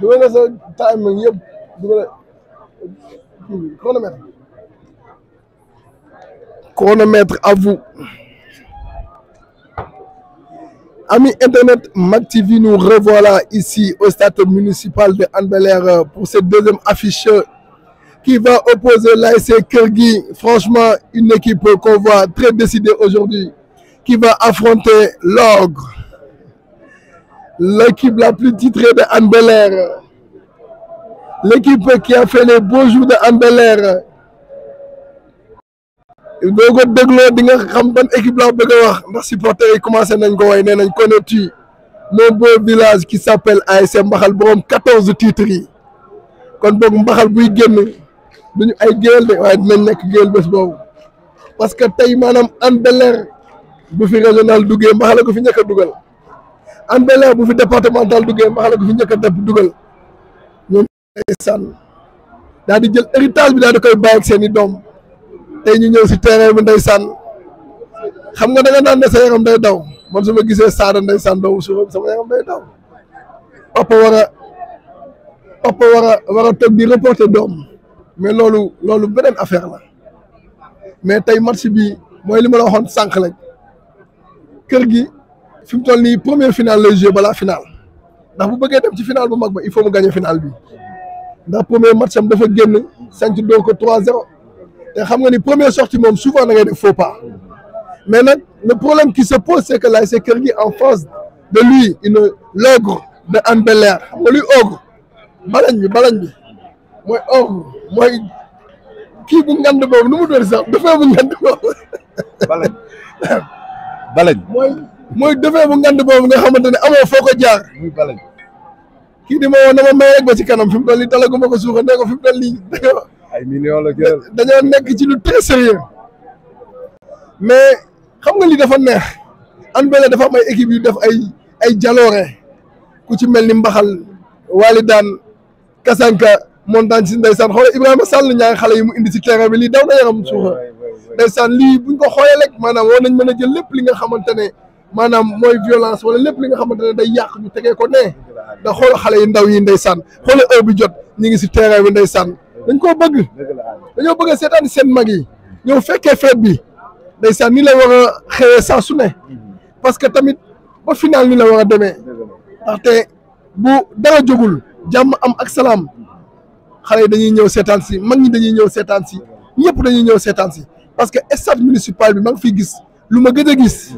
dugal nga sa time à vous Amis Internet, Mac TV, nous revoilà ici au stade municipal de Anne-Belair euh, pour cette deuxième affiche euh, qui va opposer l'ASC Kergui. Franchement, une équipe qu'on voit très décidée aujourd'hui qui va affronter l'ogre. l'équipe la plus titrée de Anne Belair, l'équipe qui a fait les beaux jours de Anne Belair. boo ko dégloo di nga xam ban équipe laa bëgg wax ndax supporters yi commencé nañ ko way nee nañ connais-tu mon beau village qui s'appelle ASC Mbaxal borom quatorze yi kon boog Mbaxal buy génn duñu ay géwél de waaye dinañ nekk géwél bés boobu parce que tey maanaam Hann Bel-Air bu fi régional duggee Mbaxal la ko fi njëkk a dugal Hann bel bu fi départemental duggee max la ko fi njëkk a def dugal ñoom sànn daal di jël héritage bi daal di koy bàyyi ak seen i doom tey ñu ñëw si terrain bi nday sànn xam nga danga nga naan ne yaram day daw man su ma gisee saada nday sànn doomu suuf sama yaram day daw papa war a papa war a war a toog di reporter doom mais loolu loolu beneen affaire la mais tey match bi mooy li ma la waxoon sànq rek kër gi fi mu toll nii première finale lay joué balaa finale ndax bu bëggee dem ci final bu mag ba il faut mu gagné finale bi ndax premier match am dafa génn sant doo ko 3-0 te xam nga ni première sortie moom souvent da ngay def faux pas mais nag le problème qui se pose c'est que l'ASC Keur Gui en face de lui une l'ogre de Hann Bel-Air xam nga luy ogre balañ bi balañ bi mooy ogre mooy kii bu ngand boobu nu mu doon sax dafay bu ngand boobu balañ balañ mooy defee bu ngand boobu nga xamante ne amoo foo ko jaar. muy kii di ma woo na ma may rek ba ci kanam fi mu toll nii dalagu ma ko suuxa nee ko fi mu toll nii dañoo. ay millions la jël dañoo nekk ci lu très sérieux mais xam nga li dafa neex. an bële dafa am ay équipe yu def ay ay jaloore ku ci mel ni Mbaxal Walidaan Kasanka Montagne si ndeysaan xoolal Ibrahima Sall ñaari xale yi mu indi ci terrain bi lii daw na yaram suuxa ndeysaan lii buñ ko xoolee rek maanaam woo nañ mën a jël lépp li nga xamante ne. maanaam mooy violence wala lépp li nga xamante ne day yàq ñu tegee ko ne da xool xale yi ndaw yi ndeysaan xool heure bi jot ñu ngi si terrain bi ndeysaan dañ koo bëgg dañoo bëgg a seetaan seen mag yi ñëw fekkee feet bi ndeysaan ni la war a su ne parce que tamit ba final ni la war a demee ndaxte bu dara jàmm am ak salaam xale dañuy ñëw seetaan si mag ñi dañuy ñëw seetaan si ñëpp dañuy ñëw seetaan si parce que stade municipal bi ma ngi fiy gis lu ma gëj a gis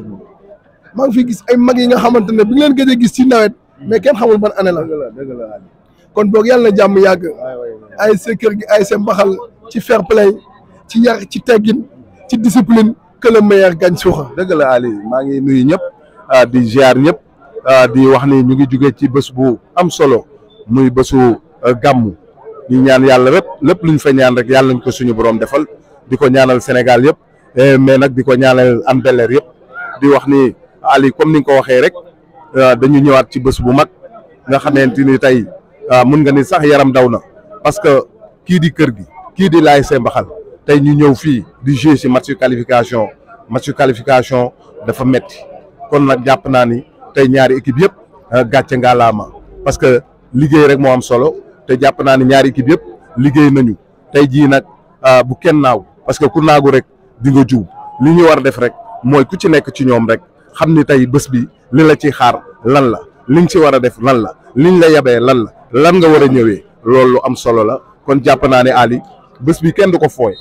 maa ngi fi gis ay mag yi nga xamante ne bi nga leen gëj a gis ci nawet mais kenn xamul ban année la kon boog yàlla na jàmm yàgg ay sa gi ay sa mbaxal ci fair play ci yar ci teggin ci discipline que le meilleur gagne suuxa dëgg la Ali maa ngi nuyu ñëpp ah, di ziar ñëpp ah, di wax ni ñu ngi jóge ci bés bu am solo muy bésu euh, gàmmu ñu ñaan yàlla rek lépp lu ñu fa ñaan rek yàlla nañ ko suñu borom defal di ko ñaanal Sénégal yëpp eh, mais nag di ko ñaanal am belleer yëpp di wax Ali comme ni nga ko waxee rek euh, dañu ñëwaat ci bës bu mag nga xamante ni tey euh, mun nga ni sax yaram daw na parce que kii di kër gi kii di laay see mbaxal tey ñu ñëw fii di jouer si match qualification match qualification dafa metti kon nag jàpp naa ni tey ñaari équipe yëpp euh, gàcce ngaa laama parce que liggéey rek moo am solo te jàpp naa ni ñaari équipe yëpp liggéey nañu tey jii nag bu kenn naaw parce que ku naagu rek di nga juub li ñu war def rek mooy ku ci nekk ci ñoom rek xam ni tey bés bi li la ci xaar lan la liñ si war a def lan la liñ la yabee lan la lan nga war a ñëwee lool lu am solo la kon jàpp naa ne Ali bés bi kenn du ko fooy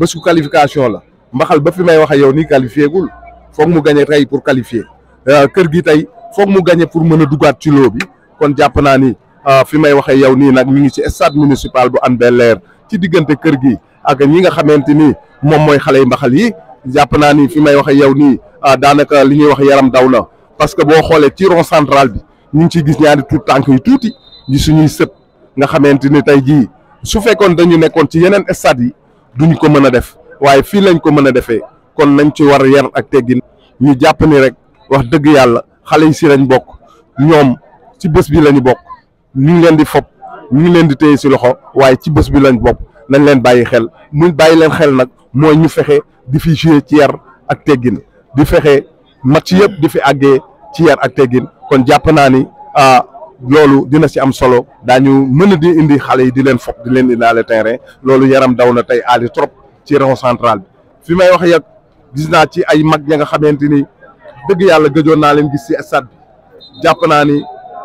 bés bu qualification la mbaxal ba fi may waxee ak yow nii qualifié gul foog mu gagné tey pour qualifier euh, kër gi tey foog mu gagné pour mën a dugaat ci loo bi kon jàpp naa ni euh, fi may waxee ak yow nii nag ñu ngi ci stade municipal bu Hann Bel-Air ci diggante kër gi ak ñi nga xamante ni moom mooy xale yu mbaxal yi jàpp naa ni fi may wax yow nii. Ah, daanaka li ñuy wax yaram daw na parce que boo xoolee ci rond central bi ñu ngi ciy gis ñaari tuut tànk yu tuuti ñi suñuy sët nga xamante ni tey jii su fekkoon dañu nekkoon ci yeneen stade yi duñ ko mën a def waaye fii lañ ko mën a defee kon nañ ci war yar ak teggin ñu jàpp ni rek wax dëgg yàlla xale yi si lañ bokk ñoom ci bés bi lañu bokk ñu leen di fob ñu ngi leen di téye si loxo waaye ci bés bi lañ bokk nañ leen bàyyi xel mu bàyyi leen xel nag mooy ñu fexe di fi ci yar ak teggin di fexe match yëpp di fi àggee ci yar ak teggin kon jàpp naa ni ah, loolu dina si am solo daañu mën a di indi xale yi di leen fopp di leen di naa indaale terrain loolu yaram daw na tey aali trop ci région centrale bi fi may waxe yag gis naa ci ay mag ña nga xamante ni dëgg yàlla gëjoon naa leen gis ci stade bi jàpp naa ni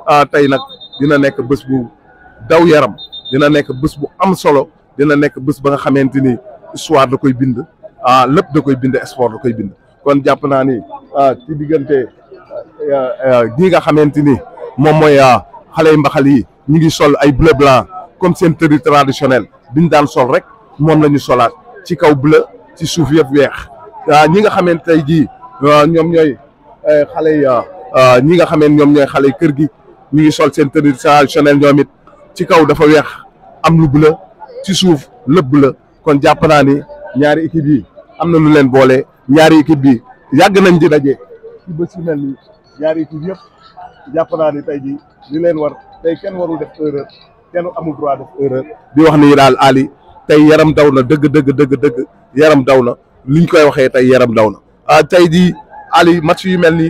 ah, tey nag dina nekk bés bu daw yaram dina nekk bés bu am solo dina nekk bés ba nga xamante ni histoire da koy bind ah, lépp da koy bind sport da koy bind kon jàpp naa ni ah, ci diggante ah, ah, gi nga xamante ni moom mooy xale yu mbaxal yi ñu ngi sol ay bleu blanc comme seen tenue traditionnelle bi ñu daan sol rek moom lañu solaat ci kaw bleu ci suuf yëpp weex ñi nga xamante tey jii ñoom ñooy eh, xale yi ñi nga xamee ñoom ñooy xale kër gi ñu ngi sol seen tenue traditionnelle ñoom ci kaw dafa weex am lu bleu ci suuf lépp bleu kon jàpp naa ni ñaari équipe yi am na lu leen boole. ñaari équipe bi yàgg nañ di daje ci bés yu mel nii ñaari équipe yëpp jàpp naa ni tey jii li leen war tey kenn warul def erreur kenn amul droit def erreur di wax ni daal Ali tey yaram daw na dëgg dëgg dëgg dëgg yaram daw na liñ koy waxee tey yaram daw na ah tey jii Ali mat yu mel ni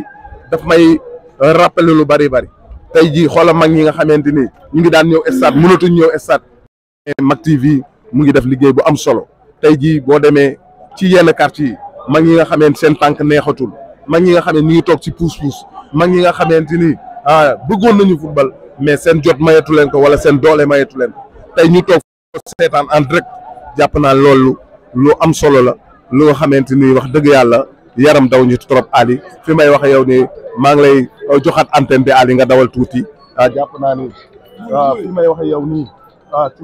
daf may rappelé lu bari bari tey jii xoolal mag ñi nga xamante ni ñu ngi daan ñëw stade mënatuñ ñëw stade Mak TV mu ngi def liggéey bu am solo tey jii boo demee ci yenn quartier yi mag ñi nga xamee seen tànk neexatul mag ñi nga xamee ni ngi toog si puus-puus mag ñi nga xamante ni ah bëggoon nañu football mais seen jot mayatu leen ko wala seen doole mayatu leen ko tey ñu toog seetaan en direct jàpp naa loolu lu am solo la lu nga xamante ni wax dëgg yàlla yaram daw ñu trop Ali fi may waxe yow ni maa ngi lay uh, joxaat antenne bi Ali nga dawal tuuti ah naa ah, may wax yow nii ah ci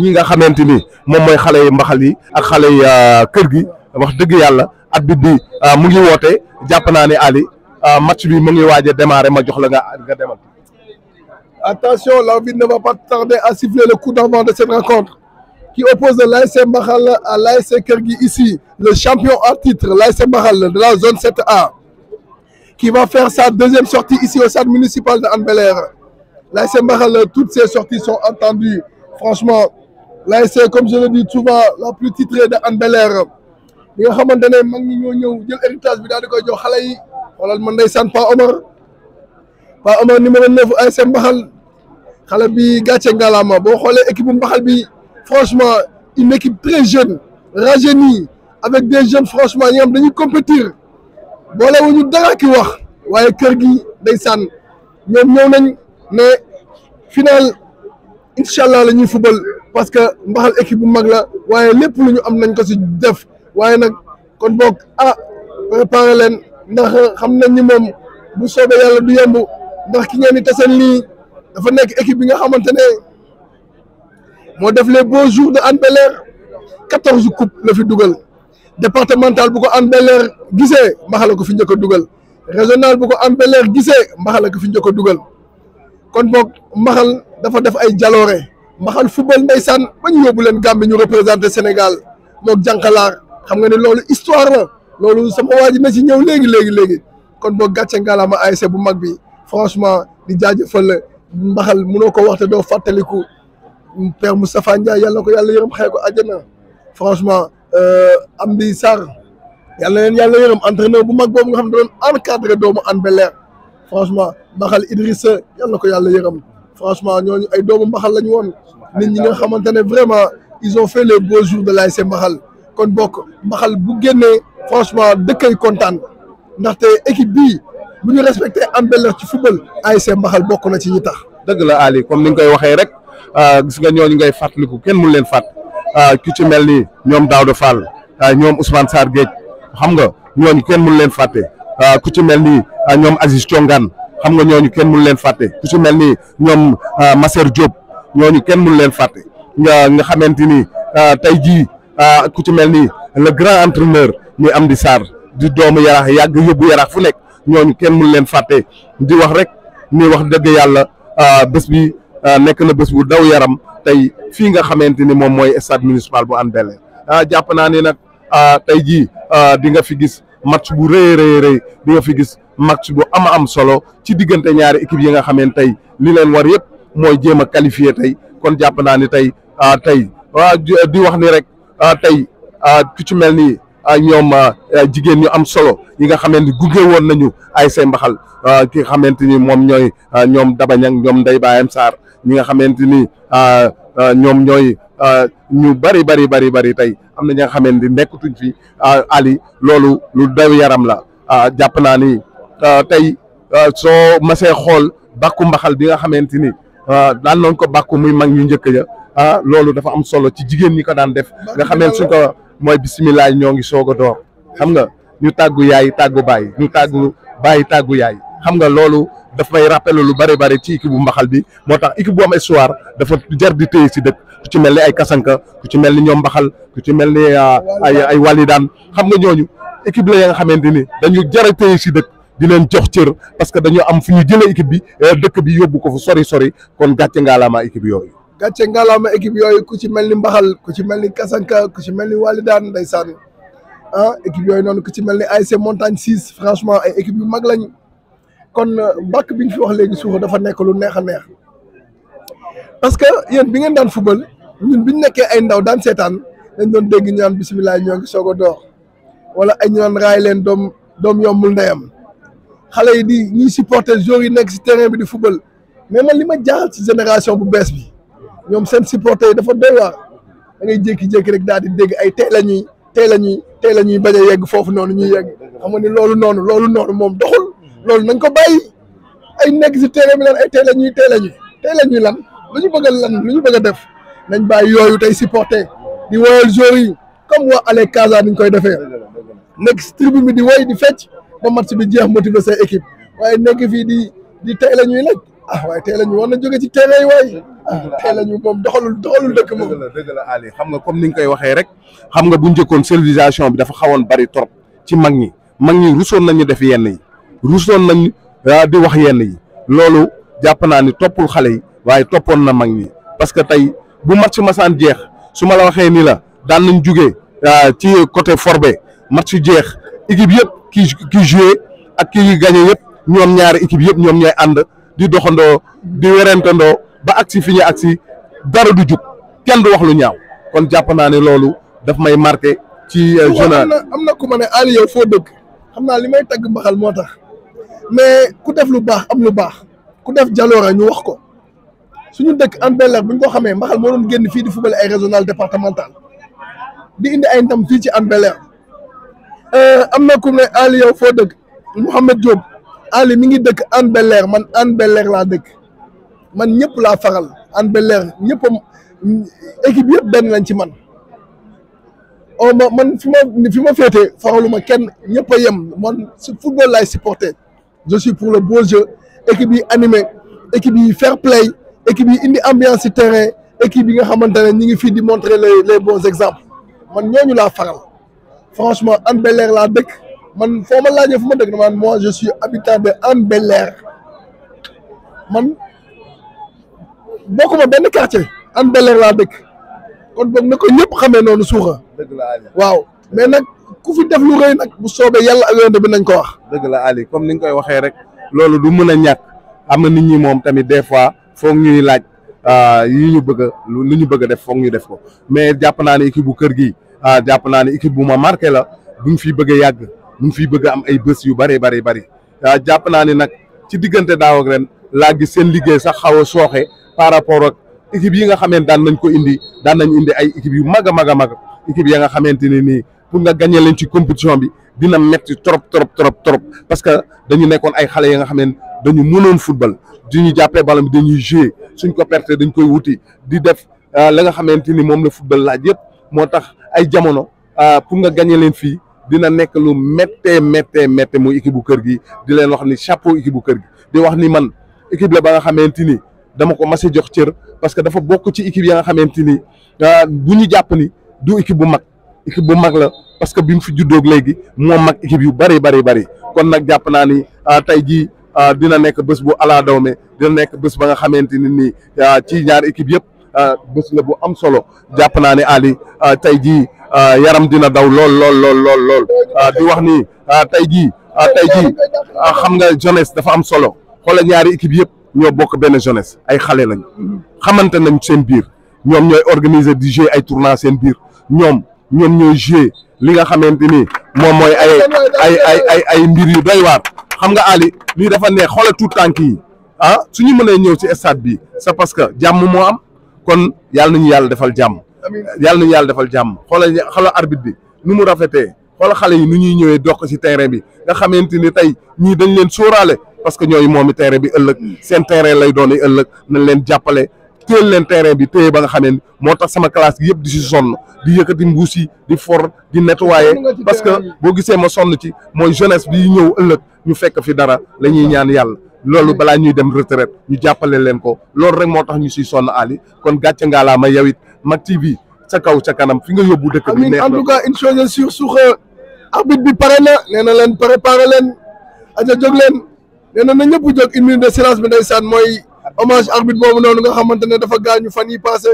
ñi nga xamante ni moom mooy xale yi mbaxal yi ak xale yi ah, kër gi. wax dëgg yàlla at bi bi ah, mu ngi woote jàpp naa ne Ali ah, match bi mu ngi waaj a ma jox la nga nga demal. Attention, l'arbitre ne va pas tarder à siffler le coup d'avant de cette rencontre qui oppose l'ASC Mbaxal à l'ASC Kergui ici, le champion en titre, l'ASC Mbaxal de la zone 7A, qui va faire sa deuxième sortie ici au stade municipal de Hann Bel-Air. L'ASC Mbaxal, toutes ses sorties sont entendues. Franchement, l'ASC, comme je le dis souvent, la plus titrée de Hann bel bi nga xamante ne mag ñi ñoo ñëw jël héritage bi daal di koy jox xale yi xoolal man ndeysaan Pa Omar Pa Omar numéro 9 ASC Mbaxal xale bi gàcce ngalaama boo xoolee équipe bu Mbaxal bi franchement une équipe très jeune rajeunie avec des jeunes franchement ñi am dañuy compétir boole wu ñu dara ki wax waaye kër gi ndeysaan ñoom ñëw nañ ne final incha allah la ñuy fubal parce que Mbaxal équipe bu mag la waaye lépp lu ñu am nañ ko si def. waaye nag kon boog ah préparé leen ndax xam nañ ni moom bu soobee yàlla du yemb ndax ki ngeen di taseen lii dafa nekk équipe bi nga xamante ne moo def les beaux jours de Hann Bel-Air quatorze coupes la fi dugal départemental bu ko Hann Bel-Air gisee mbaxala ko fi njëkk a dugal régional bu ko Hann Bel-Air gisee mbaxala ko fi njëkk a dugal kon boog mbaxal dafa def ay jaloore mbaxal football ndeysaan ba ñu yóbbu leen Gambie ñu représenté senegal moog jànkalaar xam nga ne loolu histoire la loolu sama waa ji na ci ñëw léegi léegi léegi kon boo gàcce ngalaama ASC bu mag bi franchement di jaajëfal mbaxal mënoo ko wax te doo fàttaliku père Moustapha Ndiaye yàlla na ko yàlla yërëm xëy ko àjjana franchement euh, Amdi Sarr yàlla leen yàlla yërëm entraîneur bu mag boobu nga xam ne doon encadré doomu Hann Bel-Air franchement mbaxal Idrissa yàlla na ko yàlla yërëm franchement ñooñu ay doomu mbaxal lañu woon nit ñi nga xamante ne vraiment ils ont fait les beaux jours de l'ASC mbaxal kon bokk mbaxal bu génnee franchement dëkkay kontaan ndaxte équipe bii bu ñu respecté Hann bel ci football ASC mbaxal bokk na ci ñi tax. dëgg la Ali comme ni nga koy waxee rek ah, gis nga ñooñu ngay fàttaliku kenn mënu leen fàtt ah, ku ci mel ni ñoom Daouda Fall ah, ñoom Ousmane Sarr Gueye xam nga ñooñu kenn mënu leen fàtte ku ci mel ni ñoom Aziz Thiongane xam nga ñooñu kenn mun leen fàtte ku ci mel ni ñoom Masser Diop ñooñu kenn mënu leen fàtte nga nga xamante ni tey jii. Ah, ku ci mel ni le grand entraîneur muy Amdi Sarr di doomu yaraax yàgg yóbbu yaraax fu nekk ñooñu kenn mun leen fàtte di wax rek ni wax dëgg yàlla ah, bés bi ah, nekk na bés bu daw yaram tey fii nga xamante ni moom mooy stade municipal bu Hann jàpp naa ne nag tey jii di nga fi gis match bu rëy rëy rëy di nga fi gis match bu ama am solo ci diggante ñaari équipe yi nga xameen tey li leen war yëpp mooy jéem a qualifier tey kon jàpp naa ni tey tey di wax ni rek. Euh, tey euh, ku ci mel ni euh, ñoom jigéen ñu am solo yi nga xamante ni gunge woon nañu ay say mbaxal ki nga xamante ni moom ñooy ñoom dabañang ñoom nday baayam saar ñi nga xamante ni ñoom ñooy ñu bari bari bari bari tey am na ñi nga xamante ni nekkatuñ fi Ali loolu lu daw yaram la jàpp naa ni tey soo mase xool bàkku mbaxal bi nga xamante ni daan nañ ko bàkku muy mag ñu njëkk ja ah loolu dafa am solo ci jigéen ñi ko daan def nga xamee suñ ko mooy bisimilah ñoo ngi soog a door xam nga ñu tàggu yaay tàggu baay ñu tàggu bàyyi tàggu yaay xam nga loolu daf may rappelé lu bëri bëri ci équipe bu mbaxal bi moo tax équipe bu am histoire dafa jar di téye si dëkk ku ci mel ni ay kasanka ku ci mel ni ñoom mbaxal ku ci mel ni ah, ay ay walidaan xam nga ñooñu équipe la ya nga xamante ni dañu jar a téye si dëkk di leen jox cër parce que dañoo am fu ñu jëlee équipe bi eh, dëkk bi yóbbu ko fu sori sori kon gàcce ngaalaama équipe yooyu. gàcce ngalaama équipe yooyu ku ci mel ni Mbaxal ku ci mel ni Kasanka ku ci mel ni day ndeysaan ah équipe yooyu noonu ku ci mel ni ay Montagne 6 franchement ay équipe yu mag lañ kon mbàkk euh, bi ñu fi wax léegi suuxa dafa nekk lu neex a neex parce que yéen bi ngeen daan fubal ñun bi ñu nekkee ay ndaw daan seetaan dañ doon dégg ñu naan bisimilah gi ngi soog a door wala ay ñu naan raay leen doom doom yombul ndeyam xale yi di ñuy supporter joueurs yi nekk si terrain bi di fubal mais man li ma jaaxal ci génération bu bees bi. ñoom seen supporter yi dafa doy waar a ngay jékki-jékki rek daal di dégg ay teel a ñuy teel a ñuy teel ñuy bañ a yegg foofu noonu ñuy yegg xam nga ni loolu noonu loolu noonu moom doxul loolu nañ ko bàyyi ay nekk si terrain bi lan ay teel a ñuy teel a ñuy teel a ñuy lan lu ñu bëgg a lan lu ñu bëgg a def nañ bàyyi yooyu tey supporter di woyal joueurs yi comme waa Allez Casa ni koy defee nekk si tribune bi di woy di fecc ba match bi jeex motiver sa équipe waaye nekk fii di di teel a ñuy lekk ah waaye teel a ñuy war na jóge ci terrain yi tey lañu moom doxalul doxalul dëkk moom. la dëgg la Ali xam nga comme ni nga koy waxee rek xam nga bu njëkkoon civilisation bi dafa xawoon bari trop ci mag ñi mag ñi rusoon nañu def yenn yi rusoon nañ ah, di wax yenn yi loolu jàpp naa ni toppul xale yi waaye toppoon na mag ñi parce que tey bu match masaan jeex su ma la waxee ni la daan nañ jugee ah, ci côté Forbe match jeex équipe yëpp ki ki ak ki gagné yëpp ñoom ñaari équipe yëpp ñoom ñooy ànd di doxandoo di werentandoo ba agsi fi ñu agsi dara du jub kenn du wax lu ñaaw kon jàpp naa ne loolu daf may marqué ci euh, jeune am na am na ku ma ne Ali yow foo dëkk xam naa li may tagg mbaxal moo tax mais ku def lu baax am lu baax ku def jaloora ñu wax ko suñu dëkk en Bel Air bu ñu ko xamee mbaxal moo doon génn fii di football ay régional départemental di indi ay ndam fii ci en Bel Air euh, am na ku ne Ali yow foo dëkk Mouhamed Diop Ali mi ngi dëkk en Bel man en Bel Air laa dëkk man ñëpp laa faral an ba leer ñëpp équipe yëpp benn lañ ci man o oh, ma man fi ma fi ma faraluma kenn ñëpp yem man su football laay supporter je suis pour le beau jeu équipe yi animé équipe yi fair play équipe yi indi ambiance terrain équipe yi nga xamante ne ñi ngi fii di montrer les les bons exemples man ñooñu laa faral franchement Hann bel la laa dëkk man foo ma laajee fu ma dëkk man moi je suis habitant de Hann bel man bokkuma benn quartier am belleer laa dëkk kon boog na ko ñëpp xamee noonu suuxa waaw mais nag ku fi def lu rëy nag bu soobee yàlla ak yonent bi nañ ko wax dëgg la Ali comme ni nga koy waxee rek loolu du mën a ñàkk am na nit ñi moom tamit des fois foog ñuy laaj ah, yi ñu bëgg a lu ñu bëgg a def foog ñu def ko mais jàpp naa ne équipe bu kër gi ah, jàpp naa ne équipe bu ma marqué la bu ñu fiy bëgg a yàgg bu ñu fiy bëgg am ay bés yu bari bari bari ah, jàpp naa ne nag ci diggante daaw ak ren laa gis seen liggéey sax xaw a sooxe par rapport ak équipe yi nga xamante daan nañ ko indi daan nañ indi ay équipe yu mag a mag a mag équipe ya nga xamante ne nii pour nga gañee leen ci compétition bi dina metti trop trop trop trop parce que dañu nekkoon ay xale ya nga xam ne dañu mënoon football di ñu jàppee ballon bi dañuy jouer suñ ko perte dañ koy wuti di def euh, la nga xamante ni moom la football laaj yëpp moo tax ay jamono euh, pour nga gagné leen fii dina nekk lu méttee méttee méttee muy équipe bu kër gi di leen wax ni chapeau équipe bu kër gi wax ni man équipe ba nga xamante ni. dama ko mas a jox cër parce que dafa bokk ci équipe ya nga xamante ni ah, bu ñu jàpp ni du équipe bu mag équipe bu mag la parce que bi fi juddoog léegi moo mag équipe yu bëri bëri bari kon nag jàpp naa ni ah, tey jii ah, dina nekk bés bu ala dawme dina nekk bés ba nga xamante ni nii ci ñaar équipe yëpp bés la bu am solo jàpp naa ne Ali tey jii yaram dina daw lool lool lool lool di wax ni tey jii tey jii xam nga jeunesse dafa am solo xoola ñaari équipe yëpp. ñoo bokk benn jeunesse ay xale lañ xamante nañ seen biir ñoom ñooy organiser di jouer ay tournois seen biir ñoom ñoom ñooy jouer li nga xamante ni moom mooy ay ay ay ay mbir yu doy waar xam nga Ali lii dafa neex xoola tout tànk yi ah su ñu mënee ñëw ci estade bi c'est parce que jàmm moo am kon yàlla ñu yàlla defal jàmm. yàlla nañu yàlla defal jàmm xoola xoola arbitre bi nu mu rafetee xoola xale yi nu ñuy ñëwee dox si terrain bi nga xamante ni tey ñii dañ leen sóoraale. parce que ñooyu moom i terrain bi ëllëg seen terrain lay doon ëllëg nañ leen jàppale téel leen terrain bi téye ba nga xamee ni moo tax sama classe gi yëpp di si sonn di yëkkati mbuus yi di for di nettoyer parce que boo gisee ma sonn ci mooy jeunesse bi ñëw ëllëg ñu fekk fi dara lañuy ñuy ñaan yàlla loolu balaa ñuy dem retraite ñu jàppale leen ko loolu rek moo tax ñu siy sonn Ali kon gàcce ngaa laa ma yow it Mak TV ca kaw ca kanam fi nga yóbbu dëkk bi. neex na en tout cas bi pare na na leen préparé leen aja leen. nee na ñëpp jóg une minute de silence bi ndeysaan mooy hommage arbitre boobu noonu nga xamante ne dafa gaañu fan yi passé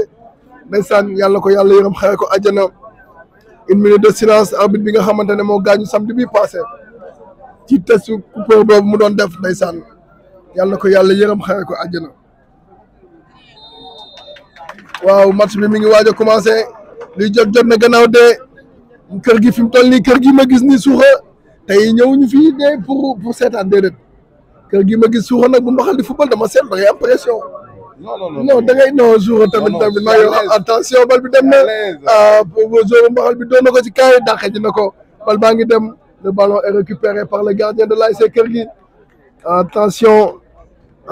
ndeysaan yàlla ko yàlla yërëm xare ko àjjana une minute de silence arbitre bi nga xamante ne moo gaañu samedi bi passé ci testu coupeur boobu mu doon def ndeysaan yàlla ko yàlla yërëm xare ko àjjana waaw match bi mi ngi waaj a commencé luy jot jot na gannaaw dee gi fi mu toll nii kër gi ma gis ni suuxa tey ñëw ñu fii dee pour pour seetaan déedéet kër gi ma gis suuxa nag bu ma xal di football dama seet da ngay am pression. non non bal bi dem na ah jour ma xal bi doon na ko ji na ko bal baa ngi dem le ballon est récupéré par le gardien de l'ASC kër gi attention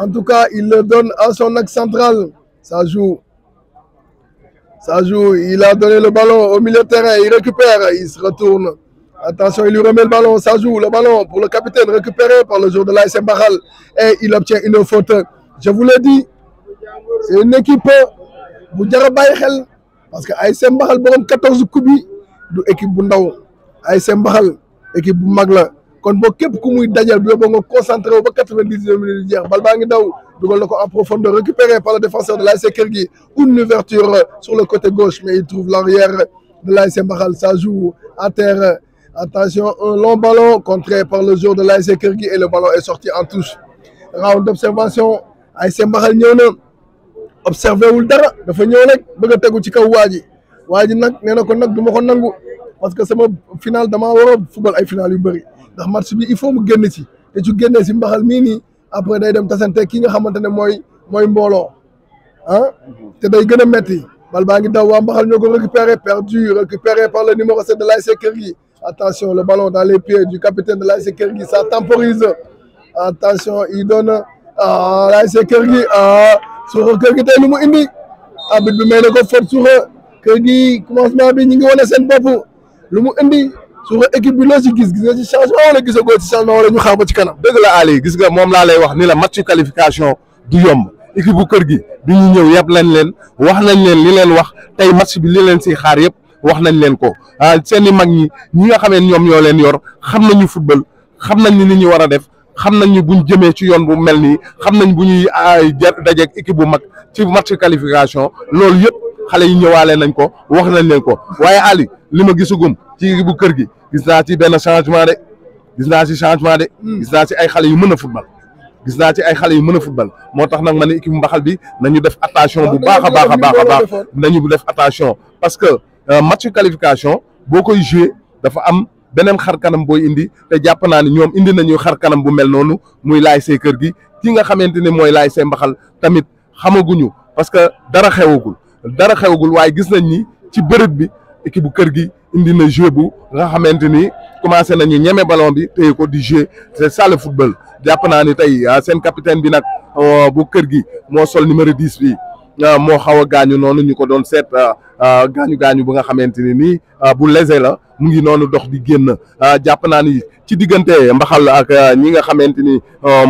en tout cas il le donne à son axe central sa joue ça joue il a donné le ballon au milieu de terrain il récupère il se retourne. Attention, il lui remet le ballon, ça joue le ballon pour le capitaine récupéré par le joueur de l'ASM Barral et il obtient une faute. Je vous l'ai dit, une équipe bu jar a bàyyi xel parce que ASM Barral borom 14 coupe du équipe bu ndaw ASM Barral équipe bu mag la kon boo képp ku muy dajal bu yóbboo nga concentré wu ba 99 minutes di jeex bal baa ngi daw dugal na ko en profondeur récupéré par le défenseur de l'ASC Keur Gui une ouverture sur le côté gauche mais il trouve l'arrière de l'ASM Barral ça joue à terre. Attention, un lon ballon contré par le joueur de l'ASC Kergui et le ballon est sorti en touche. Round d'observation ASC Mbaxal ñëw na observé wul dara dafa ñëw rek bëgg tegu ci kaw waa ji waa ji nag nee na ko nag du ma ko nangu parce que sama final damaa war a football ay final yu bëri ndax match bi il faut mu génn ci te ci génnee si Mbaxal mii nii après day dem tasante ki nga xamante ne mooy mooy mbooloo ah te day gën a metti bal baa ngi daw waa Mbaxal ñoo ko récupéré perdu récupéré Attention, le ballon dans les pieds du capitaine de l'ASC Kergui, ça temporise. Attention, il donne à l'ASC Kergui. Sourou Kergui tey lu mu indi arbitre bi may na ko faute Sourou Kergui commencement bi ñu ngi wane seen bopp lu mu indi Sourou équipe bi loo si gis gis nga ci gis wala gisagoo ci changement wala ñu xaar ci kanam. dëgg la Ali gis nga moom laa lay wax ni la match qualification du yomb. équipe bu kër gi bi ñu ñëw yëpp lan leen wax nañ leen li leen wax tey match bi li leen siy xaar yëpp wax nañ leen ko ah seen i mag ñi ñi nga xamee ñoom ñoo leen yor xam nañu football xam nañ ni li ñu war a def xam nañ ni buñ jëmee ci yoon bu mel nii xam nañ bu ñuy ah, dajeeg équipe bu mag ci match qualification loolu yëpp xale yi ñëwaale nañ ko wax nañ leen ko waaye Ali li ma gisugum ci bu kër gi gis naa ci benn changement de gis naa ci changement de hmm. gis naa ci ay xale yu mën a football gis naa ci ay xale yu mën a football moo tax nag ma ne équipe mbaxal bi nañu def attention bu baax a baax a baax a baax nañu def attention parce que Euh, match qualification boo koy joué dafa am beneen xar kanam booy indi te jàpp naa ne ñoom indi nañu xar kanam bu mel noonu muy laay see kër gi ki nga xamante ne mooy laay see mbaxal tamit xamaguñu parce que dara xewagul dara xewagul waaye gis nañ ni ci bërëb bi équipe bu kër gi indi na jeu bu nga xamante ni commencé nañu ñeme ballon bi téye ko di jouer c'est ça football jàpp naa ni tey euh, seen capitaine bi nag euh, bu kër gi moo sol numéro 10 bi Euh, moo xaw a gaañu noonu ñu ko doon seet euh, euh, gaañu gaañu bu nga xamante ni nii bu lese la mu ngi noonu dox di génn jàpp naa ni ci diggante mbaxal ak ñi nga xamante ni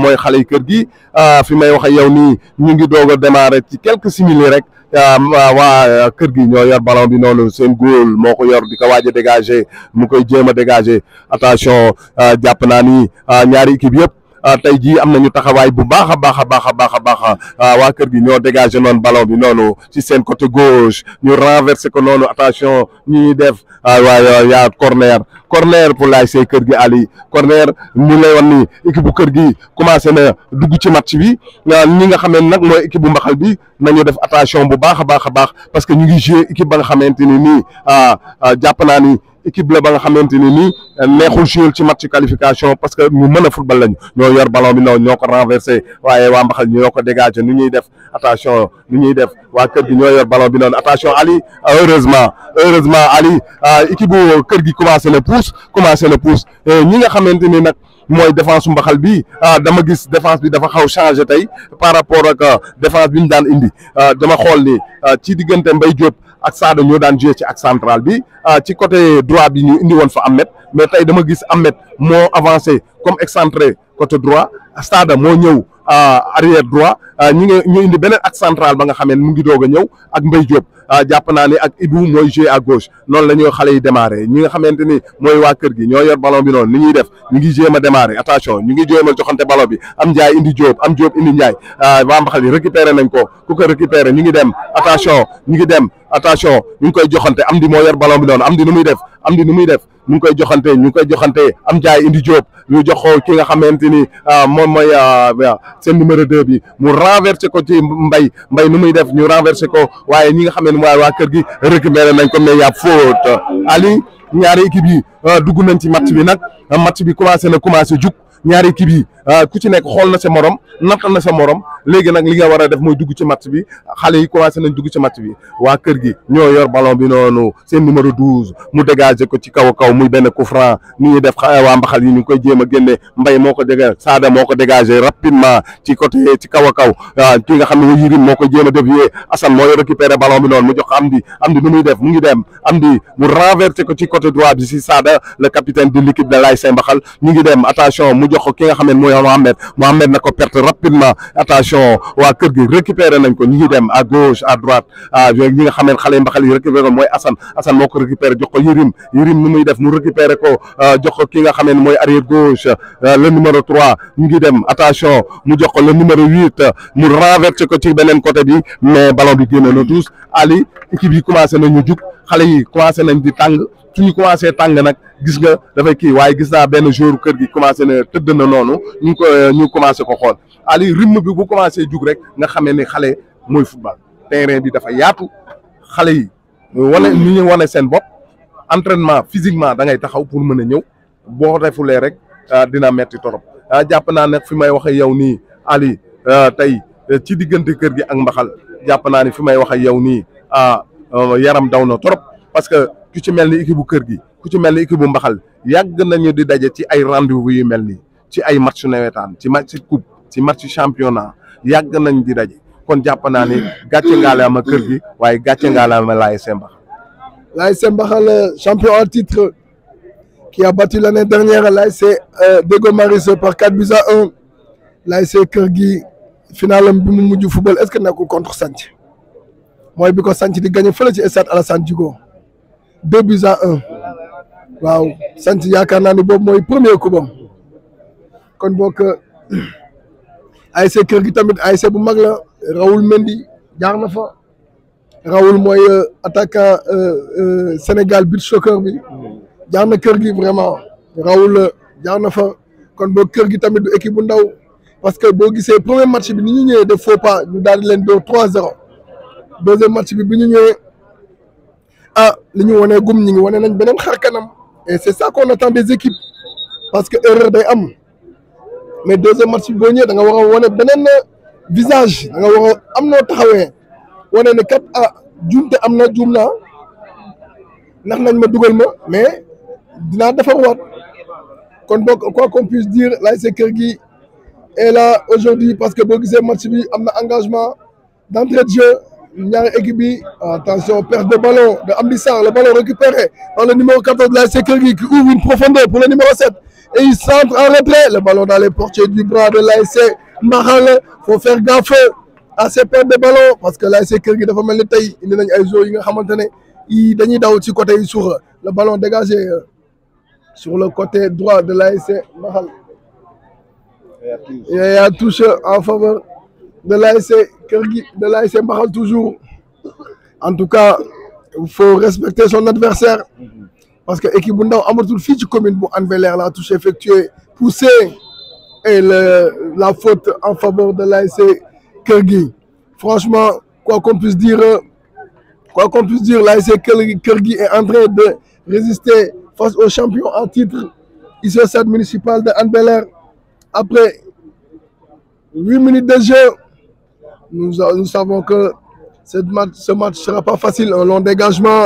mooy xale yi kër gi fi may wax yow nii ñu ngi doog a démarrer ci quelques simili rek waa kër gi ñoo yor ballon bi noonu seen góol moo ko yor di ko waaj a mu koy jéem a dégager attention jàpp naa ni ñaari équipe yëpp. Euh, tey jii am nañu taxawaay bu baax a baax a baax a baax a baax euh, waa kër gi ñoo dégagé noonu ballon bi noonu ci seen côté gauche ñu renversé ko noonu attention ñuy def euh, waaye yaa corner corner pour laay say kër gi Ali corner mu lay wan bu kër gi commencé na dugg ci match bi ñi nga xam nag mooy équipe bu mbaxal bi nañu def attention bu baax a baax a baax parce que ñu ngi joué équipe ba nga xamante ni nii jàpp naa ni équipe la ba nga xamante ni nii euh, neexul jouer ci match qualification parce que mu mën a football lañu ñoo yor ballon bi noonu ñoo ko renversé waaye waa mbaxal ñoo ko dégagé nu ñuy def attention nu ñuy def waa kër gi ñoo yor ballon bi noonu attention Ali heureusement heureusement Ali euh, équipe bu kër gi commencé na pousse commencé na pousse ñi nga xamante ni nag mooy défense mbaxal bi a ah, dama gis défense bi dafa xaw changé tey par rapport ak euh, défense bi ñu daan indi dama xool ni ci diggante Mbaye Diop ak saada ñoo daan joué ci ak central bi euh, ci côté droit bi ñu indi woon fa Ahmed mais tey dama gis Ahmed moo avancé comme excentré côté droit saada moo ñëw. Euh, arrière droit euh, ñi nga ñu indi beneen ak central ba nga xamee mu ngi doog a ñëw ak Mbaye Diop euh, jàpp naa ni ak Ibou mooy jouer à gauche noonu la ñuy xale yi démarré ñi nga xamante ni mooy waa kër gi ñoo yor ballon bi noonu ni ñuy def ñu ngi jéem a démarré attention ñu ngi jéem a joxante ballon bi am Ndiaye indi Diop am Diop indi Ndiaye waa Mbaxal yi nañ ko ku ko récupéré ñu ngi dem attention ñu ngi dem attention ñu ngi koy joxante am di moo yor ballon bi noonu am di nu muy def am di nu muy ñu ngi koy joxante ñu ngi koy joxante am jaay indi Diop ñu jox ko ki nga xamante ni ah, moom mooy ah, seen numéro 2 bi mu renversé ko ci mbay mbay nu muy def ñu renversé ko waaye ñi nga xam ne waaye waa kër gi récupéré nañ ko me y' a faute Ali ñaari équipe yi ah, dugg nañ ci match bi nag match bi commencé na commencé jug ñaari équipe yi. Euh, ku ci nekk xool na sa morom nattal na sa morom léegi nag li nga war a def mooy dugg ci match bi xale yi commencé nañ dugg ci match bi waa kër gi ñoo yor ballon bi noonu seen numéro douze mu dégagé ko ci kaw kaw muy benn coup franc ni ñuy yi ñu ngi koy jéem a génne moo ko dégagé Sada moo ko dégagé rapidement ci côté ci kaw a kaw waaw ki nga xam ne mooy Yirim moo ko jéem a dévier Assane moo yor récupéré ballon bi noonu mu jox ko Amdi Amdi nu mu ngi dem Amdi mu renversé ko ci côté droit bi si Sada le capitaine de l'équipe de l'ASC Mbaxal mu jox ko ki nga xam ne mooy Seydina Mohamed Mohamed na ko perte rapidement attention waa kër gi récupéré nañ ko ñi dem à gauche à droite ah ñi nga xam ne xale mbaxal yi récupéré ko mooy Assane Assane moo ko récupéré jox Yirim Yirim nu muy def mu récupéré ko ah, jox ki nga xam mooy arrière gauche ah, le numéro trois ñu dem attention mu jox le numéro huit mu renversé ko ci beneen côté bi mais ballon bi génn na tous Ali équipe yi nañu jug xale yi commencé nañ di tàng. ñu commencé tàng nag gis nga dafay kii waaye gis naa benn jour kër gi commencé na tëdd na noonu ñu ko euh, ñu commencé ko xool ali rythme bi bu commencé jug rek nga xamee ni xale mooy football terrain bi dafa yaatu xale yi wane ñu ñu wane seen bopp entraînement physiquement da ngay taxaw pour mën a ñëw boo refulee rek euh, dina metti torop ah, jàpp naa ne fi may wax ak yow nii ali euh, tey ci diggante kër gi ak mbaxal jàpp naa ni fi may wax ak yow nii ah, yaram daw na torop ku ci mel ni équipe bu kër gi ku ci mel ni équipe bu mbaxal yàgg nañu di daje ci ay rendez-vous yu mel ni ci ay match nawetaan ci match coupe ci match championnat yàgg nañ di daje kon jàpp naa ni gàcce ngaalaama kër gi waaye gàcce ngaalaama Laye Mbaxal. Laye Mbaxal champion en titre qui a battu l'année dernière l'ASC euh, Déggo Maris par 4 buts à 1 l'ASC kër gi finalam bi mu mujj football est-ce que nekkul contre Santhi mooy bi ko Santhi di gagné fële ci stade Alassane deux buts à un waaw sant yaakaar naa ni boobu mooy premier kubam kon bokk euh, ASC kër gi tamit ASC bu mag la Raoul Mendy jaar na fa Raoul mooy euh, attaquant euh, Sénégal beach soccer bi jaar na kër gi vraiment Raoul jaar na fa kon boo kër gi tamit du équipe bu ndaw parce que boo gisee premier match bi ni ñu ñëwee def faux pas ñu daal di leen dóor 3-0 match bi bi ñu ah li ñu wanee gum ñi ngi wane nañ beneen xarkanam kanam et c'est ça qu'on attend des équipes parce que erreur day am mais deuxième match bi boo ñëwee da nga war a wane beneen visage da nga war am noo taxawee wane na kat ah juumte am na juum naa ndax nañ ma dugal ma mais dinaa defarwaat kon boog quoi qu'on puisse dire l'ASC Keur Gui est là aujourd'hui parce que boo gisee match bi am na engagement d'entrée de jeu ñaari équipe yi attention perte de ballon de Amdi Sarr ballon récupéré par le numéro 14 de la Sécurité qui ouvre une pour le numéro 7 et il centre en retrait le ballon dans les portiers du bras de l'ASC Mbaxal faut faire gaffe à ces de ballon parce que l'ASC Keur dafa mel ni tey indi nañ ay joueurs yi nga xamante ne i dañuy daw ci côté yi sur le ballon dégagé sur le côté droit de l'ASC Mbaxal il a touche en faveur de l'ASC Kër gi de l'ASC Mbaxal toujours en tout cas il faut respecter son adversaire parce que équipe bu ndaw amatul fii ci commune bu Hann Bel-Air la touche effectuée poussée et le la faute en faveur de l'ASC Kër gi franchement quoi qu'on puisse dire la qu'on puisse Kër gi est en train de résister face aux champions en titre ici au stade municipal de Hann bel après huit minutes de jeu Nous, nous savons que ce match sera pas facile. Un long dégagement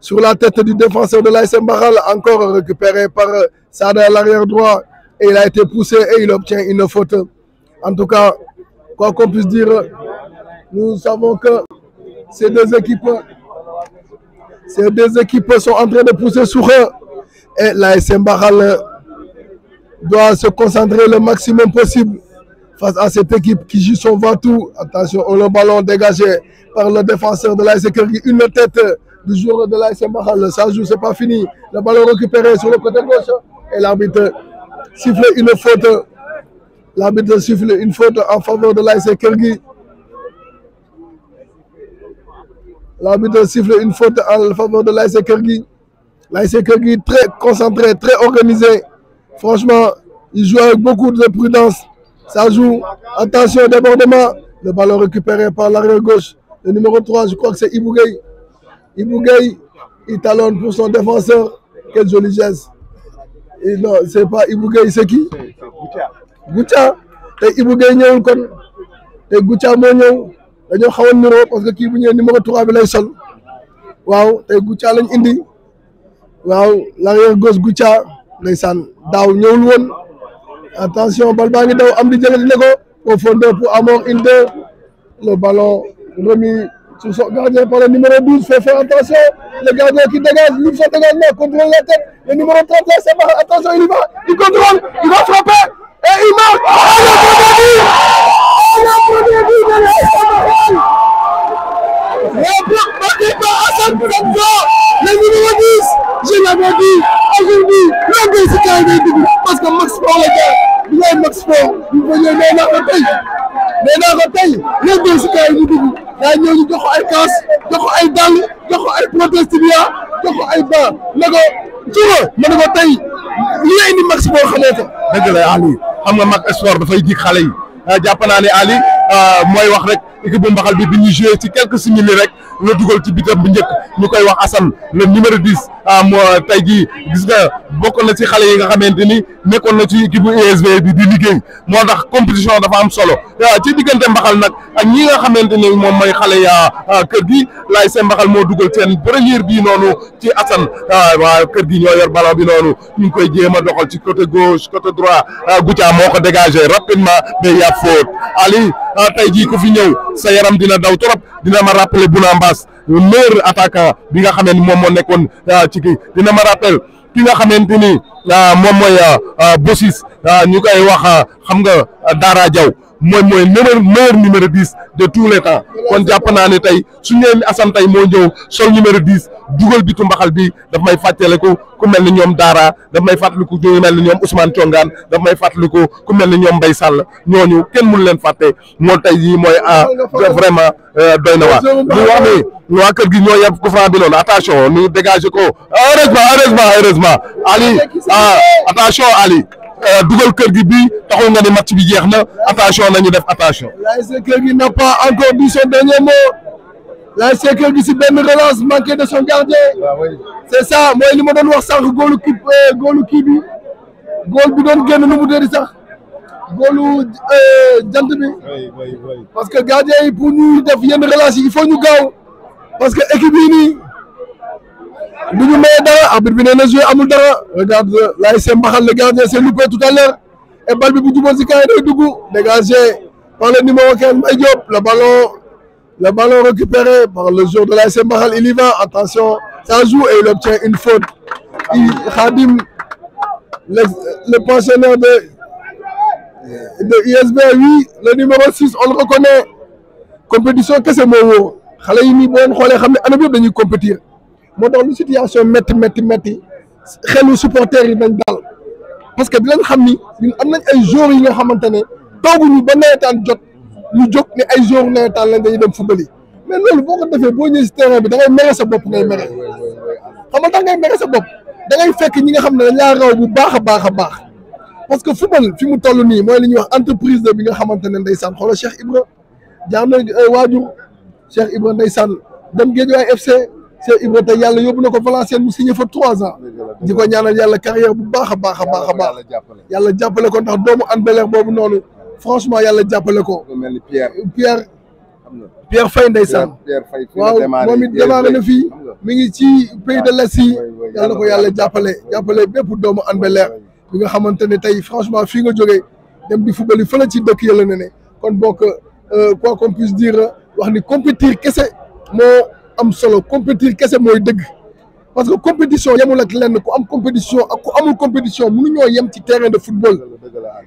sur la tête du défenseur de l'ASM Barral, encore récupéré par euh, Sada à l'arrière droit. Et il a été poussé et il obtient une faute. En tout cas, quoi qu'on puisse dire, nous savons que ces deux équipes, sont en train de pousser sur eux. Et l'ASM Barral doit se concentrer le maximum possible face à cette équipe qui joue son va-tout. Attention, oh, le ballon dégagé par le défenseur de l'ASC Une tête du joueur de l'ASC Mbaxal. Ça joue, c'est pas fini. Le ballon récupéré sur le côté gauche. Et l'arbitre siffle une faute. en faveur de l'ASC Keur Gui. L'arbitre siffle une très concentré, très organisé. Franchement, il joue avec beaucoup de prudence. Ça joue. Attention, débordement. Le ballon récupéré par l'arrière gauche. Le numéro 3, je crois que c'est Ibougueï. Ibougueï, il talonne pour son défenseur. Quelle jolie geste. Et non, c'est pas Ibougueï, c'est qui Goutia. Et Ibougueï n'y a te Goutia moo ñëw dañoo xawoon niroo parce que kii bu ñëwee numéro 3 bi sol waaw tey Goutia lañ indi waaw l'arrière gauche Goutia ndeysaan daaw ñëwul attention bal baa ngi daw am di jëlati na ko au fondeur pour Amor une deux le ballon remis sur son gardien par le numéro 12 fait faire attention le gardien qui dégage livre son dégagement contrôle la tête le numéro 31 c'est pas attention il va il contrôle il va frapper et il marque oh, le premier but oh, le premier but de Robert Madiba Assane Sango le numéro 10 je l'avais dit aujourd'hui lombe si kaay ngay dugg parce que Max Pro la jaar du ngay Max Pro bu bañee nee naa ko tey nee naa ko tey lombe si kaay mu dugg daa ñëw ñu jox ko ay kaas jox ko ay dàll jox ko ay prothèse tibia jox ko ay ba ne ko suba ma ne ko tey li ngay indi Max Pro xamee ko dëgg la Ali xam nga mag sport dafay jik xale yi ah, jàpp naa ne Ali ah, mooy wax rek équipe bu mbaxal bi bi ñu joué ci quelques simili rek la dugal ci bitam bu njëkk ñu koy wax Assane le numéro 10 ah, moo tey jii gis nga bokk na ci xale yi nga xamante ni nekkoon na ci équipe bu ESV bi di liggéey moo tax compétition dafa am solo ah, ci diggante mbaxal nag ak ñi nga xamante ni moom mooy xale yaa ah, kër gi laay seen mbaxal moo dugal seen première bi noonu ci Assane waa kër gi ñoo yor ballon bi noonu ñu ngi koy jéem a doxal ci côté gauche côté droit Goutia moo ko dégagé rapidement mais y a tey jii ku fi ñëw. sa yaram dina daw trop dina ma rappeler Bouna Mbass meilleur attaquant bi nga xamee ni moom moo nekkoon ah, ci kii dina ma rappel ki nga xamante ni ah, moom mooy ah, Bossis ñu koy wax xam nga Daara Diaw mooy mooy meilleur meilleur numéro dix de tous les temps kon jàpp naa ne tey su ñëwee ni Assane tey moo ñëw sol numéro diis dugal bitu mbaxal bi daf may fàttaliku ku mel ni ñoom Daara daf may fàttaliku ku mel ni ñoom Ousmane Thiongaan daf may fàttaliku ku mel ni ñoom Mbaye Sall ñooñu kenn mënu leen fàtte moo tey yi mooy ah vraiment euh, doy na waar ñu wax ni waa kër gi ñoo yeb ko franc bi noonu attention ñu dégager ko heureusement heureusement heureusement Ali ah attention Ali Euh, dugal kër gi bii taxul nga ni match bi jeex na attention nañu def attention. l'ASC Keur Gui n'a pas encore dit son dernier mot l'ASC Keur Gui si benn relance manquée de son gardien. Ah c'est ça mooy li ma doon wax sànq góolu kii euh, góolu kii bi góol bi doon génn nu mu tëddi sax góolu euh, jant bi. parce que gardien yi pour ñu def yenn relance yi il ñu gaaw parce que équipe du ñu maye dara arbitre bi nee na amul dara regarde la seen mbaxal le gardien s'est tout à l'heure et bal bi si kaay day dugg dégagé par le numéro 15 Mbaye Diop le ballon le ballon récupéré par le joueur de laay seen mbaxal il y va attention ça joue et il obtient une faute il Khadim le, le de de ISB oui le numéro 6 on reconnaît compétition kese moo wóor xale yi nii boo xoolee xam ne anam yëpp dañuy compétir moo tax lu situation métti métti métti xelu supporters yi nañ daal parce que dinañ xam ni ñun am nañ ay joueurs yi nga xamante ne tooguñu ba nawetaan jot ñu jóg ne ay joueurs nawetaan lañ dañuy dem football yi mais loolu boo ko defee boo ñëwee si terrain bi da ngay sa bopp ngay mere xam nga da ngay sa bopp da ngay fekk ñi nga xam ne dañ laa raw bu baax a baax a baax parce que football fi mu toll nii mooy li ñuy wax entreprise la bi nga xamante ne ndeysaan xoolal Cheikh Ibra jaar na waajur Cheikh Ibra ndeysaan dem Guédiawaye FC. Cheikh Ibra tey yóbbu na ko Valenciennes mu signé fa trois ans di ko ñaanal bu baax a baax a baax a baax yàlla jàppale ko ndax doomu Hann Bel-Air boobu noonu franchement yàlla jàppale ko Pierre Pierre Pierre Faye ndeysaan waaw moom it na fii mi ngi ci pays de l'Est yi yàlla na ko yàlla jàppale jàppale bépp doomu Hann Bel-Air bi nga xamante ne tey franchement fii nga jógee dem di fubali fële ci dëkk yële ne ne kon bokk euh, quoi qu'on puisse dire wax ni compétir kese moo am solo compétir kese mooy dëgg parce que compétition yemul ak lenn ku am compétition ak ku amul compétition mënuñoo yem ci terrain de football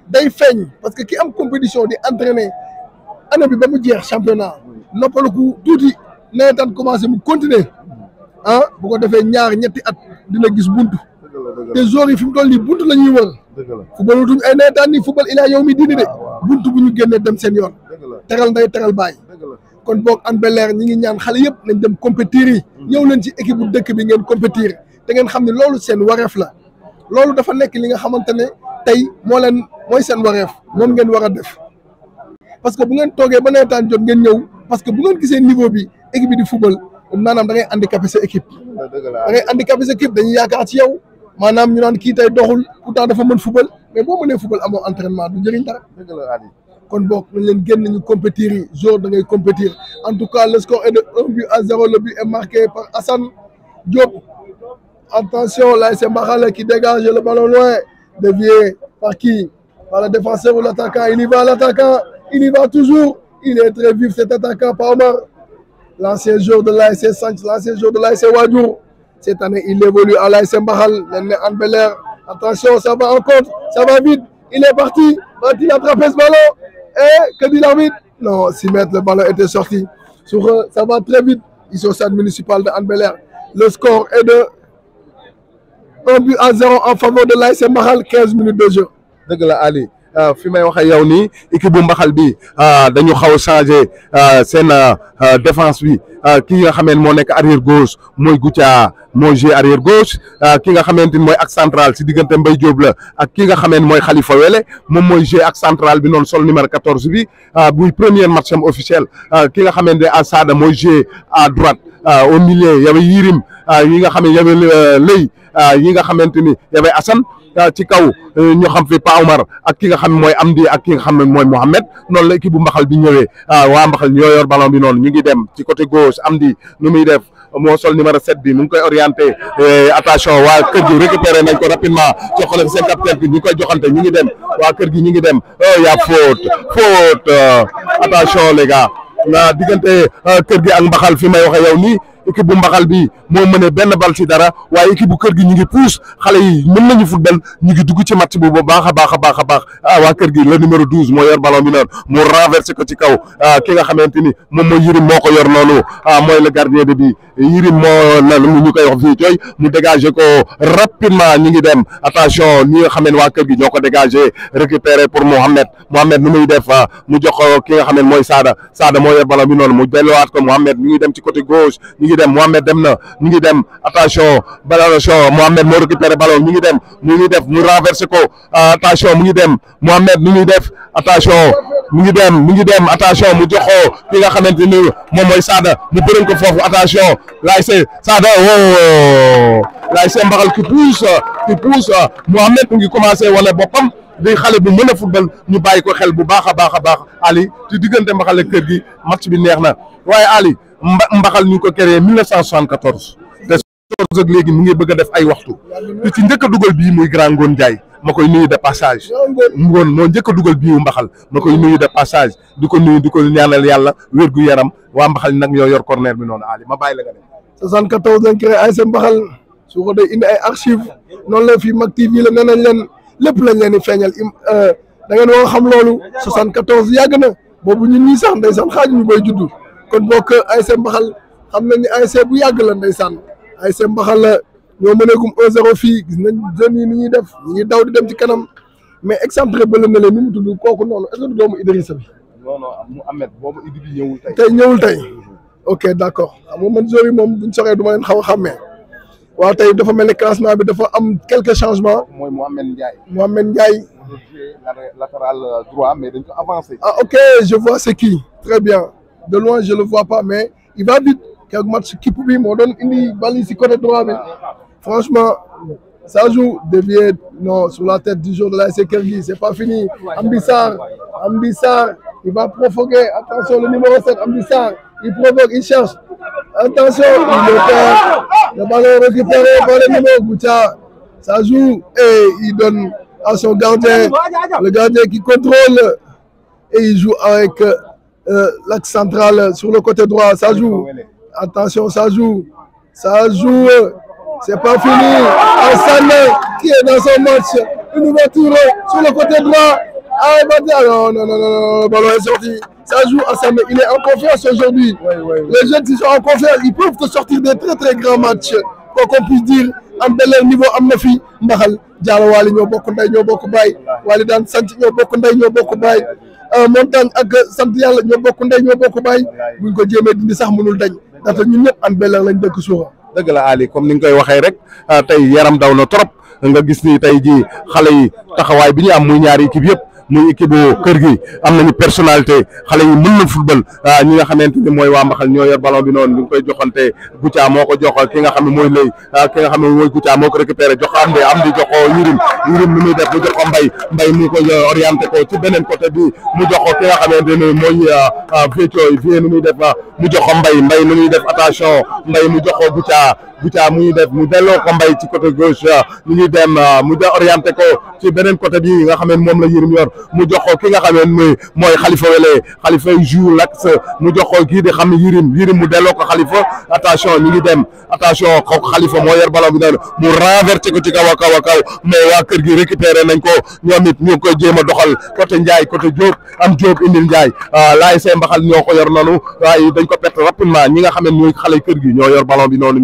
day feeñ parce que ki am compétition di entraîner année bi ba mu jeex championnat noppaluku tuuti nawetaan commencé mu continuer ah bu ko defee ñaar ñetti at dina gis buntu te joueurs yi fi mu toll nii buntu la ñuy wër football tuñ ay nawetaan nii football ilaa yow mi diini de buntu bu ñu génnee dem seen yoon teral nday teral bàyyi kon boog Hann Bel-Air ñi ngi ñaan xale yëpp nañ dem compétir yi mm. ñëw leen ci équipe bu dëkk bi ngeen compétir te ngeen xam ne loolu seen wareef la loolu dafa nekk li nga xamante ne tey moo leen mooy seen wareef moom ngeen war a def parce que bu ngeen toogee ba nawetaan jot ngeen ñëw parce que bu ngeen gisee niveau bi équipe bi di football maanaam da ngay handicapé sa équipe da ngay handicapé équipe dañuy yaakaar ci yow maanaam ñu naan kii tey doxul pourtant dafa mën football mais boo mënee football amoo entraînement du jëriñ dara kon boog nañ leen génn ñu compétir yi jour da ngay compétir en tout cas le score est de un but à zéro le but est marqué par Assane Diop attention l'ASC Mbaxale qui dégage le ballon loin dévié par qui par le défenseur ou l'attaquant il y va l'attaquant il y va toujours il est très vif cet attaquant par Omar l'ancien joueur de l'ASC Sanch l'ancien joueur de l'ASC Wadour cette année il évolue à l'ASC Mbaxal len ne Hann Bel-Air attention ça va en contre ça va vite il est parti va-t-il attraper ce ballon Et eh, que dit l'arbitre Non, 6 mètres, le ballon était sorti. Sur eux, ça va très vite. Ils sont au stade municipal de Anne Le score est de 1 but à 0 en faveur de l'ASM Mahal, 15 minutes de jeu. dëgg la Ali ah, fi may wax ak yow nii équipe bu mbaxal bi ah, dañu xaw a changé ah, seen défense bi ki nga xameen moo nekk arrière gauche mooy Goutia mooy jouer arrière gauche euh, ki nga xamante ni mooy ak central si diggante mbay Diop la ak ki nga xamante mooy Khalifa Wele moom mooy jouer ak central bi noonu sol numéro 14 bi euh, buy premier match am officiel euh, ki nga xamante ne saada mooy jouer à droite au milieu y avait Yirim yi nga xam ne y avait Ley yi nga xamante ni y avait ci kaw ñu xam fi Pa Omar ak ki nga xam mooy Amdi ak ki nga xam ne mooy Mohamed noonu la équipe bu mbaxal bi ñëwee waa mbaxal ñoo yor bi noonu ñu ngi dem ci côté gauche Amdi nu muy def. moo sol numéro 7 bi mu ngi koy orienté eh, attention waa kër gi récupéré nañ ko rapidement jox leen seen capitaine bi ñu koy joxante ñu ngi dem waa kër gi ñu ngi dem oh y' a faute faute attention les gars na diggante eh, kër gi ak mbaxal fi may waxe yow nii. équipe bu mbaxal bi moo mënee benn bal ci dara waaye équipe bu kër gi ñu ngi puus xale yi mën nañu football ñu ngi dugg ci match boobu baax a baax a baax a baax ah waa kër gi le numéro douze moo yor ballon bi noonu mu renversé ko ci kaw ah, ki nga xamante ni moom mooy Yirim moo ko yor noonu ah mooy le gardien de bi Yirim moo lan ñu koy wax fii cooy mu dégagé ko rapidement ñu ngi dem attention ñi nga xam ne waa kër gi ñoo ko dégagé récupéré pour Mohamed Mohamed nu muy def ah, mu jox ki nga xam ne mooy Sada Sada moo yor ballon bi noonu mu delluwaat ko Mohamed ñu ngi dem ci côté gauche ngi dem Mohamed dem na mu ngi dem attention attention Mohamed moo récupéré ballon ñu ngi dem ñu ngi def mu renversé ko ah, attention mu ngi dem Mohamed mu ngi def attention mu ngi dem mu ngi dem attention mu joxoo ki nga xamante ni moom mooy saada mu bërën ko foofu attention laay see Sada woo laay see mbaxal ki pousse ki pousse Mohamed mu ngi commencé wala boppam di xale bu mën a football ñu bàyyi ko xel bu baax a baax a baax Ali ci diggante mbaxal ak kër gi match bi neex na waaye Ali mba mbaxal ñu ko créé 1974 te source ak léegi mu ngi bëgg a def ay waxtu te ci njëkk dugal bii muy grand Ngone Ndiaye koy nuyu de passage Ngone moo njëkk dugal bii mbaxal ma koy nuyu de passage di ko nuyu di ko ñaanal yàlla wér yaram waa mbaxal nag ñoo yor corner bi noonu Ali ma bàyyi la nga dem. 74 dañ créé ay su ko dee indi ay archives noonu la fii Mak TV la nee nañ leen lépp lañ leen di feeñal euh, da ngeen war a xam loolu 74 yàgg na boobu ñu ñii sax ndeysaan xaaj ñu bay juddu. kon bokk ASC Mbaxal xam nañ ne ASC bu yàgg la ndeysaan ASC Mbaxal la ñoo mëneegum 1-0 fii gis nañ jeunes yi ni ñuy def ñu ngi daw di dem ci kanam mais exemple bële na leen nu mu tudd kooku noonu est-ce que du doomu Idrissa bi. non non mu boobu Idi bi tey. tey tey ok d'accord xam man joueurs yi moom buñ soxee du ma leen xaw a xàmmee waaw tey dafa mel ne classement bi dafa am quelque changement mooy Mohamed Ndiaye. Mohamed Ndiaye. latéral droit mais dañ ko avancé. ah ok je vois c'est qui très bien. de loin je le vois pas mais il va vite keroog match kipp bi moo doon indi bali si côté droit bi franchement ça joue dévié non sur la tête du de l'ASC Keur c'est pas fini Amdi Sarr Amdi Sarr il va il provoque il cherche attention il le perd le ballon par le numéro Goutia ça joue et il donne à son gardien le gardien qui contrôle et il joue avec Euh, l'axe central euh, sur le côté droit, ça joue. Attention, ça joue. Ça joue. C'est pas fini. Alsane qui est dans son match. Une ouverture sur le côté droit. Ah, non, non, non, non, ballon est sorti. Ça joue Alsane. Il est en confiance aujourd'hui. Les jeunes qui sont en confiance, ils peuvent te sortir des très grands matchs. Quoi qu'on puisse dire, am beneen niveau am na fi Mbaxal Diallo Waly ñoo bokk nday ñoo bokk baay Waly daan sant ñoo bokk nday baay Euh, montagne ak sant yàlla ñoo bokk ndey ñoo bokk baay buñ ko jéemee dindi sax mënul dañ ndaxte ñun ñëpp an bellan lañ dëkk suuxa dëgg la Ali comme ni nga koy waxee rek ah, tey yaram daw na trop nga gis ni tey ji xale yi taxawaay bi ñu am muy ñaari équipe yëpp muy équipe kër gi am nañu personalité xale yi mën na football ah, ñi nga xamante ni mooy waa Mbaxal ñoo yor ballon bi noonu ñu ngi koy joxante Goutia moo ko jox ki nga xam ne mooy lay ah, ki nga xam ne mooy Goutia moo ko récupéré jox am di am di jox ko Yirim Yirim muy def mu jox ko mbay Mbaye mu ko euh, orienté ko ci beneen côté bi mu jox ko ki nga xamante ni mooy euh, euh, Vieux Thioye Vieux nu muy def ah, mu jox ko mbay Mbaye nu muy def attention mbay mu jox ko Goutia Kouthia mu ngi def mu delloo ko mbay ci côté gauche mu ngi dem ah, mu nga xam ne moom la Yérim yor mu jox ko ki nga xam ne mooy Khalifa Wele Khalifa joue l'axe mu jox ko kii di xam Yérim Yérim mu delloo ko Khalifa attention ñu ngi dem attention ko Khalifa moo yor ballon bi noonu mu renversé ko ci kaw a kaw a kaw mais waa kër gi récupéré nañ ko ñoom it ñu ngi koy jéem a doxal côté Ndiaye côté Diop am Diop indil Ndiaye ah, laay see mbaxal ñoo ko yor noonu waaye dañ ko perte rapidement ñi nga xam ne ñooy xale kër gi ñoo yor ballon bi noonu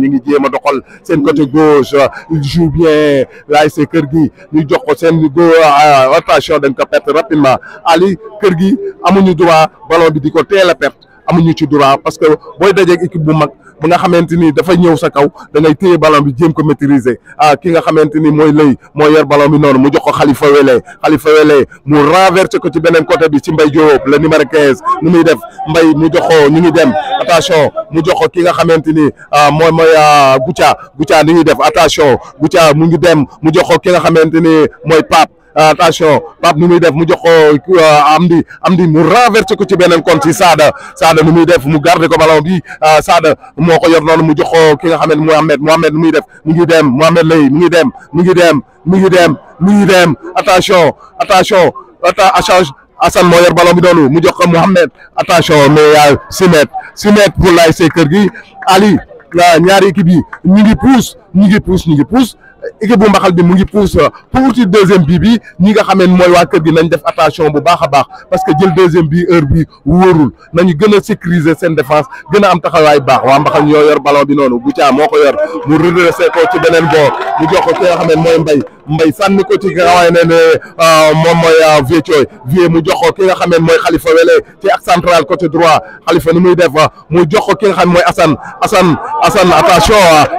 doxal seen côté gauche euh, il joue bien l'ASC kër gi ñu jox ko seen euh, rotation dañ ko perte rapidement Ali kër gi amuñu droit ballon bi di ko teel a perte amuñu ci droit parce que booy dajeeg équipe bu mag. bu nga xamante ni dafa ñëw sa kaw da ngay téye ballon bi jéem ko maîtriser ah ki nga xamante ni mooy lëy moo yor ballon bi noonu mu jox ko Khalifa Wele Khalifa Wele mu renverser ko ci beneen côté bi ci Mbaye Diop le numéro 15 nu muy def Mbaye mu jox ko ñu ngi dem attention mu jox ko ki nga xamante ni ah, mooy mooy ah, Goutia Goutia ni ngi def attention Goutia mu ngi dem mu jox ko ki nga xamante ni mooy Pape. Euh, attention Pape nu muy def mu jox ko euh, Amdi Amdi mu renversé ko ci beneen compte ci saada Sada nu muy def mu garde ko ballon bi euh, saada moo ko yor noonu mu jox ko ki nga xam ne Mohamed Mohamed nu muy def mu ngi dem Mohamed lay mu ngi dem mu ngi dem mu ngi dem mu ngi dem attention attention ata échange Assane moo yor ballon bi noonu mu jox ko Mohamed attention mais yaay Simet Simet pour laay see kër gi Ali ñaari équipe bi ñu ngi pousse ñu ngi pousse équipe bu mbaxal bi mu ngi pousse pour uti deuxième bi bi ñi nga xameen mooy waa kër gi nañ def attention bu baax a baax parce que jël deuxième bi heure bi wóorul nañ gën a sécuriser seen défense gën a am taxawaay baax waa mbaxal ñoo yor ballon bi noonu Gouthia moo ko yor mu redressé ko ci beneen boor mu jox ko ki nga mooy Mbaye mbay sànni ko ci ne ne ah, moom mooy ah, Vieux Thioye Vieux mu jox ko ki nga xam ne mooy Khalifa Wele ci ak central côté droit Khalifa nu muy def ah, mu jox ko ki nga xam mooy assan assan Assane attention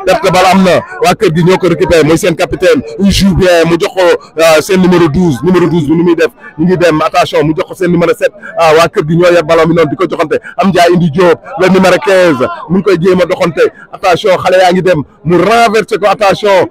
perte bal am na waa kër gi ñoo ko récupéré muy seen capitaine joue bien mu jox ko seen numéro 12 numéro 12 bi ni muy def ñu ngi dem attention mu jox ko seen numéro 7 waa kër gi ñoo yeb ballon bi noonu di ko joxante am Ndiaye indi Diop le numéro 15 mu ngi koy jéem a doxante attention xale yaa ngi dem mu renversé ko attention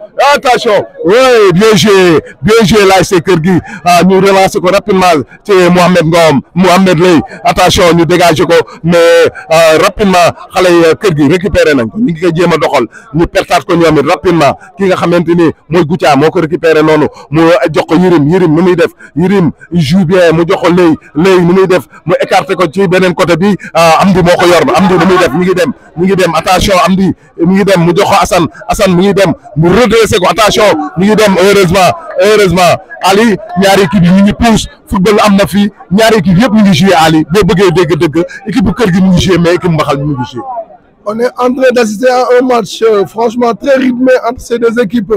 bien joué bien joué laaj see kër gi ñu ah, relancer ko rapidement ci Mohamed Ngom Mohamed Lay attention ñu dégager ko mais ah, rapidement xale yi euh, kër gi récupéré nañ ko ñu ngi koy jéem a doxal ñu pertaat ko ñoom it rapidement ki nga xamante ni mooy Goutia moo ko récupéré noonu mu euh, jox ko Yirim Yirim nu muy def Yirim joue bien mu jox ko Lay Lay muy def mu écarté ko ci beneen côté bi ah, Amdi moo ko yor Amdi nu muy def mi ngi dem mi ngi dem attention Amdi mi ngi dem mu jox ko Assane Assane mu redressé ko attention mi ngi dem. Oh, heureusement heureusement Ali ñaari équipe yi ñu ngi pousse football am na fii ñaari équipe yëpp ñu ngi joué Ali boo bëggee dégg-dëgg équipe bu kër gi ñu ngi joué mais on est d'assister à un match euh, franchement très rythmé entre ces deux équipes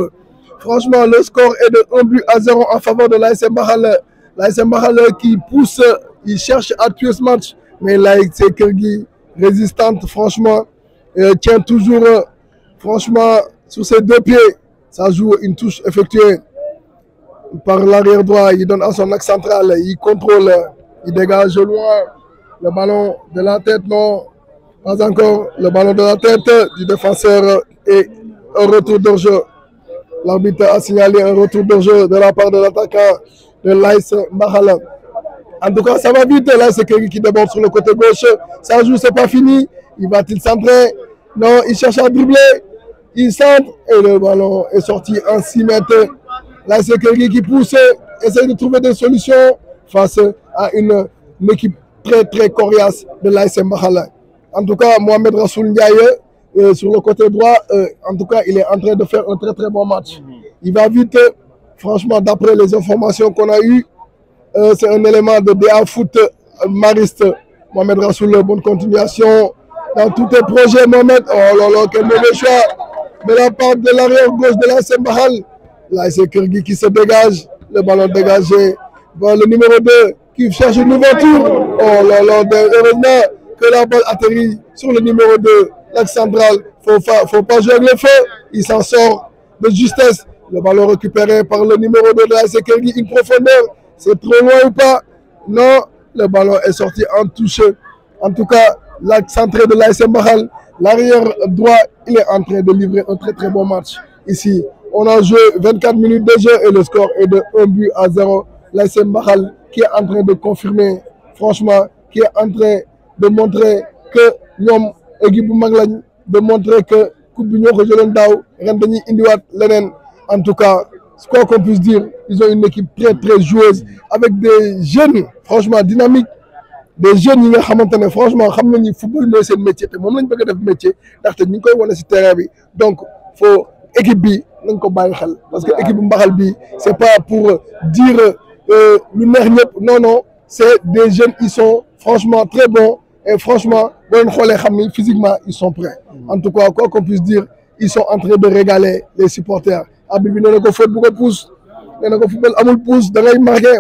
franchement le score est de un but à zéro en faveur de l'ASC Mbaxal l'ASC Mbaxal qui pousse il cherche à tuer ce match mais l'ASC Keur Gui résistante franchement euh, tient toujours euh, franchement sur ses deux pieds Ça joue une touche effectuée par l'arrière droit. Il donne à son axe central. Il contrôle. Il dégage loin. Le ballon de la tête, non. Pas encore. Le ballon de la tête du défenseur et un retour de jeu. L'arbitre a signalé un retour de jeu de la part de l'attaquant de l'Aïs Mahala. En tout cas, ça va vite. Là, c'est Kerry qui déborde sur le côté gauche. Ça joue, c'est pas fini. Il va-t-il centrer Non, il cherche à dribbler. Il centre et le ballon est sorti en 6 mètres. La sécurité qui pousse, essaye de trouver des solutions face à une, équipe très très de l'ASM Bahala. En tout cas, Mohamed Rassoul Ndiaye, euh, sur le côté droit, euh, en tout cas, il est en train de faire un très bon match. Il va vite, franchement, d'après les informations qu'on a eues, euh, c'est un élément de DA Foot Mariste. Mohamed Rassoul, bonne continuation dans tous tes projets, Mohamed. Oh là là, quel mauvais choix de la part de l'arrière gauche de la Sembahal. Là, c'est Kirgui qui se dégage. Le ballon dégagé. Bon, le numéro 2 qui cherche une nouveau tour. Oh là là, que la balle atterrit sur le numéro 2, l'axe central. Faut, faut pas jouer avec le feu. Il s'en sort de justesse. Le ballon récupéré par le numéro 2 la Kirgui. Une profondeur. C'est trop loin ou pas Non, le ballon est sorti en touche. En tout cas, la centrée de l'ASM Bahal, l'arrière droit, il est en de livrer un très très bon match ici. On de jeu et le score est de 1 but à 0. de confirmer, franchement, qui est de montrer que ñoom équipe bu mag lañ de montrer que coupe bi ñoo ko jëloon daaw ren dañuy indiwaat leneen en tout cas quoi qu'on puisse dire ils ont une avec des jeunes franchement dynamiques des jeunes yi nga xamante ne franchement xam nañu football mooy seen te moom a ñu ngi koy wane si terrain bi donc foo équipe bi nañ ko ba xal parce que équipe bu mbaxal bi c'est pas pour dire euh, lu neex ñëpp non non c'est des jeunes ils sont franchement très bons et franchement boo leen xoolee xam ni physiquement ils sont prêts hmm. en tout cas quoi qu'on puisse dire ils sont en train de régaler les supporters arbitre bi nee na ko faute bu pousse nee na ko football amul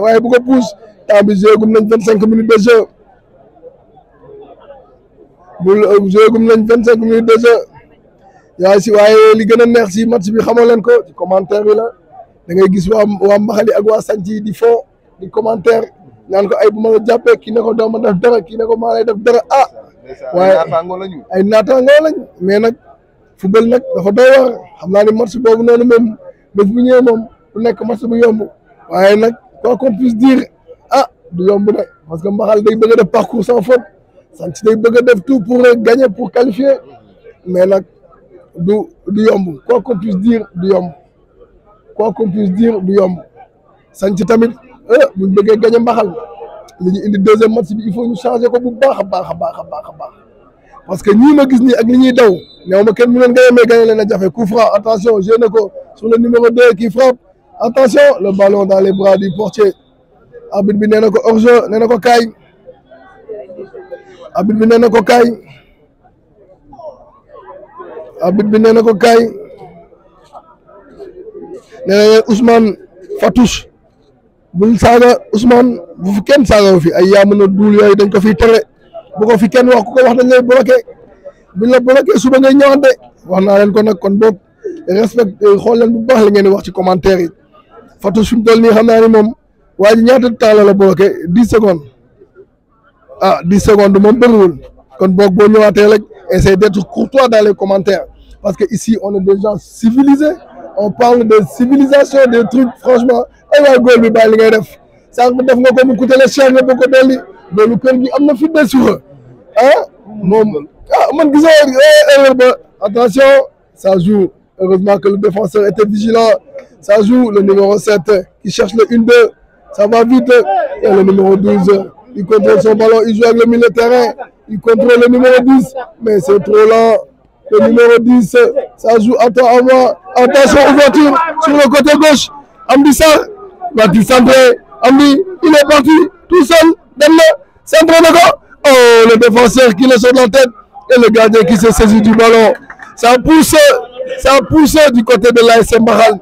waaye bu ko pousse temps cinq minutes de bul euh, jeegum nañ vingt cinq minutes de jeu si waaye li gën a neex si match bi xamoo leen ko ci commentaire yi la da ngay gis waa waa Mbaxali ak waa sañ yi di foo di commentaire naan ko ay bu ma la jàppee kii ne ko doo ma def dara kii ko maa lay def dara ah. waaye ay naataangoo lañ mais nag football nag dafa doy waar xam naa ni match boobu noonu moom bés bu ñëwee moom du nekk match bu yomb waaye nag quoi qu'on puisse dire ah bu yomb nag parce que Mbaxal day bëgg a def parcours sans f sant day bëgg a def tout pour gagner pour qualifier mais nag du du yomb quoi qu'on puisse dire du yomb quoi qu'on puisse dire du yomb sant tamit eh buñ bëggee gagner mbaxal li ñu indi deuxième match bi il faut ñu changer ko bu baax a baax a baax a baax a baax parce que ñii ma gis nii ak li ñuy daw néew ma kenn mu leen gagner mais gagner leen a jafe coup franc attention génne ko sur le numéro deux qui frappe attention le ballon dans les bras du portier arbitre bi nee na ko hors-jeu nee na ko kaay abit bi nee na ko kaay abit bi nee na ko kaay nee na Ousmane Fatouche bul saaga Ousmane bu fi kenn saagawu fi ay yaa mën a duul dañ ko fiy tere bu ko fi kenn wax ku ko wax dañ lay bloqué buñ la bloqué suba ngay wax naa leen ko nag kon boobu respect eh, xool bu baax la ngeen di wax ci commentaire yi Fatouche fi mu toll nii xam naa ni moom waa ñaata temps la la bloqué dix ah dix secondes moom bëriwul kon boog boo ñëwaatee rek essaye d'être courtois dans les commentaires parce que ici on est des gens civilisés on parle de civilisation des trucs franchement ay eh waay góor bi bàyyi li ngay def sànq def nga ko mu coûté cher nga bëgg ko dolli loolu kër gi am na fi des suuf ah moom ah, man gisoo eh, erreur ba attention ça joue heureusement que le défenseur était vigilant ça joue le numéro 7 qui cherche le 1-2 ça numéro 12 il contrôle son ballon, il joue avec le milieu de il contrôle le numéro 10, mais c'est trop lent. Le numéro 10, ça joue à à moi. Attention, ouverture sur le côté gauche. Amdi il est parti tout seul, donne-le, de oh, la tête gardien qui se saisit du ballon. Ça pousse, du côté de l'ASM Bahal.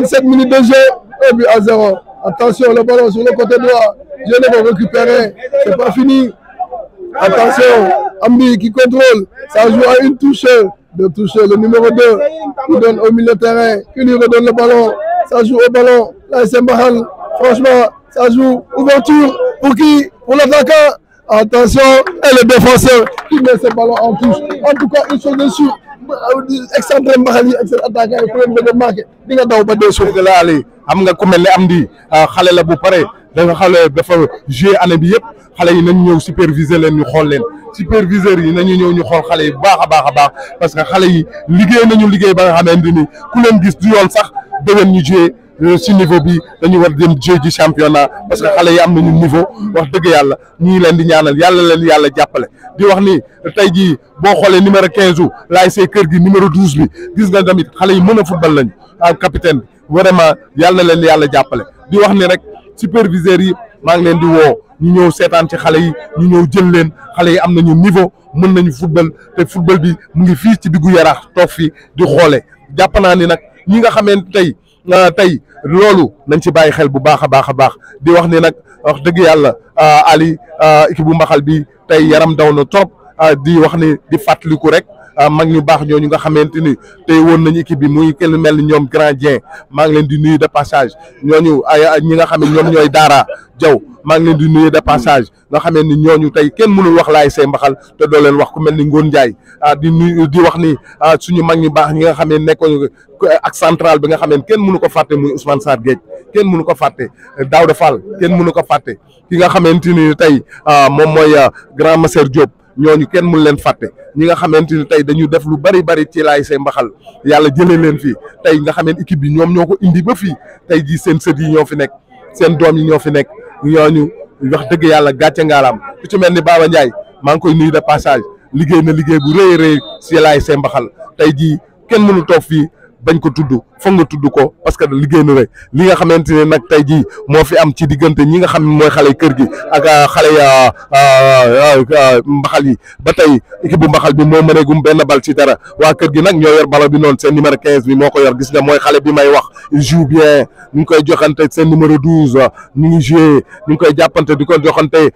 27 minutes de jeu, 1 but à Attention, le ballon sur le côté droit. Je va récupérer. C'est pas fini. Attention, Ambi qui contrôle. Ça joue à une touche. Deux touches. Le numéro 2 donne au milieu de terrain. Qui lui redonne le ballon. Ça joue au ballon. Là, c'est Franchement, ça joue. Ouverture. Pour qui Pour l'attaquant. Attention. Et le défenseur qui met ce en touche. En tout cas, une chose de sûre. Excentré Mbahali, excentré attaquant. Il faut le marquer. Il faut le marquer. am nga ku mel ni am di euh, xale la bu pare da nga xale dafa joué année bi yëpp xale yi nañ ñëw superviser leen ñu xool leen superviseurs yi nañu ñëw ñu xool xale yi bu baax a baax a baax parce que xale yi liggéey nañu liggéey ba nga xamante nii ku leen gis du yoon sax déwén ñu joué euh, si niveau bi dañu war dem joué ji championnat parce que xale yi am nañu niveau wax dëgg yàlla ñii leen di ñaanal yàlla leen yàlla jàppale di wax ni tey jii boo xoolee numéro quinze u laay see kër gi numéro douze bi gis nga tamit xale yi mën a football lañu ah capitaine vraiment yàlla na leen yàlla jàppale di wax ni rek superviseur yi maa ngi leen di woo ñu ñëw seetaan ci xale yi ñu ñëw jël leen xale yi am nañu niveau mën nañu football te football bi mu ngi fii ci diggu yaraax toog fii di xoole jàpp naa ni nag ñi nga xamante tey ah, tey loolu nañ ci bàyyi xel bu baax a baax a baax di wax ni nag wax dëgg yàlla ah, Ali ah, équipe bu maxal bi tey yaram daw na trop di wax ni di fàttaliku rek Ah, mag ñu baax ñooñu nga xamante ni tey woon nañu équipe bi muy kenn mel ni ñoom grand Dieng maa ngi leen di nuyu de passage ñooñu ay ñi nga xam ne ñoom ñooy Daara Jaw maa ngi leen di nuyu de passage xamee ni ñooñu tey kenn mënul wax laay say mbaxal te doo leen wax ku mel ni ngoon Ndiaye ah di nuyu di wax ni ah suñu mag ñu baax ñi nga xam ne nekkoon ak central bi nga xam ne kenn mënu ko fàtte muy Ousmane saar Gueye kenn mënu ko daaw Daouda Fall kenn mënu ko fàtte ki nga xamante ni tey ah, moom mooy ah, grand Masser Diop. ñooñu kenn mun leen fàtte ñi nga xamante ni tey dañu def lu bari bari ci laay say mbaxal yàlla jëlee leen fii tey nga xamante équipe bi ñoom ñoo ko indi ba fii tey jii seen sët yi ñoo fi nekk seen doom yi ñoo fi nekk ñu wax dëgg yàlla gàcce ngaalaam ku ci mel ni Baba Ndiaye maa ngi koy nuyu de passage liggéey na liggéey bu rëy rëy si laay say mbaxal tey jii kenn mënu toog fii bañ ko tudd foog nga tudd ko parce que liggéey nu rek li nga xamante ne nag tey jii moo fi am ci diggante ñi nga xam mooy xale kër gi ak ah, xale ah, ah, mbaxal yi ba tey équipe bu mbaxal bi moo mëneegum benn bal ci dara waa kër gi nag ñoo yor balo bi noonu seen numéro 15 bi moo ko yor gis nga mooy xale bi may wax il bien ñu ngi koy joxante seen numéro 12 ñu ngi joué ñu ngi koy jàppante di ko joxante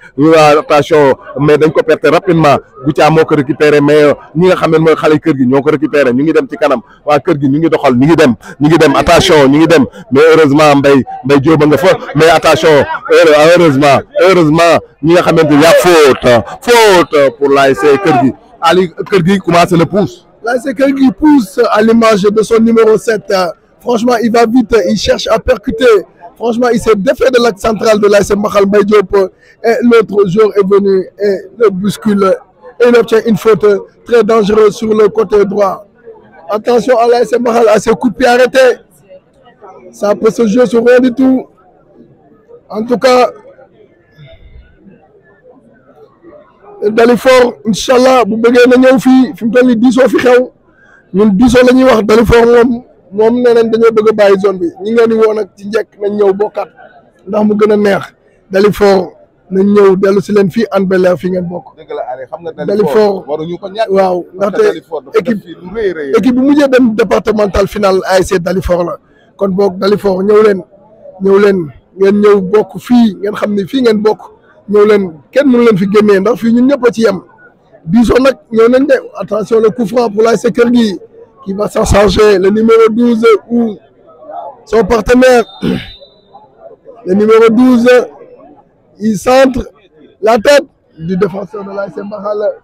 attention mais dañ ko perte rapidement Gouthia moo ko récupéré mais ñi nga xam ne mooy xale kër gi ñoo ko récupéré ñu ngi dem ci kanam waa kër gi ñu ngi doxal ñu ngi dem ñu ngi dem attention ñu ngi dem mais heureusement Mbaye Mbaye Diop nga mais attention heureusement heureusement ñi nga xamante ni y' a faute faute pour l'ASC Kër Gui Ali Kër Gui commencé le pousse. L'ASC Kër Gui pousse à l'image de son numéro 7 franchement il va vite il cherche à percuter. Franchement, il s'est défait de l'axe central de l'ASC Mbaxal Mbaye Diop et l'autre joueur est venu et le bouscule et il obtient une faute très dangereuse sur le côté droit. Attention à l'ASC Mbaxal à ce coup de pied arrêté. Ça peut se jouer sur rien tout. En tout cas, Dalifort incha allah bu bëggee na ñëw fii fi mu toll nii diisoo fi xew ñun diisoo la ñuy wax Dalifort moom moom nee nañ dañoo bëgg a bàyyi zone bi ñi ngeen di woon ak ci njëkk nañ ñëw bokkat ndax mu gën a neex Dalifort nañ ñëw dellu si leen fii Hann Bel-Air fi ngeen bokk. dëgg la Aliou xam nga Dalifort waruñu ko ñàkk waaw ndaxte équipe équipe bu mujjee dem départemental final ASC Dalifort la kon ñëw leen ñëw leen ngeen ñëw bokk fii ngeen xam ni fii ngeen bokk ñëw leen kenn mënu leen fi génnee ndax fii ñun ñëpp a ci yem. disons nag ñëw nañ de attention le coup franc pour l'ASC Keur Gui qui va s'en le numéro 12 ou son partenaire le numéro 12. il centre la tête du défenseur de l'AS Mbaxal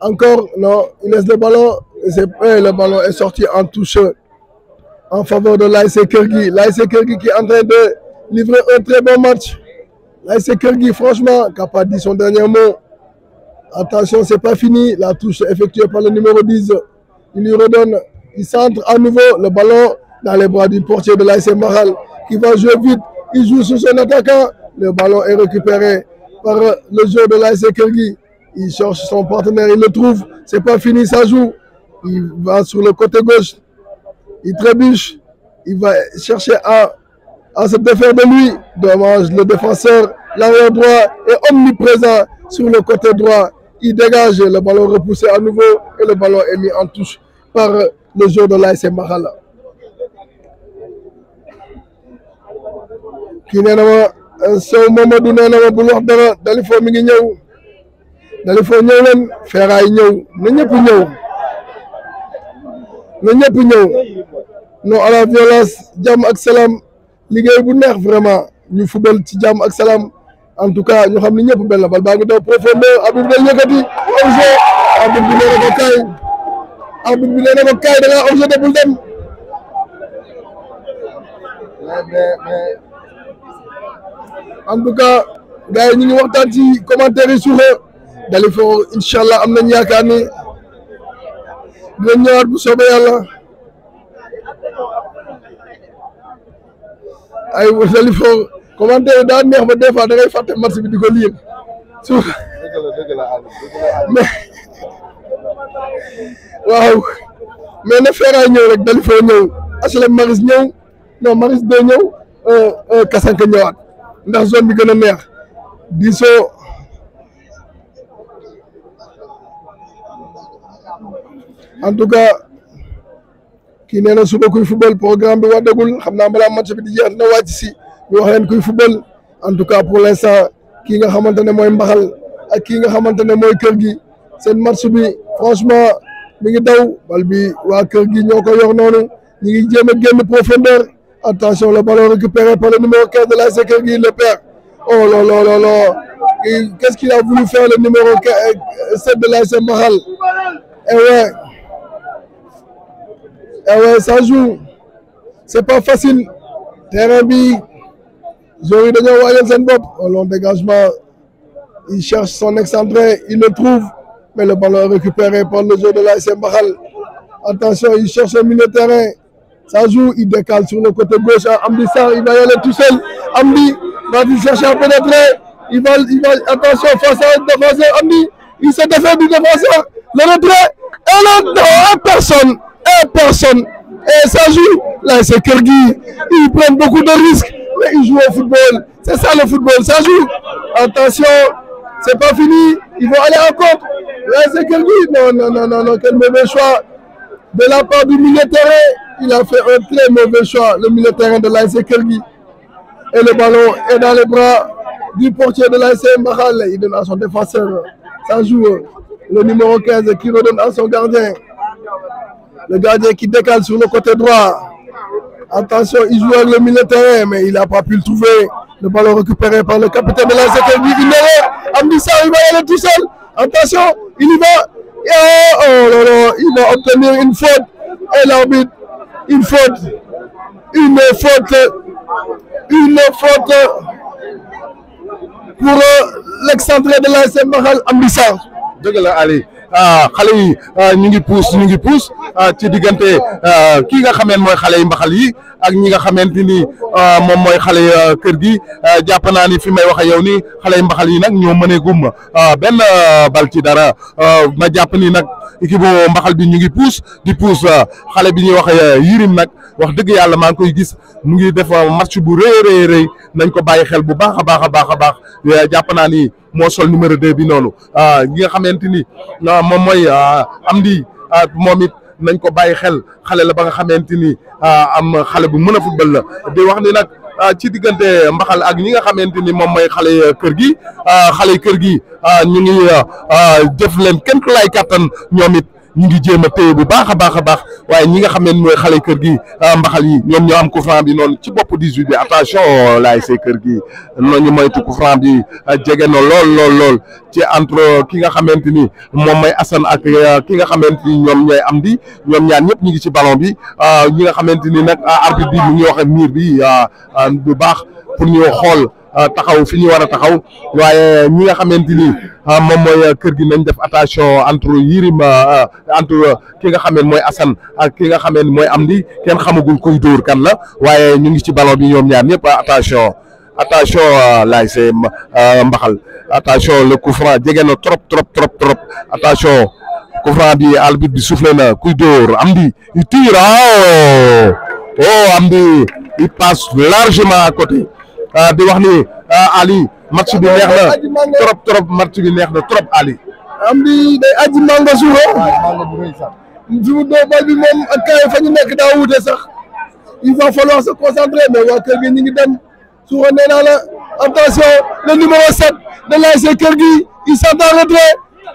encore non il laisse le ballon le ballon est sorti en touche en faveur de la Keur Gui l'AS Keur Gui qui est en train de livrer un très bon match l'AS Keur Gui franchement qui n'a pas dit son dernier mot attention c'est pas fini la touche effectuée par le numéro 10 il lui redonne il centre à nouveau le ballon dans les bras du portier de la Mbaxal qui va jouer vite il joue sur son attaquant Le ballon est récupéré par le jeu de l'ASC Kergui. Il cherche son partenaire, il le trouve. C'est pas fini, ça joue. Il va sur le côté gauche. Il trébuche. Il va chercher à, à se défaire de lui. Dommage, le défenseur, l'arrière droit est omniprésent sur le côté droit. Il dégage, le ballon repoussé à nouveau et le ballon est mis en touche par le jeu de la Mahala. mahalla Sow Mamadou nee na ma bul wax dara Dalifo mi ngi ñëw Dalifo ñëw leen Feeraay ñëw na ñëpp ñëw na ñëpp ñëw non à la violence ak salaam liggéey bu neex vraiment ñu fubal ci jàmm ak salaam en tout cas ñu xam ni ñëpp benn la bal baa ngi daw profondeur abib day yëkkati objet abib bi nee na ko kaay abib bi nee na ko kaay da ngaa objet de en tout cas gars yi ñu ngi waxtaan ci commentaire yi suuxa Dalifort incha allah am nañ yaakaar ni dina ñëwaat bu soobee yàlla ay Dalifort commentaire daa neex ba des fois da ngay fàtte match bi ko liir suuf mais waaw mais na Feeraay ñëw rek Dalifort ñëw Maris ñëw non Maris 2 ñëw Kasanka euh, euh, ñëwaat. ndax zone bi gën a neex di en tout cas kii nee na suba kuy football programme bi wax dëggul xam naa balaa match bi di jeex na wàcc si ñu wax leen kuy football en tout cas pour l'instant kii nga xamante ne mooy mbaxal ak kii nga xamante ne mooy kër gi seen match bi franchement mi ngi daw bal bi waa kër gi ñoo ko yor noonu ñi ngi jéem profondeur Attention, le ballon récupéré par le numéro 15 de la Sekegui, le père. Oh Qu'est-ce qu'il a voulu faire le numéro euh, de la Semaral Eh ouais. Eh ouais, ça joue. C'est pas facile. Terrain bi. Zori de Zenbop. Oh, long dégagement. Il cherche son excentré. Il le trouve. Mais le ballon récupéré par le jeu de la Semaral. Attention, il cherche le milieu de terrain. Ça joue, il décale sur le côté gauche. Amdi Sarr, il va y aller tout seul. Amdi Il va, il attention, face défenseur. Amdi, il se défend défenseur. Le retrait. Et là, non, personne. Et personne. Et ça joue. Là, c'est Kergui. Ils beaucoup de risques. Mais ils jouent au football. C'est ça le football. Ça joue. Attention. C'est pas fini. Ils vont aller en contre. Là, c'est Non, non, non, non, non. choix de la part du milieu il a fait un très mauvais choix, le milieu de terrain de l'ASC Kergui. Et le ballon est dans les bras du portier de l'ASC Mahal. Il donne son défenseur, ça le numéro qui redonne son gardien. Le gardien qui décale sur le côté droit. Attention, il joue avec le milieu mais il n'a pas pu le trouver. Le ballon récupéré par le capitaine de l'ASC Kergui. Il il va y aller il y va. Oh, oh, oh, il va obtenir une faute. Et l'arbitre une faute, une faute, une faute pour euh, l'excentré de la SM Mbaxal Amdi Sarr. dëgg la Ali ah, xale yi ah, ñu ngi puus ñu ngi puus ah, ci diggante kii nga xameen mooy xale yi Mbaxal yi. ak ñi nga xamante ni euh, moom mooy xale euh, kër gi euh, jàpp naa ni fi may wax ak yow ni xale yu mbaxal yi nag ñoo mënee gum benn bal ci dara ma jàpp ni nag équipe mbaxal bi ñu ngi puus di puus xale bi ñuy wax yirim nag wax dëgg yàlla maa ngi koy gis mu ngi def match bu rëy rëy nañ ko bàyyi xel bu baax a baax a baax a baax jàpp naa ni moo sol numéro de bi noonu ñi nga xamante ni moom mooy am di moom it nañ ko bàyyi xel xale la ba nga xamante ni ah, am xale bu mën a football la di wax ni nag ah, ci diggante mbaxal ak ñi nga xamante ni moom mooy xale ah, kër gi xale kër gi ñu ngi jëf leen kenn ku lay kàttan ñoom it ñu ngi jéem a téye bu baax a baax a baax waaye ñi nga xam ne mooy xale kër gi ah, mbaxal yi ñoom ñoo am coup franc bi noonu ci bopp 18 bi attention laay say kër gi noonu ñu moytu coup bi ah, jege na lool lool ci entre ki nga xamante ni moom mooy Assane ak ah, ki nga xamante ni ñoom ñooy am bi ñoom ñaan ñëpp ñu ngi ci balon bi ñi nga xamante ni nag arbitre bi mu ngi wax ak miir bi bu baax pour ñu xool. Euh, taxaw fi ñu war a taxaw waaye ñi nga xamante ni ah, moom mooy euh, kër gi nañ def attention entre Yirim euh, entre ki nga xameen mooy Assane ak ki nga xameen mooy Amdi kenn xamagul koy dóor kan la waaye ñu ngi ci ballon bi ñoom ñaan ñëpp attention attention laay c'est mbaxal attention le coup jege na trop trop trop trop attention coup franc bi arbitre bi soufflé na kuy dóor Amdi il tire ah, oh, oh Amdi il passe largement à côté. Euh, di wax ni euh, Ali match bi neex na trop trop match bi neex na trop Ali. am di day aji mango suuro. fi mu doo bal bi moom ak kaay fa ñu nekk daa wute il va falloir se concentrer mais waa kër gi ñu ngi dem suuro nee naa la attention le numéro 7 de l'ASC Keur Gui il s'est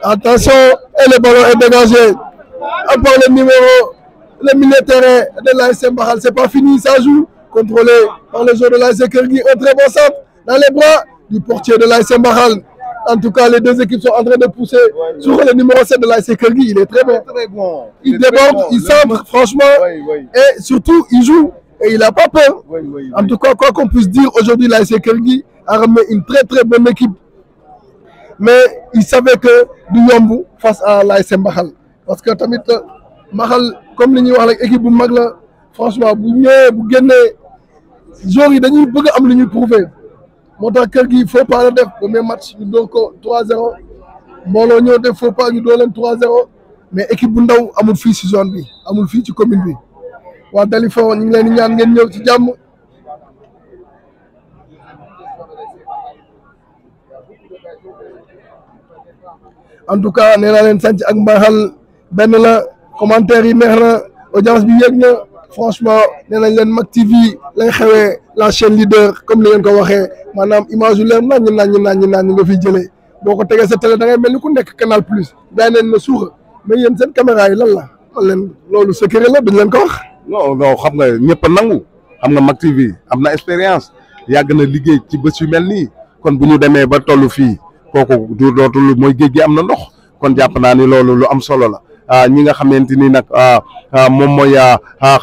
attention et le ballon est dégagé à part le numéro le milieu de terrain c'est pas fini ça joue. contrôlé par le jeu de l'ASC Keur Gui un très bon centre dans les bras du portier de l'ASC Mbaxal en tout cas les deux équipes sont en train de pousser sur le numéro 7 de l'ASC Keur Gui il est très bon, très bon. il, déborde il centre franchement et surtout il joue et il n'a pas peur en tout cas quoi qu'on puisse dire aujourd'hui l'ASC Keur a ramené une très bonne équipe mais il savait que du yomb face à l'ASC Mbaxal parce que tamit Mbaxal comme ni ñuy wax rek équipe bu mag la franchement bu ñëwee bu génnee joueurs yi dañuy bëgg am lu ñuy prouver moo tax kër gi faux la def premier match ñu door ko 3-0 mbooloo ñëw def faux pas ñu door leen 3-0 mais équipe bu ndaw amul fii si zone bi amul fii ci commune bi waa Dalifort ñu ngi leen di ñaan ngeen ñëw ci jàmm. en tout cas ne naa leen sànc ak mbaaxal benn la commentaire yi neex na bi yéeg na. franchement nee nañ leen Mak TV lay xewee la chaîne leader comme ni ngeen ko waxee maanaam image yu leer naan ñu naan ñu naan ñu naan ñu nga fiy jëlee boo ko tegee sa télé da ngay mel ni ku nekk canal plus daa neen na suuxa mais yéen seen caméra yi lan la man leen loolu secret la dañ leen ko wax non non xam nga ñëpp a nangu xam nga Mak TV am na expérience yàgg na liggéey ci bés yu mel nii kon bu ñu demee ba toll fii kooku du dootul mooy géej gi am na ndox kon jàpp naa ni loolu lu am solo la Ah, ñi nga xamante ni nag a ah, ah, moom mooy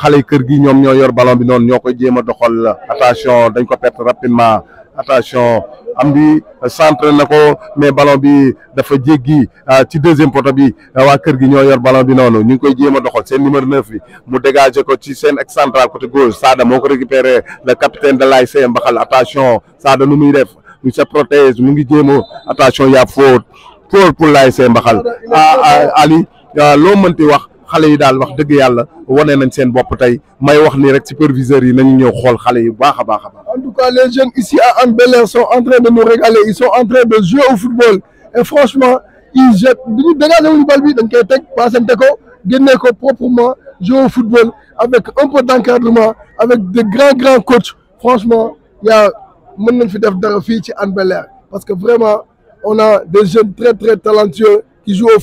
xale kër gi ñoom ñoo yor ballon bi noonu ñoo ko jéem a doxal attention dañ ko perte rapidement attention am bi centre na ko mais ballon bi dafa jéggi ci deuxième poto bi waa kër gi ñoo yor ballon bi noonu ñu ngi koy jéem a doxal seen numéro neuf bi mu dégagé ko ci seen ex central côté gauche Sada moo ko récupéré le capitaine de l'ASC Mbaxal attention Sada nu muy def mu se protège mu ngi jéem a yaa y'a faute faute pour Mbaxal loo mënti wax xale yi daal wax dëgg yàlla wane nañ seen bopp tey may wax ni rek superviseurs yi nañ ñëw xool xale yi baax a baax a baax. en tout cas les jeunes ici à Hann Bel-Air sont de nous régaler ils sont en de jouer au football et franchement ils jettent duñu dégagé wuñu teg passante ko ko proprement jouer au football avec un peu d'encadrement avec de grands grands coachs franchement yaa mën nañ fi def dara fii ci Hann Bel-Air parce que vraiment on a des jeunes très très talentueux qui jouent au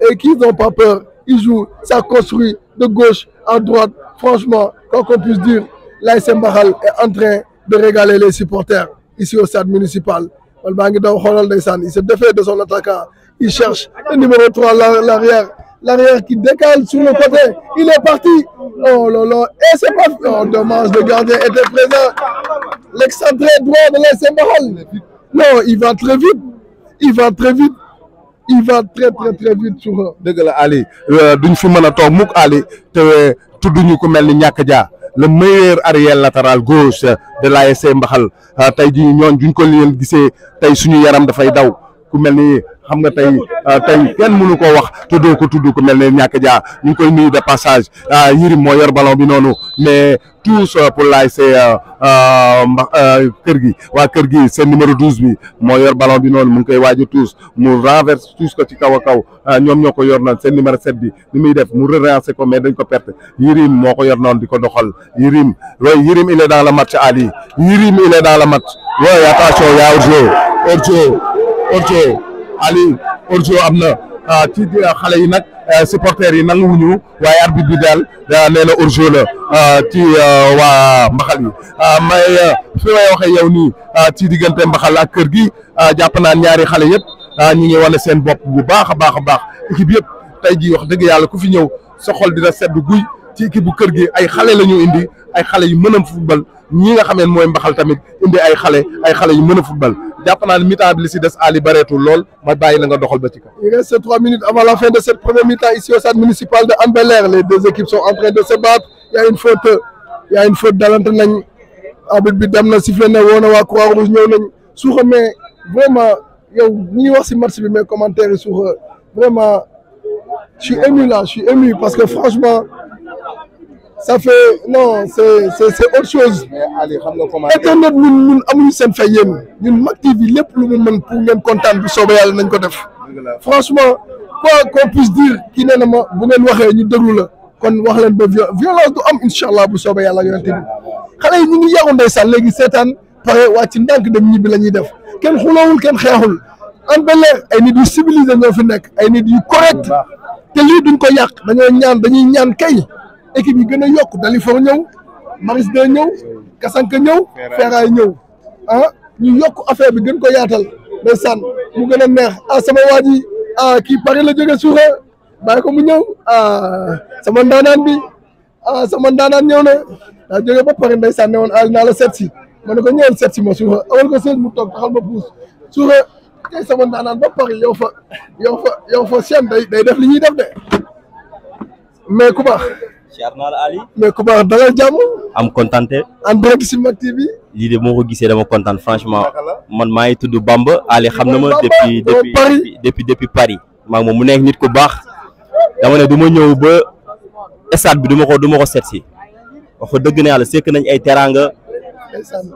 et qu'ils n'ont pas peur. Ils jouent, ça construit de gauche à droite. Franchement, quoi qu'on puisse dire, l'AS Mbaxal est en train de régaler les supporters ici au stade municipal. man maa ngi daw xoolal ndeysaan il se défait de son attaquant il cherche le numéro 3 l'arrière l'arrière qui décale sur le côté il est parti oh là là et c'est pas oh, dommage le gardien était présent l'excentré de l'AS Mbaxal non il va très vite il va il va très très très vite Soukha. Euh, dëgg la Ali euh, duñ fi mën a toog mukk Ali te euh, tudduñu ko mel ni ñàkk jaa la meilleur arrière latéral gauche de l'ASC Mbaxal tey jii ñooñ juñ ko leen gisee tey suñu yaram dafay daw. ku mel ni xam nga tey ah, tey kenn mënu ko wax te doo ko tudd ku mel ne ñàkk jaa ñu ngi koy nuyu de passage ah, Yirim moo yor ballon bi noonu mais ah, gi waa kër gi seen numéro douze bi moo yor bi noonu mu ngi koy waaj a tous mu renverse tous ko ci kaw a kaw ñoom ñoo ko yor noonu seen numéro sept bi ni muy def mu relancer ko mais dañ ko perte Yirim moo ko yor noonu di ko doxal Yirim oui Yirim il est a match Ali Yirim il est dans a Orjo Aliou Orjo am na ah, ci ah, xale yi nag ah, supporters yi nangu wuñu waaye arbitre bi bi daal nee na Orjo la ci waa mbaxal yi may fi waxee yow nii ci diggante mbaxal ak kër gi jàpp naa ñaari xale yëpp ñi ngi wane seen bopp bu baax a baax a baax équipe yëpp tey jii wax dëgg yàlla ku fi ñëw soxol dina sedd guy ci équipe bu kër gi ay xale lañu indi ay xale yu mën a football ñi nga xam ne mooy mbaxal tamit indi ay xale ay xale yu mën a football jàpp naa ne mi-temps bi li si des Ali bareetul lool ma bàyyi la nga doxal ba ci kaw. il reste trois minutes avant la fin de cette première mi-temps ici au municipal de Hann les deux équipes sont en de se battre une faute il nañ arbitre bi dem na sifflé ne na waa Croix-Rouge ñëw nañ suuxa mais vraiment yow ñu ngi wax si match bi mais commentaire yi suuxa vraiment je suis ému là parce que franchement. ça fait non c'est c'est c'est autre chose internet ñun ñun amuñu seen fay yéen ñun Mak TV lépp lu mu mën pour ngeen kontaan bu soobee yàlla nañ ko def franchement quoi qu'on puisse dire kii nee na ma bu ngeen waxee ñu déglu la kon wax leen ba violence du am incha allah bu soobee yàlla yonente bi xale yi ñu ngi yàggu ndeysaan léegi seetaan pare waa ci ndànk dem ñibbi la ñuy def kenn xulawul kenn xeexul en Bel Air ay nit yu civilisé ñoo fi nekk ay nit yu correct te lii duñ ko yàq dañoo ñaan dañuy ñaan kay équipe yi gën a yokk Dalifor ñëw Maris de ñëw Kasanka ñëw Feeraay ñëw ah ñu yokk affaire bi gën ko yaatal ndeysaan mu gën a neex a ah, sama waa ji ah kii Paris la jóge suuxa bàyyi ko mu ñëw ah sama ndaanaan bi ah sama ndaanaan ñëw ne daa jóge ba Paris ndeysaan ne woon ah, naa la seet si ma ne ko ñëwal seet si ma suuxa awal ko seet mu toog taxal ma puus suuxa tey sama ndaanaan ba Paris yow fa yow yow fa chaîne day def li ñuy def de mais ku baax jaar naa la Ali. mais ku am kontante. si Mak TV. lii de moo ko gisee dama kontaan franchement man maa ngi tudd Bamba Ali xam na ma depuis depuis depuis depuis Paris. maa moom mu nekk nit ku baax dama ne du ma ñëw ba stade bi duma ko du ma ko set si wax dëgg na yàlla sekk nañ ay teraanga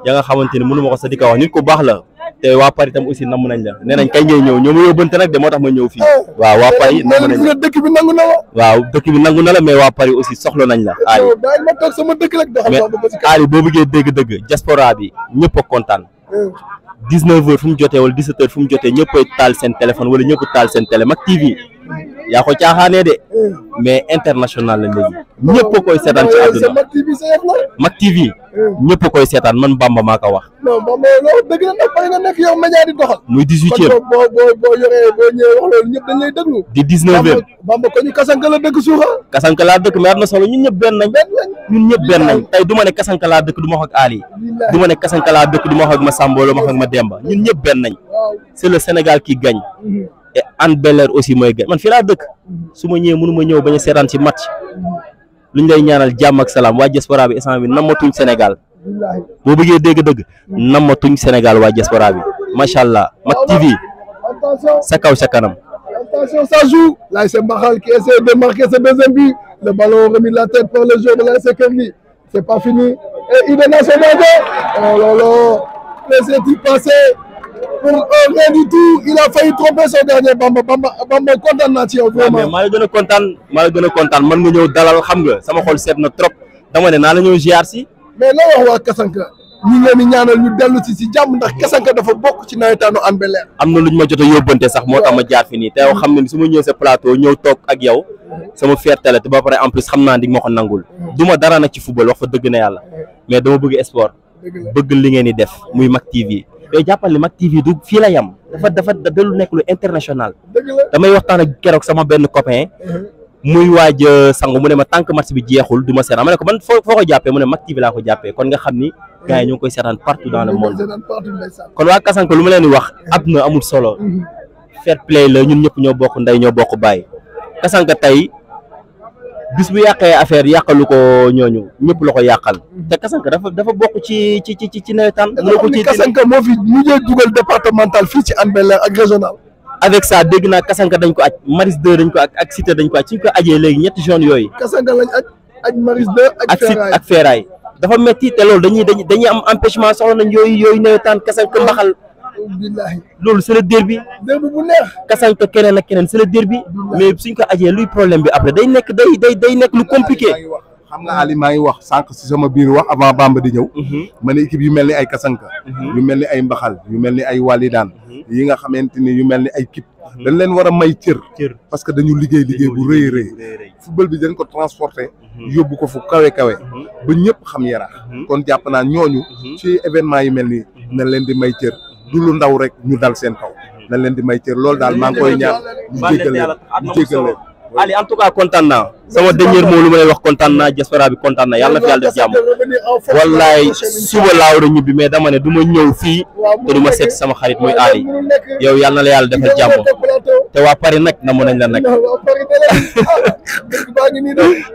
ya nga xamante ne mënu ma ko sax di ko wax nit ku baax la. te waa Paris tam aussi namm nañ la nee nañ kay ngay ñëw ñoo ma yóbbante nag de moo tax ma ñëw fii waaw waa Paris namm nañ dëkk bi nangu na la waaw dëkk bi nangu na la mais waa Paris aussi soxla nañ la aali ma toog sama dëkk rek mais boo bëggee dégg-dëgg diaspora bi ñëpp kontaan dix neuf heures fu mu jotee wala dix sept fu mu jotee ñëpp taal seen téléphone wala ñëpp taal seen télé Mak TV yaa ko caaxaanee de eh. mais international la léegi ñëpp koy seetaan ci àdduna eh. ñëpp koy seetaan man Bamba maa ko wax. yow média di muy dix di dix neuvième Bamba ko ñu kasanka la dëkk suuxa. kasanka laa dëkk mais am na solo ñun ñëpp benn nañ. ñun ñëpp benn nañ tey du ne kasanka laa dëkk du ma wax ak Ali du ne kasanka laa dëkk du ma wax ak ma Samba ma wax ak ma Demba ñun ñëpp benn nañ. c'est le Sénégal qui gagne. Mm-hmm. et Hann Bel-Air aussi mooy gën man fii laa dëkk su ma ñëwee mënu ma ñëw bañ a seetaan ci match luñ lay ñaanal jàmm ak salaam waa diaspora bi instant namatuñ Sénégal boo bëggee dégg-dëgg namatuñ Sénégal waa diaspora bi macha allah Mak TV sa kaw sa kanam. attention ça joue l'ASC Mbaxal qui essaie de marquer ce deuxième but le ballon remis la tête par le joueur de l'ASC Keur c'est pas fini et Ibe Nasso Dodo oh là là laissez-y passer pour rien du tout il a failli tromper son dernier Bamba Bamba Bamba kontaan naa ci yow. Ah, vraiment mais maa ngi gën a kontaan maa gën kontaan man nga ñëw dalal xam nga sama xol seet na trop dama ne naa la ñëw ziar si. mais na wax waa Kasanka ñu ngi leen di ñaanal ñu dellu si si jàmm ndax Kasanka dafa bokk ci nawetaanu Hann am air am na lu ñu ma jot a yóbbante sax moo tax ma jaar fi nii te yow xam ne su ma ñëwee sa plateau ñëw toog ak yow sama fierté la te ba pare en plus xam naa di ma ko nangul ma dara nag ci football wax fa dëgg na yàlla mais dama bëgg sport bëgg li ngeen di def muy Mak TV yooyu jàppale ni Mak TV du fii la yam dafa dafa da lu nekk lu international damay waxtaan ak keroog sama benn copain mhm. muy waaj sangu mu ne ma tant que match bi jeexul du ma seetaan ma ne ko man foo foo ko jàppee mu ne Mak TV laa ko jàppee kon nga xam ni gars yi ñu koy seetaan partout dans le monde kon waa Kasanko lu ma leen wax ab na amul solo mhm. fair play la ñun ñëpp ñoo bokk ndey ñoo bokk baay Kasanko tey bis bu yàqee affaire yàqalu ko ñooñu ñëpp la ko yàqal. te Kasanka dafa dafa bokk ci ci ci ci nawetaan. bokk ci Kasanka moo fi mujjee dugal départemental fii ci Hann bel ak régional. avec ça dégg naa Kasanka dañ ko aj Maris 2 dañ ko ak ak Cité dañ ko aj suñ ko ajee léegi ñetti jeunes yooyu. Kasanka lañ aj aj Maris 2 ak Feeraay ak Feeraay dafa metti te loolu dañuy dañuy am empêchement soxla nañ yooyu yooyu nawetaan Kasanka mbaxal. billahi loolu c'est le derby derby bu neex kasanka keneen ak keneen c'est le derby mais suñ ko ajee luy problème bi après day nekk day day day nekk lu compliqué xam nga aliment maa wax sànq si sama biir wax avant Bamba di ñëw mhm. ma ne yu mel ni ay kasanka mhm. yu mel ni ay mbaxal yu mel ni ay walidaan mhm. yi nga xamante ni yu mel ni ay kip dañ leen war a may cër parce que dañu liggéey liggéey bu rëy rëy football bi dañ ko transporté yóbbu ko fu kawe-kawe ba ñëpp xam yaraax kon jàpp naa ñooñu ci yi mel nii nañ leen di may cër du lu ndaw rek ñu dal seen kaw nañ leen di may cër loolu daal maa ngi koy ñaan ñu jéggal leen ñu jéggal leen Ali en tout cas kontaan naa sama dernier mot lu ma lay wax kontaan naa diaspora bi kontaan na yàlla na fi yàlla def jàmm wallaay suba laaw la ñibbi mais dama ne du ma ñëw fii te du ma set sama xarit muy Ali yow yàlla na la yàlla defal jàmm te waa Paris nag namoon nañ la nag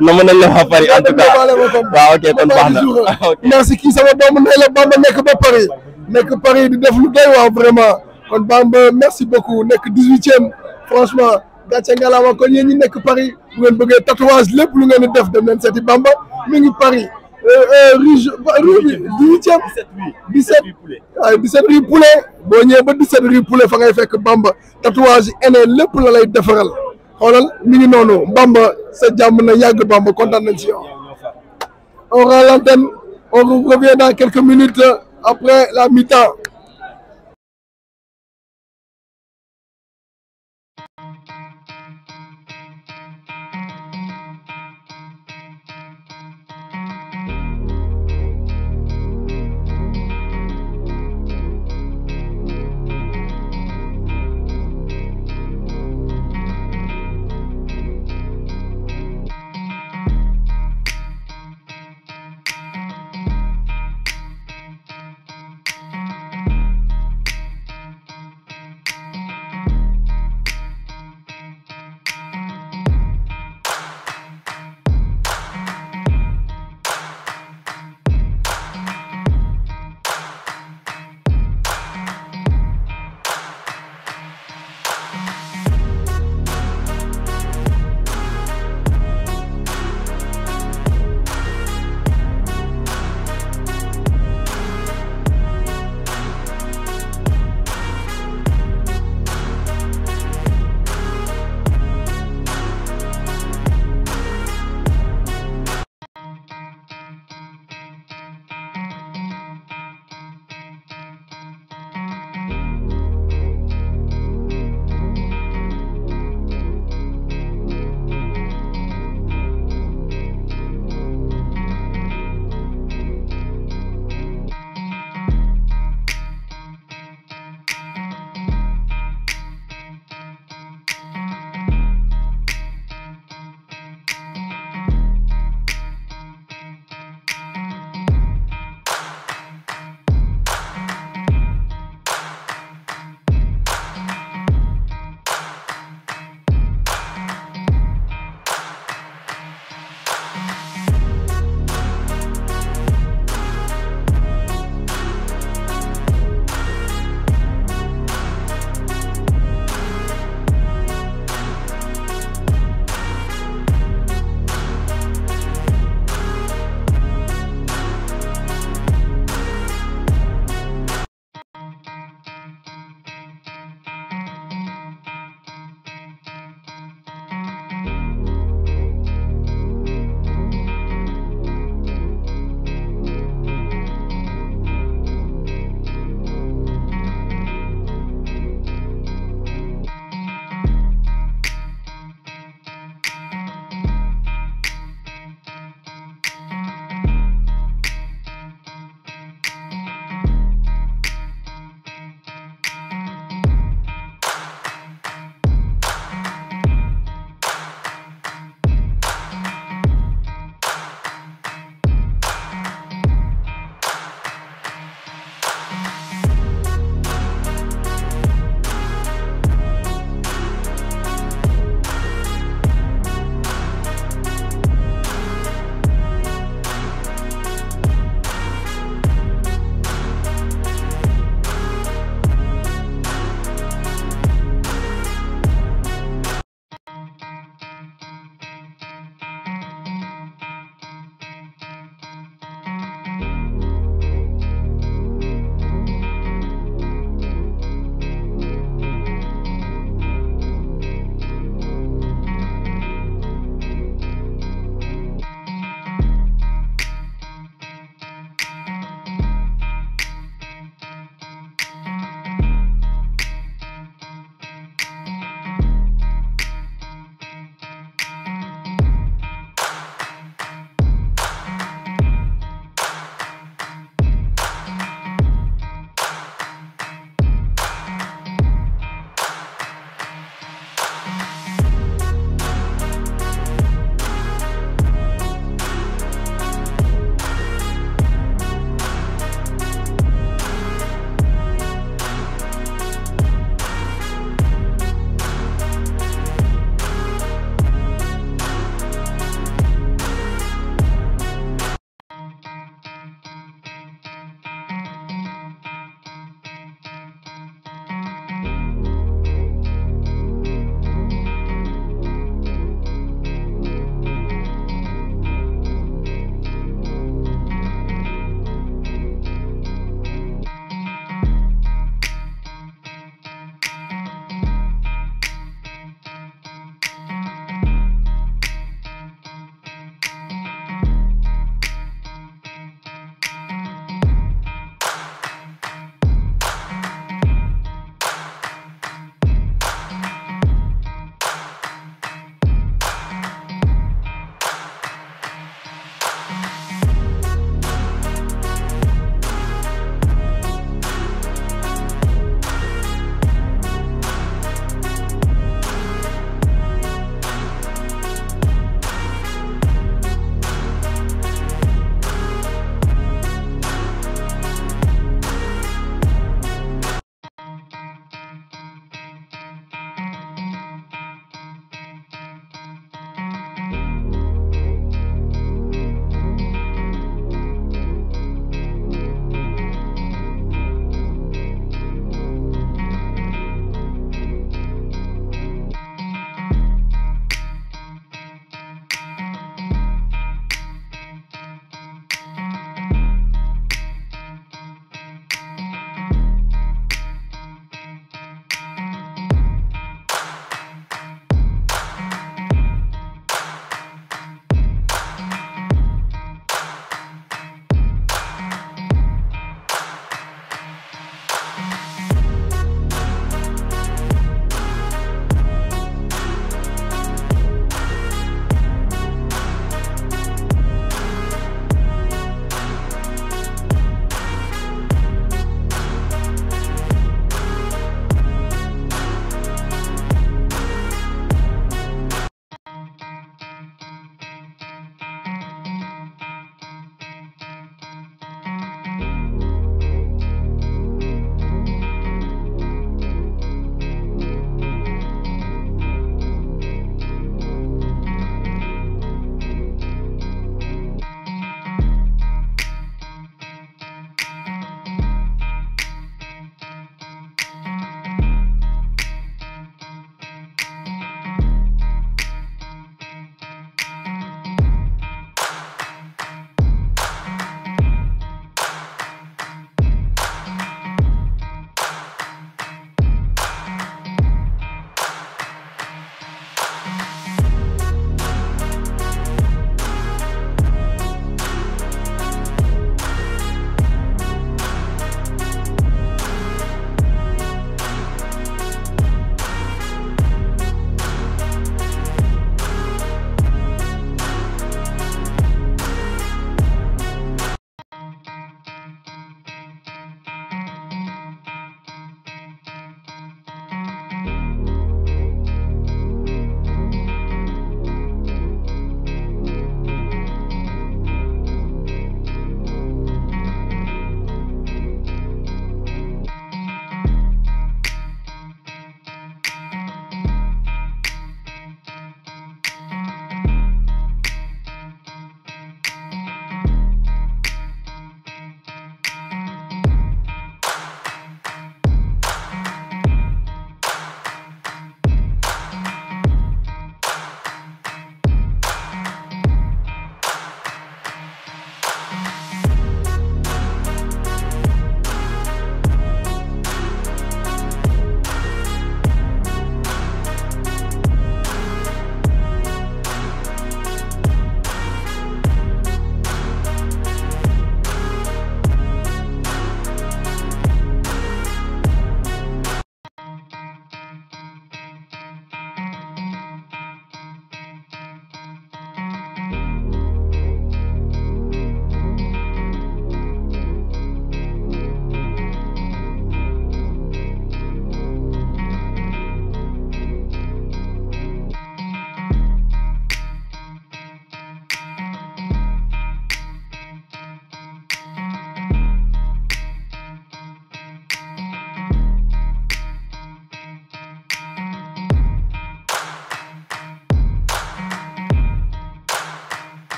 namoon nañ la waa Paris en tout cas waaw ok kon baax na merci kii sama nekk Paris di def lu doy waaw vraiment kon Bamba merci beaucoup nekk dix-huitième franchement gàcce ngalaama kon yéen ñi nekk Paris bu ngeen bëggee tatouage lépp lu ngeen di def dem leen seeti Bamba mi ngi Paris rue rue bi dix-huitième dix-sept waaw dix-sept rue Poulet boo ñëwee ba dix set rue Poulet fa ngay fekk Bamba tatouage yi enee lépp la lay defaral xoolal mi ngi noonu Bamba sa jàmm na yàgg Bamba kontaan nañ ci yow on quelques minutes après la mi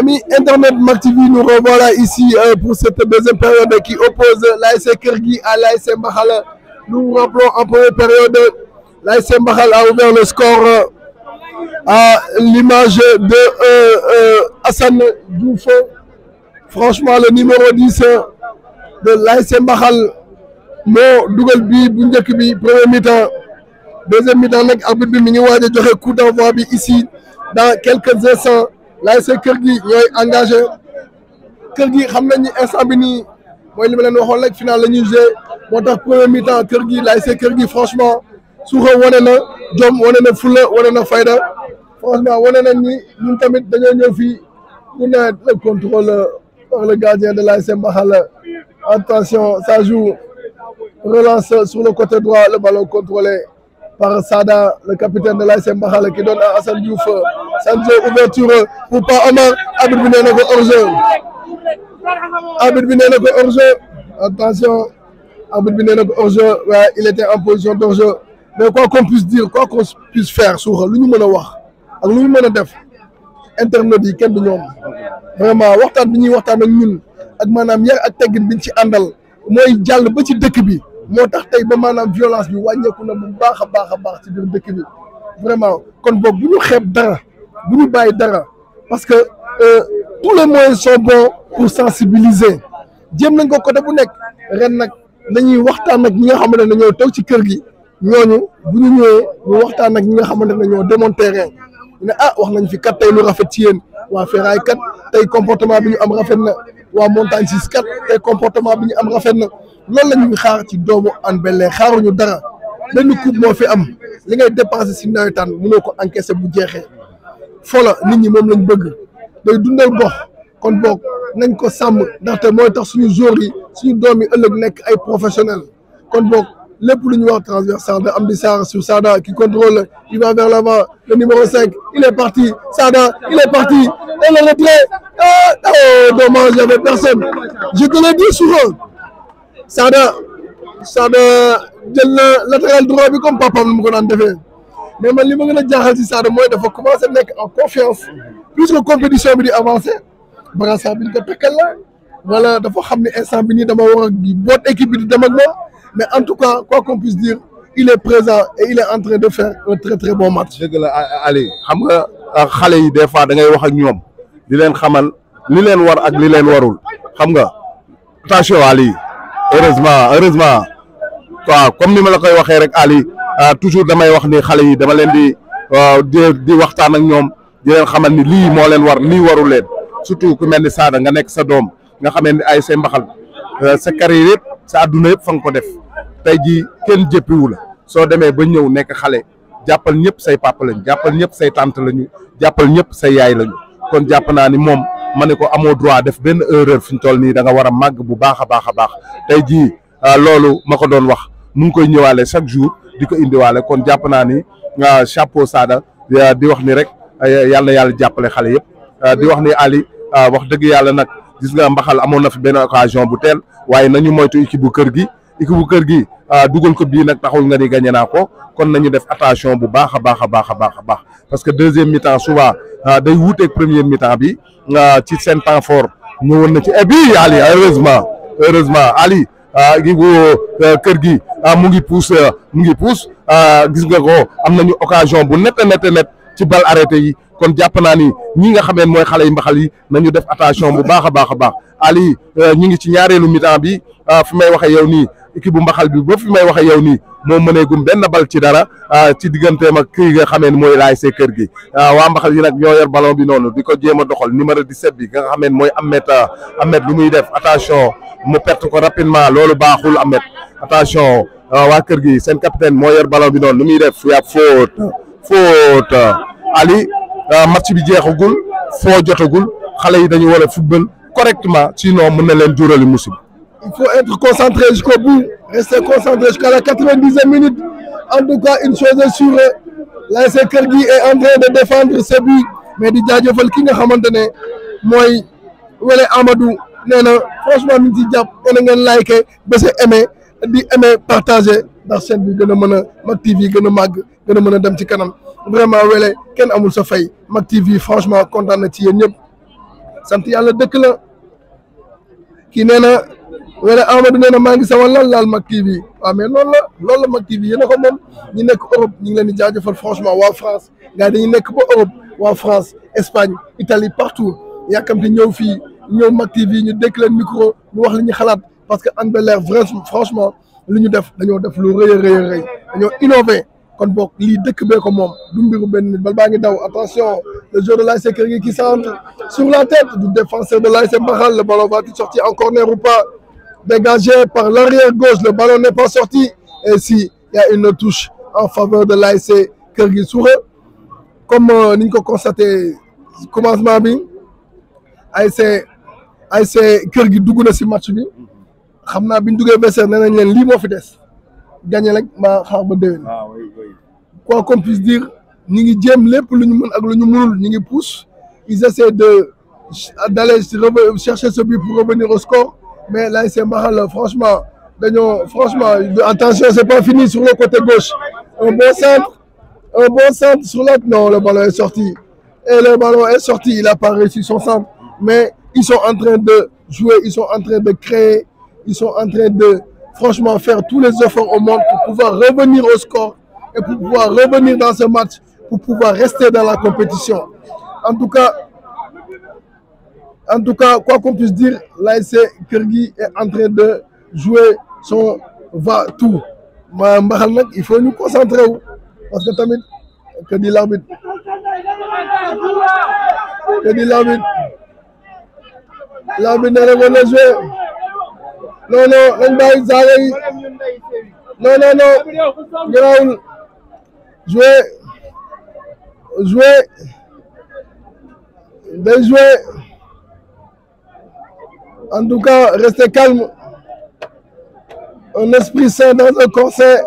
Amis Internet Mak TV, nous revoilà ici euh, pour cette deuxième période qui oppose l'ASC Kergui à l'ASC Mbaxal. Nous vous rappelons en première période, l'ASC Mbaxal a ouvert le score euh, à l'image de euh, euh Hassan Diouf. Franchement, le numéro 10 de l'ASC Mbaxal moo dugal bii bu njëkk bi premier mi deuxième mi-temps nag arbitre bi mi ngi waaj a joxe coup d'envoi bi ici dans quelques instants. laay say kër gi ñooy engagé kër gi xam nañ ni instant bi nii mooy li ma leen waxoon rek final la ñuy joué moo tax premier mi-temps kër gi laay say kër gi franchement suuxa wane na jom wane na fulla wane na fayda franchement wane nañ ni ñun tamit dañoo ñëw fii ñu ne le contrôle par le gardien de la Mbaxal attention ça joue relance sur le côté droit le ballon contrôlé par Sada le capitaine de la Mbaxal qui donne à Assane Diouf centre ouverture pour Pa Omar arbitre bi nee na ko hors-jeu arbitre bi nee na ko hors-jeu attention arbitre bi nee na ko hors-jeu waaye il était en position d'hors-jeu mais quoi qu'on puisse dire quoi qu'on puisse faire suuxa lu ñu mën a wax ak lu ñu mën a def internet yi kenn du ñoom vraiment waxtaan bi ñuy waxtaan ak ñun ak maanaam yar a teggin biñ ci àndal mooy jàll ba ci dëkk bi moo tax tey ba maanaam violence bi ku na bu baax a baax a baax ci biir dëkk bi vraiment kon boog bu ñu xeeb bu ñu bàyyi dara parce que euh, tous les moyens sont bons pour sensibiliser jéem nañ ko côté bu nekk ren nag nañuy waxtaan ak ñi nga xamante ne ñoo toog ci kër gi ñooñu bu ñu ñëwee ñu waxtaan ak ñi nga xamante ne ñoo demoon terrain ne ah wax nañ fi kat tey lu rafet ci yéen waa Ferraille kat tey comportement bi ñu am rafet na waa Montagne 6 kat tey comportement bi ñu am rafet na loolu ñu ñuy xaar ci doomu Hann Bel-Air xaaruñu dara benn coupe moo fi am li ngay dépensé si nawetaan mënoo ko encaissé bu jeexee. fola nit ñi moom lañ bëgg day dundal gox kon boog nañ ko sàmm ndaxte mooy tax suñu joueur yi suñu doom yi ëllëg nekk ay professionnel kon boog lépp lu ñu wax transversal de Amdi Sarr sur Sada qui contrôle il va la l'avant le numéro cinq il est parti saada il est parti et le retrait ah a oh, dommage y avait personne je te le dis souvent Sada Sada jël na latéral droit bi comme papam lu mu ko daan defee mais man li ma gën a jaaxal si Sadio mooy dafa commencé nekk en confiance plus que compétition bi di avancé brassard bi ñu ko la wala dafa xam ne instant bi nii dama war a boot équipe bi di dem ak moom en tout cas quoi qu'on puisse dire il est présent et il est en de faire un très très bon match. dëgg Ali xam nga euh, xale yi des fois da ngay wax ak ñoom di leen xamal li leen war ak li leen warul xam nga attention Ali heureusement heureusement waaw comme ni ma la koy waxee rek Ali. Euh, toujours damay wax ni xale yi dama leen di di waxtaan ak ñoom di leen xamal ni lii moo leen war lii warul leen surtout ku mel ni Sada nga nekk sa doom nga xamee ni ay say mbaxal euh, sa carrière yëpp sa àdduna yëpp fa nga ko def tey jii kenn jëppiwu la soo demee ba ñëw nekk xale jàppal ñëpp say pàpp lañ jàppal ñëpp say tante lañu jàppal ñëpp say yaay lañu kon jàpp naa ni moom ma ne ko amoo droit def benn erreur fu ñu toll nii da nga war a màgg bu baax a baax a baax jii euh, loolu ma ko doon wax mu koy ñëwaale chaque jour. di ko indiwaale kon jàpp naa ni chapeau Sada di wax ni rek yàlla yàlla jàppale xale yëpp di wax ni Ali wax dëgg yàlla nag gis nga mbaxal amoon na fi benn occasion bu teel waaye nañu moytu équipe bu kër gi bu kër gi dugal ko bii nag taxul nga ni gagné naa ko kon na ñu def attention bu baax a baax a baax a baax a baax parce que deuxième mi-temps souvent day wuuteeg première mi-temps bi ci seen temps fort ñëwoon na ci et Ali heureusement heureusement Ali. Ah, gi ah, kër gi ah, mu ngi pousse mu ngi pousse gis nga ko am nañu occasion bu nette nette net ci bal arrêté yi kon jàpp naa ni ñi nga xameen mooy xale yi mbaxal yi nañu def attention bu baax a baax a baax Ali ñu ngi ci ñaareelu mi-temps bi fi may waxee yow nii équipe bu mbaxal bi ba fi may waxe yow nii moom mëneegum benn bal ci dara ah, ci digganteem ak kii nga xameen mooy laay see kër gi ah, waa mbaxal yi nag ñoo yor ballon bi noonu di ko jéem a doxal numéro 17 bi nga xameen mooy Ahmed ah, Ahmed lu muy def attention mu perte ko rapidement loolu baaxul Ahmed attention waa kër gi seen capitaine moo yor ballon bi noonu lu muy def yaa faute faute Ali match bi jeexagul foo jotagul xale yi dañu wala a football correctement sinon mën na leen jurali musiba il faut être concentré jusqu'au bout rester concentré jusqu'à la quatre-vingt-dixième minute en tout cas une chose est sûre l'ASC Keur Gui est en de défendre ses buts mais di jaajëfal ki nga xamante ne mooy Wele Amadou nee na franchement mi ngi ci jàpp kon na ngeen liker bés a di aimer partager ndax chaîne bi gën a mën a Mak TV gën a màgg gën a mën a dem ci kanam vraiment Wele kenn amul sa fay Mak TV franchement kontaan na ci yéen ñëpp yàlla dëkk la kii nee nga ne Amadou nee na maa ngi sama lan laal Mak TV waaw mais loolu la loolu la Mak TV yéen a ko moom ñu nekk Europe ñu ngi leen di jaajëfal franchement waa France gars yi dañuy nekk ba Europe waa France Espagne Italie partout yàkkamte ñëw fii ñëw Mak TV ñu dégg leen micro ñu wax li ñu xalaat parce que Hann Bel-Air franchement li ñu def dañoo def lu rëy a rëy rëy dañoo innové kon boog lii dëkk bee ko moom du mbiru benn nit bal baa ngi daw attention de l'ASC la tête du défenseur de l'ASC Mbaxal dégagé par l'arrière gauche. Le ballon n'est pas sorti. Et si il y a une touche en faveur de l'ASC Kyrgyz comme euh, nous avons constaté commencement, ASC, ASC Kyrgyz dugg na si match bi xam naa bi ñu duggee Bessel nee nañ leen lii moo fi des gagné rek maa xaar ba déwén. Ah quoi qu'on puisse dire ñu ngi jéem lépp lu ñu ak lu ñu mënul ñu ngi pousse ils essaient de d'aller chercher ce but pour revenir au score. mais l'ASC Mbaxal franchement dañoo franchement attention c'est pas fini sur le côté gauche un bon centre un bon centre sur l'autre non le ballon est sorti et le ballon est sorti il a pas réussi son centre mais ils sont en train de jouer ils sont en train de créer ils sont en train de franchement faire tous les efforts au monde pour pouvoir revenir au score et pour pouvoir revenir dans ce match pour pouvoir rester dans la compétition en tout cas En tout cas, quoi qu'on puisse dire, l'ASC Kirgui en train de jouer son va-tout. Mais il faut nous concentrer. Parce que Tamit, que dit l'arbitre Que dit l'arbitre L'arbitre ne revient pas jouer. Non, non, non, non, non, non, Graoul. Jouer. Jouer. De jouer. En tout cas, restez calme. Un esprit sain dans un corset.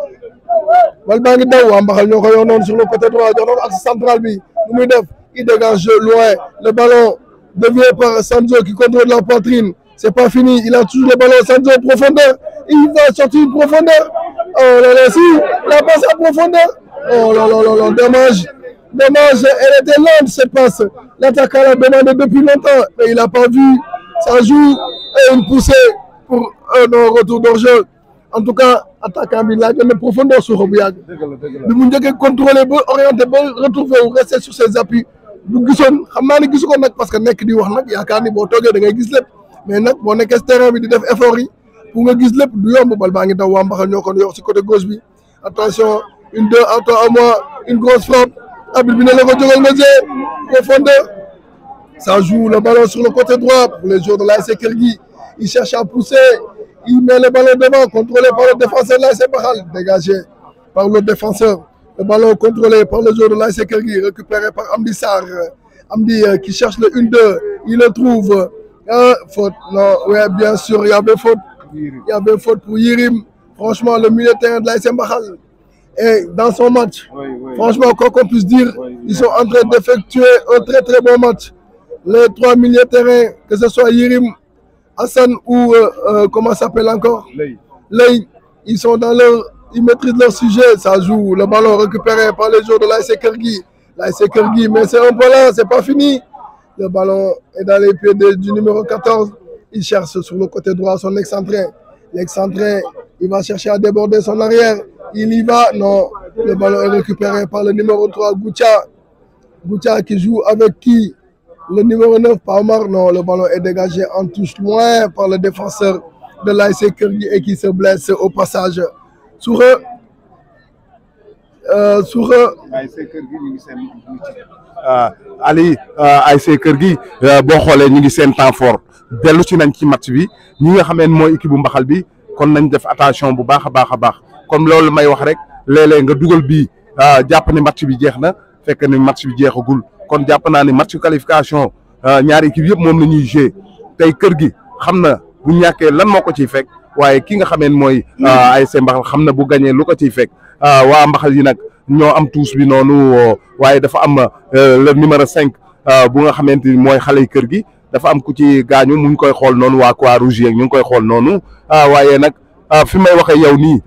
bal baa daw waa mbaxal sur le côté droit jox central bi muy def il dégage loin le ballon dévié par Sancho qui contrôle la poitrine c'est pas fini il a toujours le ballon Sancho profondeur il va sortir profondeur oh là là si la passe profondeur oh dommage elle était lente cette passe l'attaquant l'a demandé depuis longtemps mais il a pas vu ça joue et une poussée pour nos retours d'hors-jeu en tout cas attaquant bi laaj na profondeur suuxa bu yàgg bi mu njëkkee contrôler ba orienté ba retrouver wu rester sur ses appuis bu gisoon xam naa ne ko nag parce que nekk di wax nag yaakaar ni boo toogee da ngay gis lépp mais nag boo nekkee terrain bi di def effort yi pour nga gis lépp du yomb bal baa ngi daw waa mbaxal ñoo kon yor si côté gauche bi attention une deux à toi une grosse frappe arbitre bi ne la ko jógal nga Ça joue le ballon sur le côté droit pour les joueurs de l'AS Kelgui. Il cherche à pousser. Il met le ballon devant, contrôlé par le défenseur de l'AS Baral. Dégagé par le défenseur. Le ballon contrôlé par le joueur de l'AS Kelgui. Récupéré par Amdi Sar. Amdi euh, qui cherche le 1-2. Il le trouve. Hein, faute. Non, ouais, bien sûr, il y avait faute. Il y avait faute pour Yirim. Franchement, le milieu terrain de l'AS Baral et dans son match. Oui, oui, franchement, quoi qu'on puisse dire, oui, ils sont en train d'effectuer un très très bon match. les trois milieux de terrain, que ce soit Yirim, Hassan ou euh, euh, comment s'appelle encore Ley. ils sont dans leur, sujet, ça joue, le ballon récupéré par les joueurs de l'ASC Kergui. L'ASC Kergui, mais c'est un peu là, c'est pas fini. Le ballon est dans les pieds de, du numéro Il cherche sur le côté droit son excentré. L'excentré, il va chercher à déborder son arrière. Il y va, non. Le ballon est récupéré par le numéro 3, Goucha. qui joue avec qui le numéro 9 pas mort non le ballon est dégagé en touche loin par le défenseur de l'ASC Keur Gui et qui se blesse au passage Soura euh, Soura ah, Ali euh, ASC kër gi euh, boo xoolee ñu ngi seen temps fort dellu si nañ ci match bi ñi nga xameen mooy équipe bu mbaxal bi kon nañ def attention bu baax a baax a baax comme loolu may wax rek léeg nga dugal bii ah, jàpp ne match bi jeex na fekk ni match bi jeexagul kon jàpp naa ni match qualification euh, ñaari équipe yëpp moom la ñuy joué tey kër gi xam na bu ñàkkee lan moo ko ciy fekk waaye ki nga xameen mooy ay mm. euh, ASC Mbaxal xam na bu gañee lu ko ciy fekk euh, waa Mbaxal yi nag ñoo am tuus bi noonu waaye dafa am le numéro cinq bu nga xamante ni mooy xale yi kër gi dafa am ku ci gaañu mu koy xool noonu waa Croix Rouge yeeg ñu ngi koy xool noonu waaye nag fi may waxee yow nii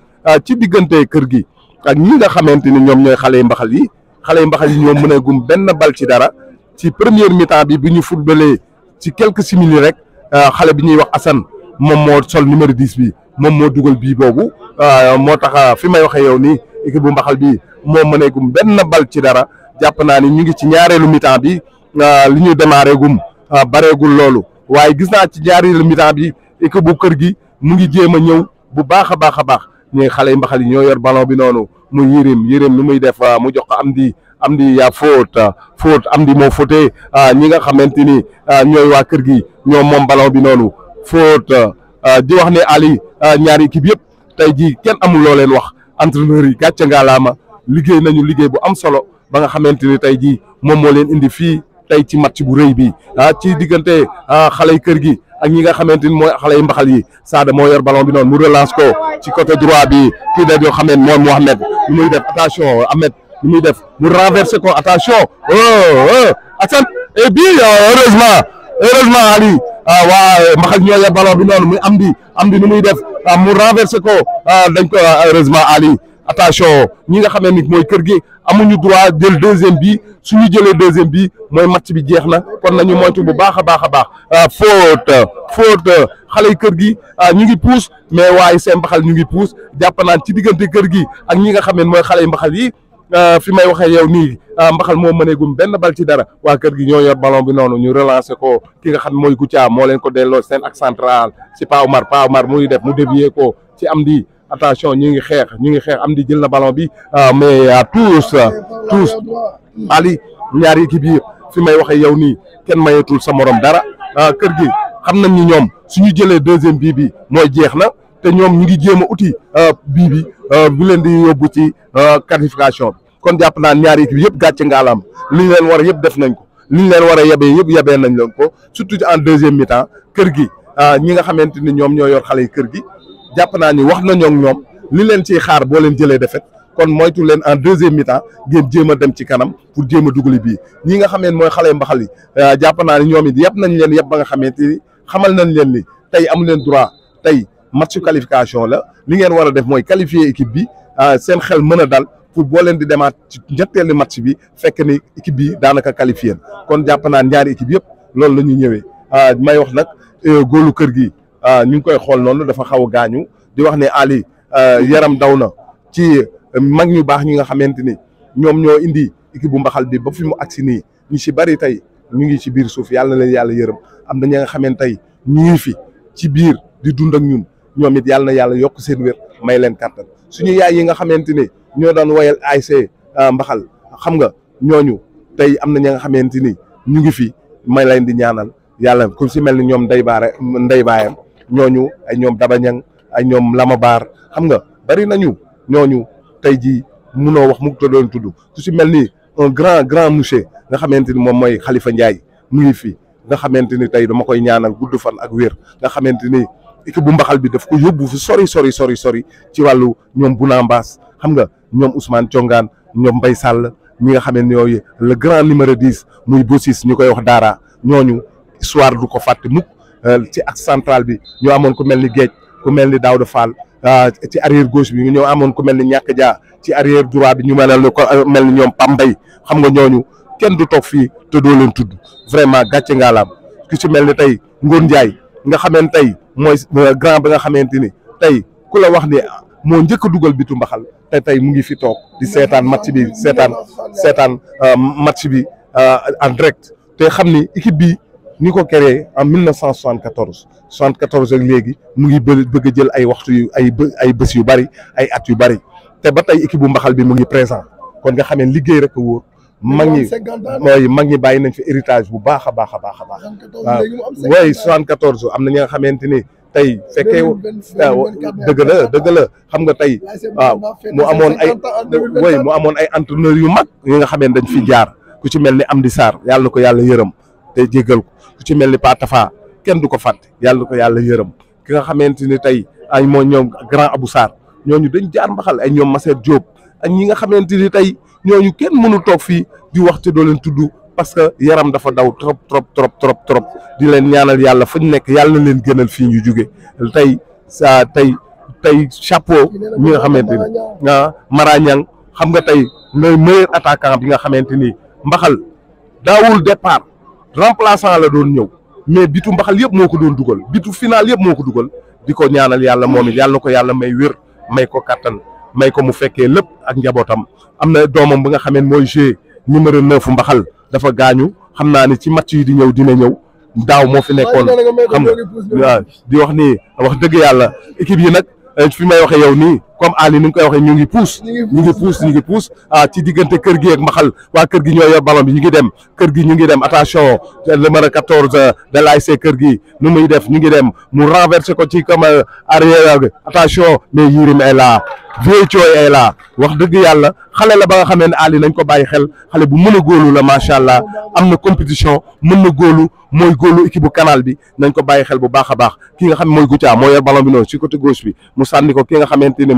ci diggante kër gi ak ñi nga xamante ni ñoom ñooy xale Mbaxal yi xale yu mbaxal yi ñoo mën benn bal ci dara ci première mi-temps bi bi ñu footballee ci quelques simili rek euh, xale bi ñuy wax Assane moom moo sol numéro 10 bi moom moo dugal bii boobu euh, moo tax euh, fi may waxee yow nii équipe bu mbaxal bi moo mën a benn bal ci dara jàpp naa ni ñu ngi ci ñaareelu mi bi li ñuy demareegum bareegul loolu waaye gis naa ci ñaareelu mi bi équipe bu kër gi mu ngi jéem a ñëw bu baax a baax a baax. ñooy xale yu mbaxal yi ñoo yor ballon bi noonu mu Yérim Yérim nu muy def ah, mu jox ko am di yaa fóot ah, am di moo faute ah, ñi nga xamante ni ñooy waa kër gi ñoo moom ballon bi noonu faute di wax ne Ali ñaari équipe yëpp tey jii kenn amul loo leen wax entraîneur yi gàcce ngaalaama liggéey nañu liggéey bu am solo ba nga xamante ni tey jii moom moo leen indi fii tey ci match bu rëy bi ah ci diggante ah, xaley kër gi ak ñi nga xamante ni mooy xaley mbaxal yi Sada moo yor ballon bi noonu mu relance ko ci côté droit bi kii da yoo xamee moom Mohamed lu muy def attention Ahmed lu muy def mu renverser ko attention oh, oh Assane et bi euh, heureusement heureusement Ali ah, waa bi noonu muy am di am di nu muy def ah, mu renverser ko a lañ ko heureusement Ali attention ñi nga xamee ni mooy kër gi. amuñu droit jël deuxième bi suñu jëlee deuxième bi mooy match bi jeex na kon nañu moytu bu baax a baax a baax euh, faute faute xale yi kër gi euh, ñu ngi puus mais waaye seen mbaxal ñu ngi puus jàpp naan ci diggante kër gi ak ñi nga xam ne mooy xale yu mbaxal yi euh, fi may waxee yow nii mbaxal moo mëneegum benn bal ci dara waa kër gi ñoo yor ballon bi noonu ñu relancé ko ki nga xam mooy Kouthia moo leen ko delloo seen ak central si Pa mar Pa Omar muy def mu dévier ko ci am di attention ñu ngi xeex ñu ngi xeex am di jël na ballon bi euh, mais euh, tous euh, tous Ali ñaari équipe bi fi may waxee yow nii kenn mayeetul sa morom dara kër gi xam nañ ni ñoom ñu jëlee deuxième bii bi mooy jeex na te ñoom ñu ngi jéem a uti bii bi bu leen di yóbbu ci qualification bi kon jàpp naa ñaari équipe yëpp gàcce ngaalaam li ñu leen war yëpp def nañ ko li ñu leen war a yebee yëpp yebee nañ leen ko surtout en deuxième mi kër gi ñi nga xamante ni ñoom ñoo yor xale yi kër gi jàpp naa ni wax nañoo ak ñoom li leen ci xaar boo leen jëlee defet kon moytu leen en deuxième mi-temps jéema dem ci kanam pour jéem a dugali bii ñi nga xam ne mooy xale mbaxal yi euh, jàpp naa ni ñoom it yëpp nañ leen yëpp ba nga xamante ni xamal nañ leen ni tey amu leen droit tey match qualification la li ngeen war a def mooy qualifier équipe bi euh, seen xel mën a dal pour boo leen di demaat ci ñetteelu match bi fekk ni équipe bi daanaka qualifié kon jàpp naa ñaari équipe yëpp loolu la ñuy ñëwee euh, may wax nag góolu kër gi. Euh, ñu ngi koy xool noonu dafa xaw a gaañu di wax ne Ali euh, yaram daw na ci mag ñu baax ñi nga xamante ni ñoom ñoo indi équipe bu mbaxal bi ba fi mu agsi nii ñu si bari tey ñu ngi ci biir suuf yàlla na yàlla yërëm am na ñi nga xamante tey ñu ngi ci biir di dund ak ñun ñoom it yàlla na yàlla yokk seen wér may leen kàttan suñu yaay yi nga xamante ni ñoo daan woyal ASC euh, mbaxal xam nga ñooñu tey am na ñi nga xamante ni ñu ngi fi may leen di ñaanal yàlla ku si mel ni ñoom ndey baare ndey baayam ñooñu ay ñoom dabañang ay ñoom lamabaar xam nga bari nañu ñooñu tey jii munoo wax mu ko doon tudd su si mel ni un grand grand monsieur nga xamante ni moom mooy Khalifa Ndiaye mu ngi fi nga xamante ni tey dama koy ñaanal gudd fan ak wér nga xamante ni bu mbaxal bi daf ko yóbbu fu sori sori sori sori ci wàllu ñoom Bouna Mbass xam nga ñoom Ousmane Thiongaan ñoom mbay Sall ñi nga xam ne ñooy le grand numéro 10 muy Bossis ñu koy wax Daara ñooñu histoire du ko fàtte mukk Euh, ci axe central bi ñu amoon ku mel ni Géej ku mel ni Daouda Fall euh, ci arrière gauche bi ñu amoon ku mel ni Ñàkk Dia ci arrière droit bi ñu mel ni ko euh, mel ni ñoom Pambay xam nga ñooñu kenn du toog fii te doo leen tudd vraiment gàcce ngaalaam ki ci mel ni tey Ngor Ndiaye nga xameen tey mooy grand bi nga xamante ni tey ku la wax ni moo njëkk a dugal bitu mbaxal te tey mu ngi fi toog di seetaan match bi seetaan seetaan match bi en direct te xam ni équipe bi ñi ko mil créé en 1974 74 ak léegi mu ngi bëgg jël ay waxtu yu ay ay bés yu bari ay at yu bari te ba tey équipe bu mbaxal bi mu ngi présent kon nga xamee liggéey rek a wóor. mag ñi mooy mag ñi bàyyi nañ fi héritage bu baax a baax a baax a baax. waaw waaye 74 am na ñi nga xamante ni tey fekkee dëgg la dëgg la xam nga tey waaw mu amoon ay way amoon ay entraîneurs yu mag yi nga xamee dañ fi jaar ku ci mel ni am di saar yàlla na ko yàlla yërëm. tey jéggal ko ku ci mel ni Pa Tafa kenn du ko fàtte yàlla ko yàlla yërëm ki nga xamante ni tey ay moo ñoom grand Abou Sarr ñooñu dañ jaar mbaxal ay ñoom Masset Diop ak ñi nga xamante ni tey ñooñu kenn mënu toog fii di wax te doo leen tudd parce que yaram dafa daw trop trop trop trop trop di leen ñaanal yàlla ñu nekk yàlla na leen gënal fii ñu jóge tey sa tey tey chapeau ñi nga xamante ni ah Marañang xam nga tey le meilleur attaquant bi nga xamante ni mbaxal daawul remplaçant la doon ñëw mais bitu mbaxal yëpp moo ko doon dugal bitu final yëpp moo ko dugal di ko ñaanal yàlla moom it yàlla na ko yàlla may wér may ko kattan may ko mu fekkee lépp ak njabootam am na doomam bi nga xamee mooy G numéro 9 mbaxal dafa gaañu xam naa ni ci match yi di ñëw dina ñëw daaw moo fi nekkoon xam nga di wax ni wax dëgg yàlla équipe yi nag fi may waxee yow nii. comme Ali ni nga koy waxee ñu ngi puus ñu ngi puus ñu ngi puus ah ci diggante kër gi ak mbaxal waa kër gi ñoo yor ballon bi ñu ngi dem kër gi ñu ngi dem attention le numéro 14 de l'ASC kër gi nu muy def ñu ngi dem mu renversé ko ci comme euh, arrière attention mais Yirim est là Vieux Thioy est là wax dëgg yàlla xale la ba nga xamee ne Ali nañ ko bàyyi xel xale bu mën a góolu la macha allah am na compétition mën na góolu mooy góolu équipe bu canal bi nañ ko bàyyi xel bu baax a baax ki nga xam mooy Goutia moo yor ballon bi noonu ci côté gauche bi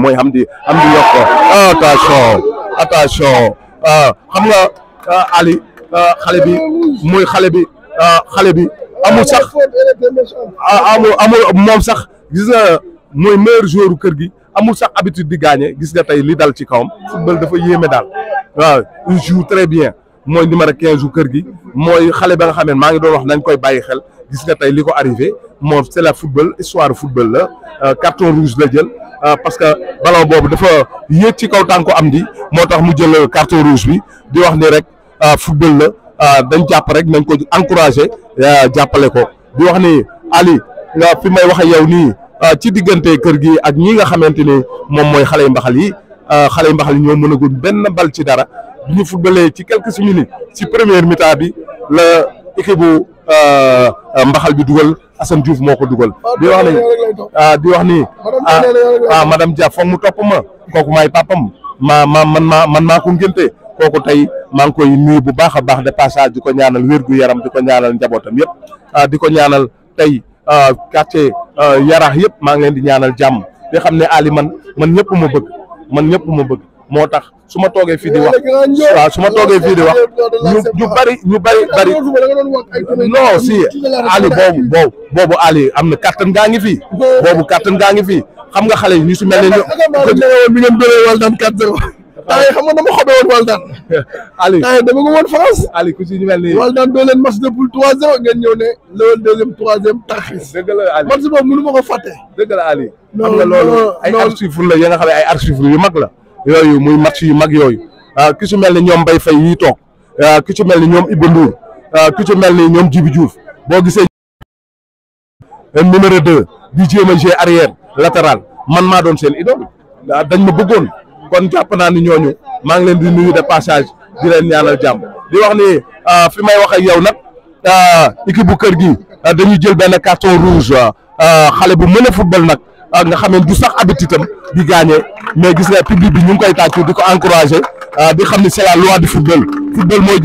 mooy am di am di yokk ah, attention attention ah, xam nga ah, Ali xale bi muy xale bi xale bi amul sax amul amul moom sax gis nga mooy meilleur joueur kër gi amul sax habitude di gagné gis na tey li dal ci kawam football dafa yéeme daal waaw il joue très bien mooy numéro 15 u kër gi mooy xale ba nga xam ne maa ngi doon wax nañ koy bàyyi xel gis nga tey li ko arrivé. moom c'est la football histoire football la euh, carton rouge la jël euh, parce que ballon boobu dafa yéeg ci kaw tànku am di moo tax mu jël euh, carton rouge bi di wax ni rek football la dañ jàpp rek nañ ko encouragé jàppale ko di wax ni Ali fi may waxee yow nii ci diggante kër gi ak ñi nga xamante ni moom mooy xale yu mbaxal yi xale yu mbaxal yi ñoo mënagul benn bal ci dara bi footballee ci quelques minutes ci première mi bi équipe bu euh, mbaxal bi dugal Assane Diouf moo ko dugal. di wax ni ah di wax ni ah, ah, ah mu topp ma kooku maay papam ma ma man maa man maa ko ngénte kooku tey maa ngi koy nuyu bu baax a baax de passage di ko ñaanal wér gu yaram di ko ñaanal njabootam yëpp ah di ko ñaanal tey ah, quartier Yaraax yëpp maa ngi leen di ñaanal jàmm di xam ne Ali man man ñëpp ma bëgg man ñëpp ma bëgg. moo tax su ma toogee fii di wax waaw su ma toogee fii di wax ñu ñu bëri ñu bëri bëri non si Ali boobu boobu boobu Ali am na kattan gaa ngi fii boobu kattan gaa ngi fii xam nga xale yi ñu su mel ne ñu. woon bi ngeen dóoree wal daan 4-0 taay xam nga dama xobee woon wal daan Ali taay ko woon France Ali ku ñu mel ni wal daan doo leen match de poule 3-0 ngeen ñëw ne loolu deuxième troisième tarxis dëgg la Ali boobu mënu ma ko fàtte dëgg la Ali xam nga loolu ay archive la ya nga xam ne ay archive yu mag la yooyu muy match yu mag yooyu ah, ki ci mel ni ñoom bay fay yiy toog ah, ki ci mel ni ñoom Ibou Ndour ah, ki ci mel ni ñoom Djibi Diouf boo gisee numéro deux di jéem a jouer arrière latéral man maa doon seen idole dañ ma bëggoon kon jàpp naa ni ñooñu maa ngi leen di nuyu de passage di leen ñaanal jàmm di wax ni fi may wax ak yow nag équipe bu kër gi dañuy jël benn carton rouge xale bu mën a football nag Euh, nga xam ne du sax habitude am di gagné mais gis nga public bi ñu ngi koy tàccu di ko encouragé euh, di xam ne c'est la loi du football football mooy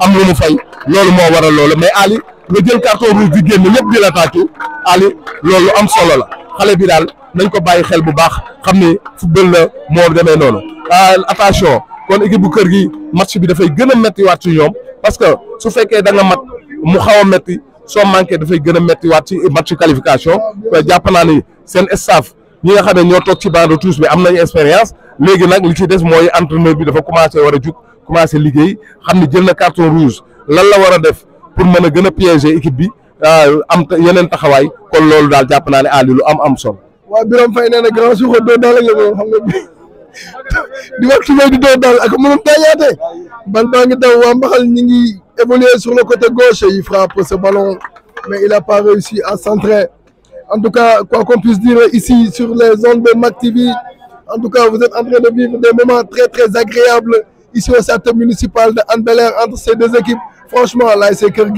am lu mu fay loolu moo war a loolu mais Ali nga jël carton rouge di génn ñëpp di a tàccu Ali loolu am solo la xale bi daal nañ ko bàyyi xel bu baax xam ne football la moo demee noonu euh, attention kon équipe bu kër gi match bi dafay gën a méttiwaat si ñoom parce que su fekkee da nga mat mu xaw a métti soo manqué dafay gën a méttiwaat ci match qualification jàpp naa seen staff ñi nga xam ne ñoo toog ci banc de touche bi am nañu expérience léegi nag li ci des mooy entraîneur bi dafa commencé war a jug commencé liggéey xam ne jël na carton rouge lan la war a def pour mën a gën a piéger équipe bi am yeneen taxawaay kon loolu daal jàpp naa ne aali lu am am solo. di wax tubéy di doon daal ak mënoon taayaatee bal baa ngi daw waa Mbaxal ñi ngi sur le côté gauche il frappe ce ballon mais il a pas réussi à centrer en tout cas quoi qu'on puisse dire ici sur les zones de Mak TV en tout cas vous êtes en train de vivre des moments très très agréables ici au stade municipal de Hann Bel-Air entre ces deux équipes franchement l'ASC Keur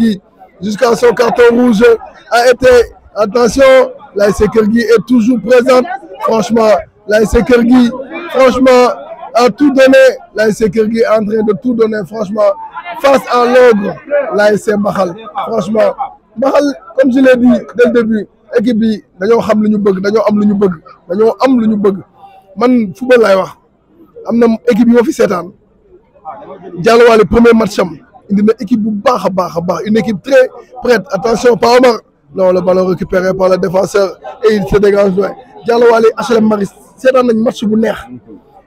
jusqu'à son carton rouge a été attention l'ASC Keur est toujours présente franchement l'ASC franchement, a tout donné. L'ASC Kirgui est en train de tout donner, franchement. Face à l'ogre, l'ASC Mahal. Franchement, Mahal, comme je l'ai dit dès le début, équipe bi dañoo xam lu ñu bëgg dañoo am lu ñu bëgg dañoo am lu ñu bëgg man football laay wax am na équipe yi ma fi seetaan jàlluwaale premier match am indi na équipe bu baax a baax a baax une équipe très prête attention Pa Omar non le ballon par le défenseur et il se dégage loin Diallo Waly HLM Maris seetaan nañ match bu neex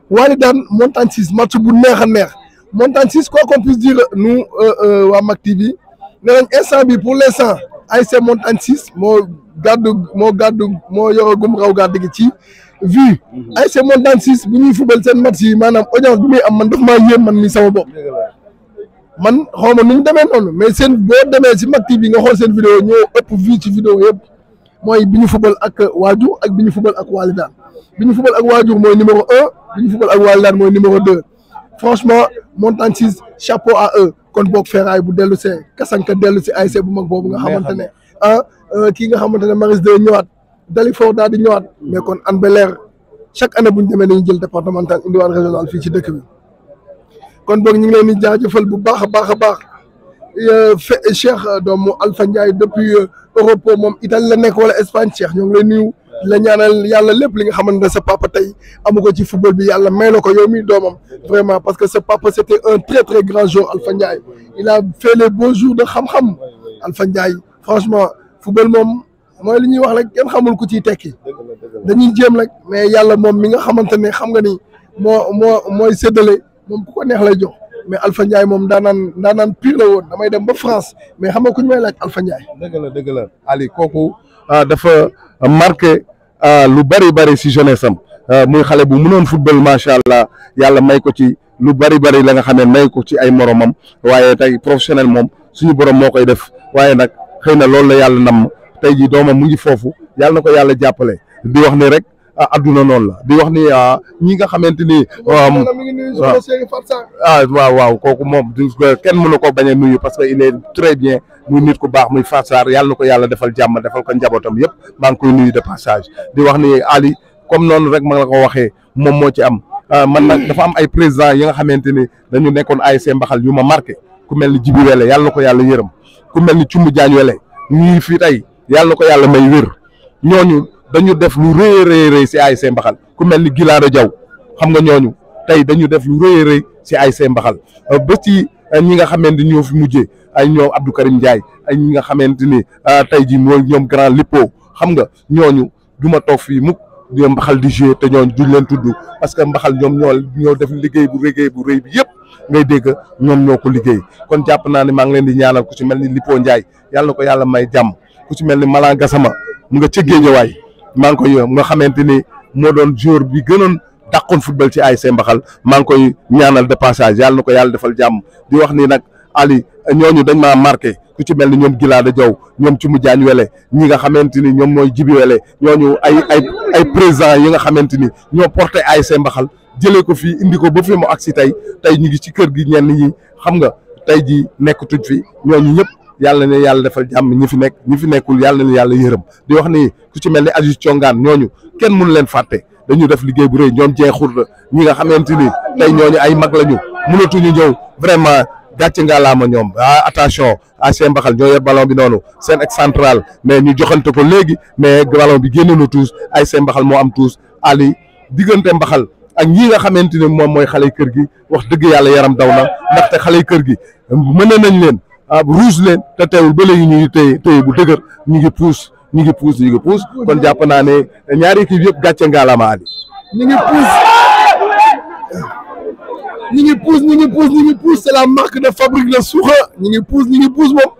Waly daan Montagne 6 match bu neex a neex Montagne 6 quoi qu'on puisse dire nous euh, euh, waa Mak TV nee nañ instant bi pour l'instant ASC Montagne 6 moo gàddu moo gàddu moo yoragum raw gàddu gi ci vu mhm. ASC Montagne 6 bu ñuy fubal seen match yi maanaam audience bi muy am man daf maa yéem man ni sama bopp man xaw ma nu mu demee noonu mais seen boo demee si Mak TV nga xool seen vidéo ñoo ëpp vie ci vidéo yëpp mooy bi ñu fubal ak waajur ak bi ñu fubal ak walidaan bi ñu fubal ak waajur mooy numéro un bi fubal ak walidaan mooy numéro deux franchement Montagne 6 chapeau a eux kon boog Feeraay bu dellu see Kasanka dellu si ASC bu mag boobu nga xamante ne ah euh, kii nga xamante ne Maris day ñëwaat Dalifort daal di ñëwaat mais kon Hann Bel-Air chaque année bu ñu demee dañuy jël départemental indiwaat régional fii ci dëkk bi kon boog ñu ngi leen di jaajëfal bu baax a baax a baax. Euh, euh, Cheikh euh, doomu Alpha Ndiaye depuis Europe moom Italie la nekk wala Espagne Cheikh ñoo ngi lay nuyu la ñaanal yàlla li nga xamante ne sa papa tey amu ko ci football bi yàlla may na ko yow mi doomam vraiment parce que sa papa c' était un très très grand joueur Alpha Ndiaye il a fait les beaux jours de xam-xam Alpha franchement football moom mooy li ñuy wax rek kenn xamul ku ciy tekki dañuy jéem rek mais yàlla moom mi nga xamante ne xam nga ni moo moo mooy séddale moom ku ko neex lay jox. mais Alpha Ndiaye moom daanaan daanaan pire la woon damay dem ba France mais xam nga ku ñu may laaj Alpha Ndiaye. dëgg la dëgg la Ali kooku ah, dafa marqué ah, lu bari bari si jeunesse ah, muy xale bu mënoon football macha allah yàlla may ko ci lu bari bari la nga xam ne may ko ci ay moromam waaye tey professionnel moom suñu borom moo koy def waaye nag xëy na loolu la yàlla nam tey jii doomam mu ngi foofu yàlla na ko yàlla jàppale di wax ni rek. a adduna noonu la di wax ni ah, ñi nga xamante ni. ah, ah waaw waaw kooku moom kenn mënu ko bañ a nuyu parce que il est très bien muy nit ku baax muy Fatou Sarr na ko yàlla defal jàmm defal ko njabootam yëpp maa ngi koy nuyu de passage di wax ni Ali comme noonu rek ma la ko waxee moom moo ci am ah, man na dafa am ay président yi nga xamante ni dañu nekkoon ASC Mbaxal yu ma marqué ku mel ni Jibi Wele yàlla na ko yàlla yërëm ku mel ni Cumbu Jaañ Wele ñii fii tey dañu def lu rëy si ay rëy si Mbaxal ku mel ni Gilaara Diaw xam nga ñooñu tey dañu def lu rëy a rëy si Mbaxal euh, ba ci euh, ñi nga xamante ñoo fi mujjee ay ñoom Abdou Karim Ndiaye ay ñi nga xamante ni euh, tey jii mooy ñoom grand Lippo xam nga ñooñu du ma toog fii muk ñoom Mbaxal di jouer te ñooñu duñ leen tudd parce que Mbaxal ñoom ñoo ñoo def liggéey bu liggéey bu bi yëpp ngay dégg ñoom ñoo ko liggéey kon jàpp naa ne maa ngi leen di ñaanal ku ci mel ni Lippo Ndiaye yàlla na ko yàlla jàmm ku ci mel ni Malang mu nga ca Géejawaay maa ngi koy nga xamante ni moo doon jour bi gënoon dàqoon football ci ASC Mbaxal maa ngi koy ñaanal de passage yàlla na ko yàlla defal jàmm di wax ni nag Ali ñooñu dañ maa marqué ku ci mel ni ñoom Gilaada Jaw ñoom ci mu jaañ wele ñi nga xamante ni ñoom mooy jibi wele ay ay ay président yi nga xamante ni ñoo porté ASC Mbaxal jëlee ko fii indi ko ba fi mu si tey tey ñu ngi ci kër gi ñenn ñi xam nga tey ji nekkatuñ fi ñooñu ñëpp yàlla na yàlla defal jàmm ñi fi nekk ñi fi nekkul yàlla na yàlla yërëm di wax ni ku ci mel ni Aziz Thiongaan ñooñu kenn mun leen fàtte dañu def liggéey bu rëy ñoom jeexul la ñi nga xamante ni tey ñooñu ay mag lañu mënatuñu ñëw vraiment gàcce ngalaama ñoom ah attention à seen mbaxal ñoo yor ballon bi noonu seen ex central mais ñu joxante ko léegi mais ballon bi génn na tuus ay seen mbaxal moo am tuus ali diggante mbaxal ak ñi nga xamante ni moom mooy xale kër gi wax dëgg yàlla yaram daw na ndaxte kër gi nañ leen. Ah, ruus leen te teewul ba léegi ñu ngi téye bu dëgër ñu ngi puus ñu ngi puus ñu ngi puus kon jàpp naa ne ñaari équipe yëpp gàcce ngaalama Ali ñu ngi puus ñu ngi puus ñu ngi puus ñu ngi puus c'est la marque de fabrique de Soukha ñu ngi puus ñu ngi puus moom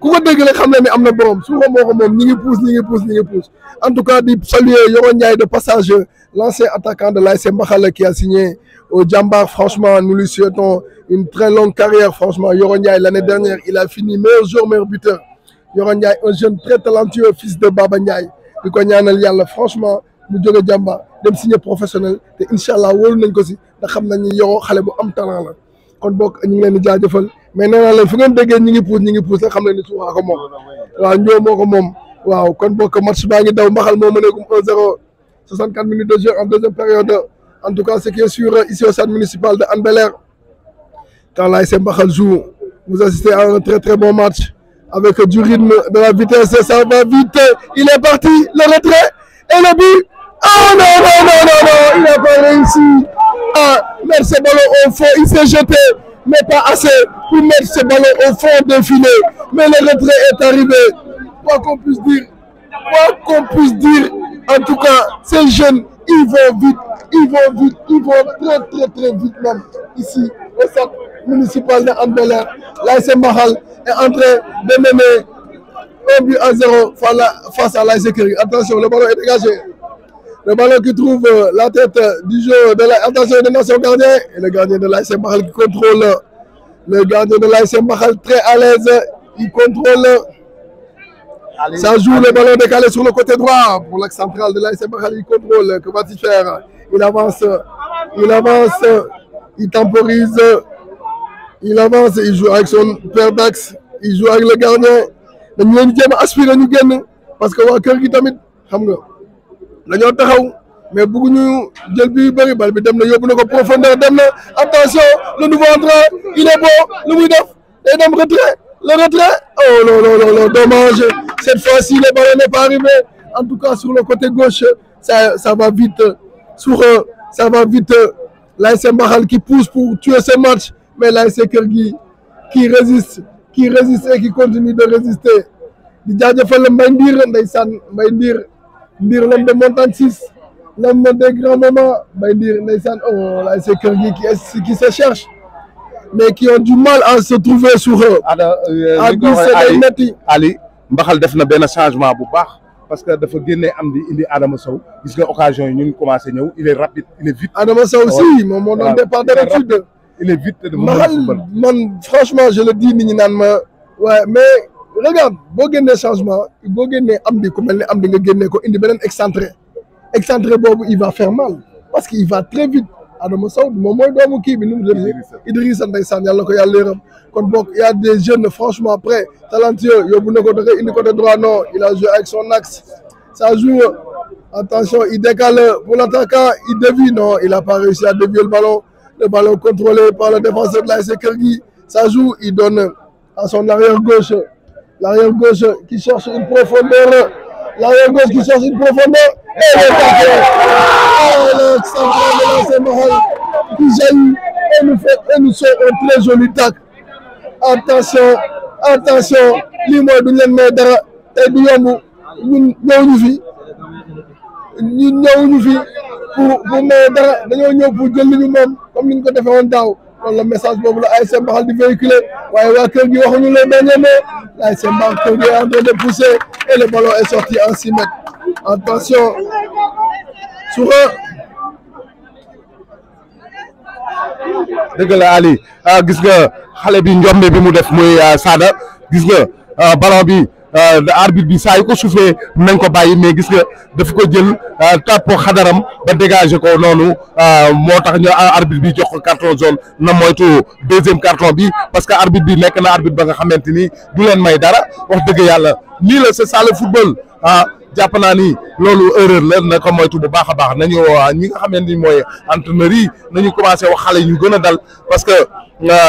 ku ko dégg la xam ne ni am na borom Soukha moo moom ñu ngi puus ñu ngi puus ñu ngi en tout cas di saluer Yoro Ndiaye de passage l'ancien attaquant de l'ASC Mbaxal qui a signé au Diambar franchement nous lui une très longue carrière, franchement. Yoron l'année dernière, il a fini meilleur joueur, meilleur buteur. Yoron un jeune très talentueux, fils de Baba Ndiaye. Franchement, mu jóge jàmbaar dem signé professionnel te incha allah nañ ko si ndax xam nañ yoroo xale bu am talent kon bokk ñu ngi leen di mais nee naa leen fu ngeen déggee puus ñi ngi puus rek xam leen ni suuxaa ko moom waaw njoo moo ko moom waaw kon bokk match baa ngi daw mbaxal moo de jeu en deuxième période en tout cas ce qui est sûr quand l'ASC Mbaxal vous assistez à un très très bon match avec du rythme, de la vitesse, et va vite. Il est parti, le retrait et le but. Ah, non, non, non, il n'a pas réussi à ah, mettre ce ballon au fond. Il s'est jeté, mais pas assez pour mettre ce ballon au fond de Mais le retrait est arrivé. Quoi qu'on puisse dire, quoi qu'on puisse dire, en tout cas, ces jeunes, ils vont vite, ils vont très très très ici municipal de Hann Bel-Air est en de mener un face à l'ASC Keur attention le ballon est dégagé le ballon qui trouve la tête du jeu de la attention gardien et le gardien de l'ASC Mbaxal qui contrôle le gardien de l'ASC Mbaxal très à l'aise il contrôle allez, de l'ASC Mbaxal il contrôle que va-t-il faire il avance il temporise il avance il joue avec son père Dax il joue avec le gardien dañu leen jéem a aspirer ñu génn parce que waa kër gi tamit xam nga dañoo taxaw mais bëgguñu jël bi bëri bal bi dem na yóbbu na ne profondeur dem na attention le nouveau entrant il est beau lu muy def day dem retrait le retrait oh non non non dommage cette fois-ci le ballon n'est pas arrivé en tout cas sur le côté gauche ça ça va vite sur euh, ça va vite euh, qui pousse pour tuer ce match mais laay sekkal gi qui résiste qui résiste et qui continue de résister di jaajëfal mbay ndiir ndeysaan mbay ndiir ndiir l'homme de montagne 6 l'homme des grands moments mbay ndiir ndeysaan oh laay sekkal gi qui qui se cherche mais qui ont du mal à se trouver sur eux euh, à di se day metti Ali mbaxal def na benn changement bu baax parce que dafa génne am i indi Adama Sow gis nga occasion yi ñu ngi commencé ñëw il est rapide il est vite Adama Sow ah si moom moo doon départ de il est vite de man franchement je le dis nit ñi naan ma waaye mais regarde boo génnee changement boo génnee am di ku mel di nga génnee ko indi beneen excentré excentré boobu il va fer mal parce que il va très vite Adama Sow moom mooy doomu kii bi nu mu dënee Idrissa ndeysaan yàlla ko yàlla yërëm kon boog y a des jeunes franchement prêts talentueux yóbbu na ko da koy indi côté droit non il a joué avec son axe ça joue attention il décale pour l'attaquant il dévie non il a pas réussi à dévier le ballon Le ballon contrôlé par le défenseur de la Sekergi. Ça joue, il donne à son arrière gauche. L'arrière gauche qui cherche une profondeur. L'arrière gauche qui cherche une profondeur. Et le paquet. Oh, ah, le centre de très joli Attention, attention, li mooy du leen may dara te du fi. ñu ñëwuñu fi pour pour maye dara dañoo ñëw pour jël li ñu moom comme ni ñu ko defee woon daaw loolu la message boobu la ASC Mbaxal di véhiculer waaye waa kër gi waxuñu les derniers mots l'ASC Mbaxal kër gi est en train de pousser et le ballon est en six mètres attention souvent Ali ah, gis nga xale bi njombe bi mu def muy ah, Sada gis nga ah, ballon bi Euh, arbitre bi saa yu ko soufflé nañ ko bàyyi mais gis nga daf ko jël euh, tàpp xadaram ba dégagé ko noonu euh, moo tax ñu arbitre bi jox ko carton jaune na moytu deuxième carton bi parce que arbitre bi nekk na arbitre ba nga xamante ni du leen may dara wax dëgg yàlla nii la c'est ça le football ah jàpp naa ni loolu erreur la na ko moytu bu baax a baax nañu ñi nga xamante ni mooy entraîneur yi nañu commencé wax xale ñu gën a dal parce que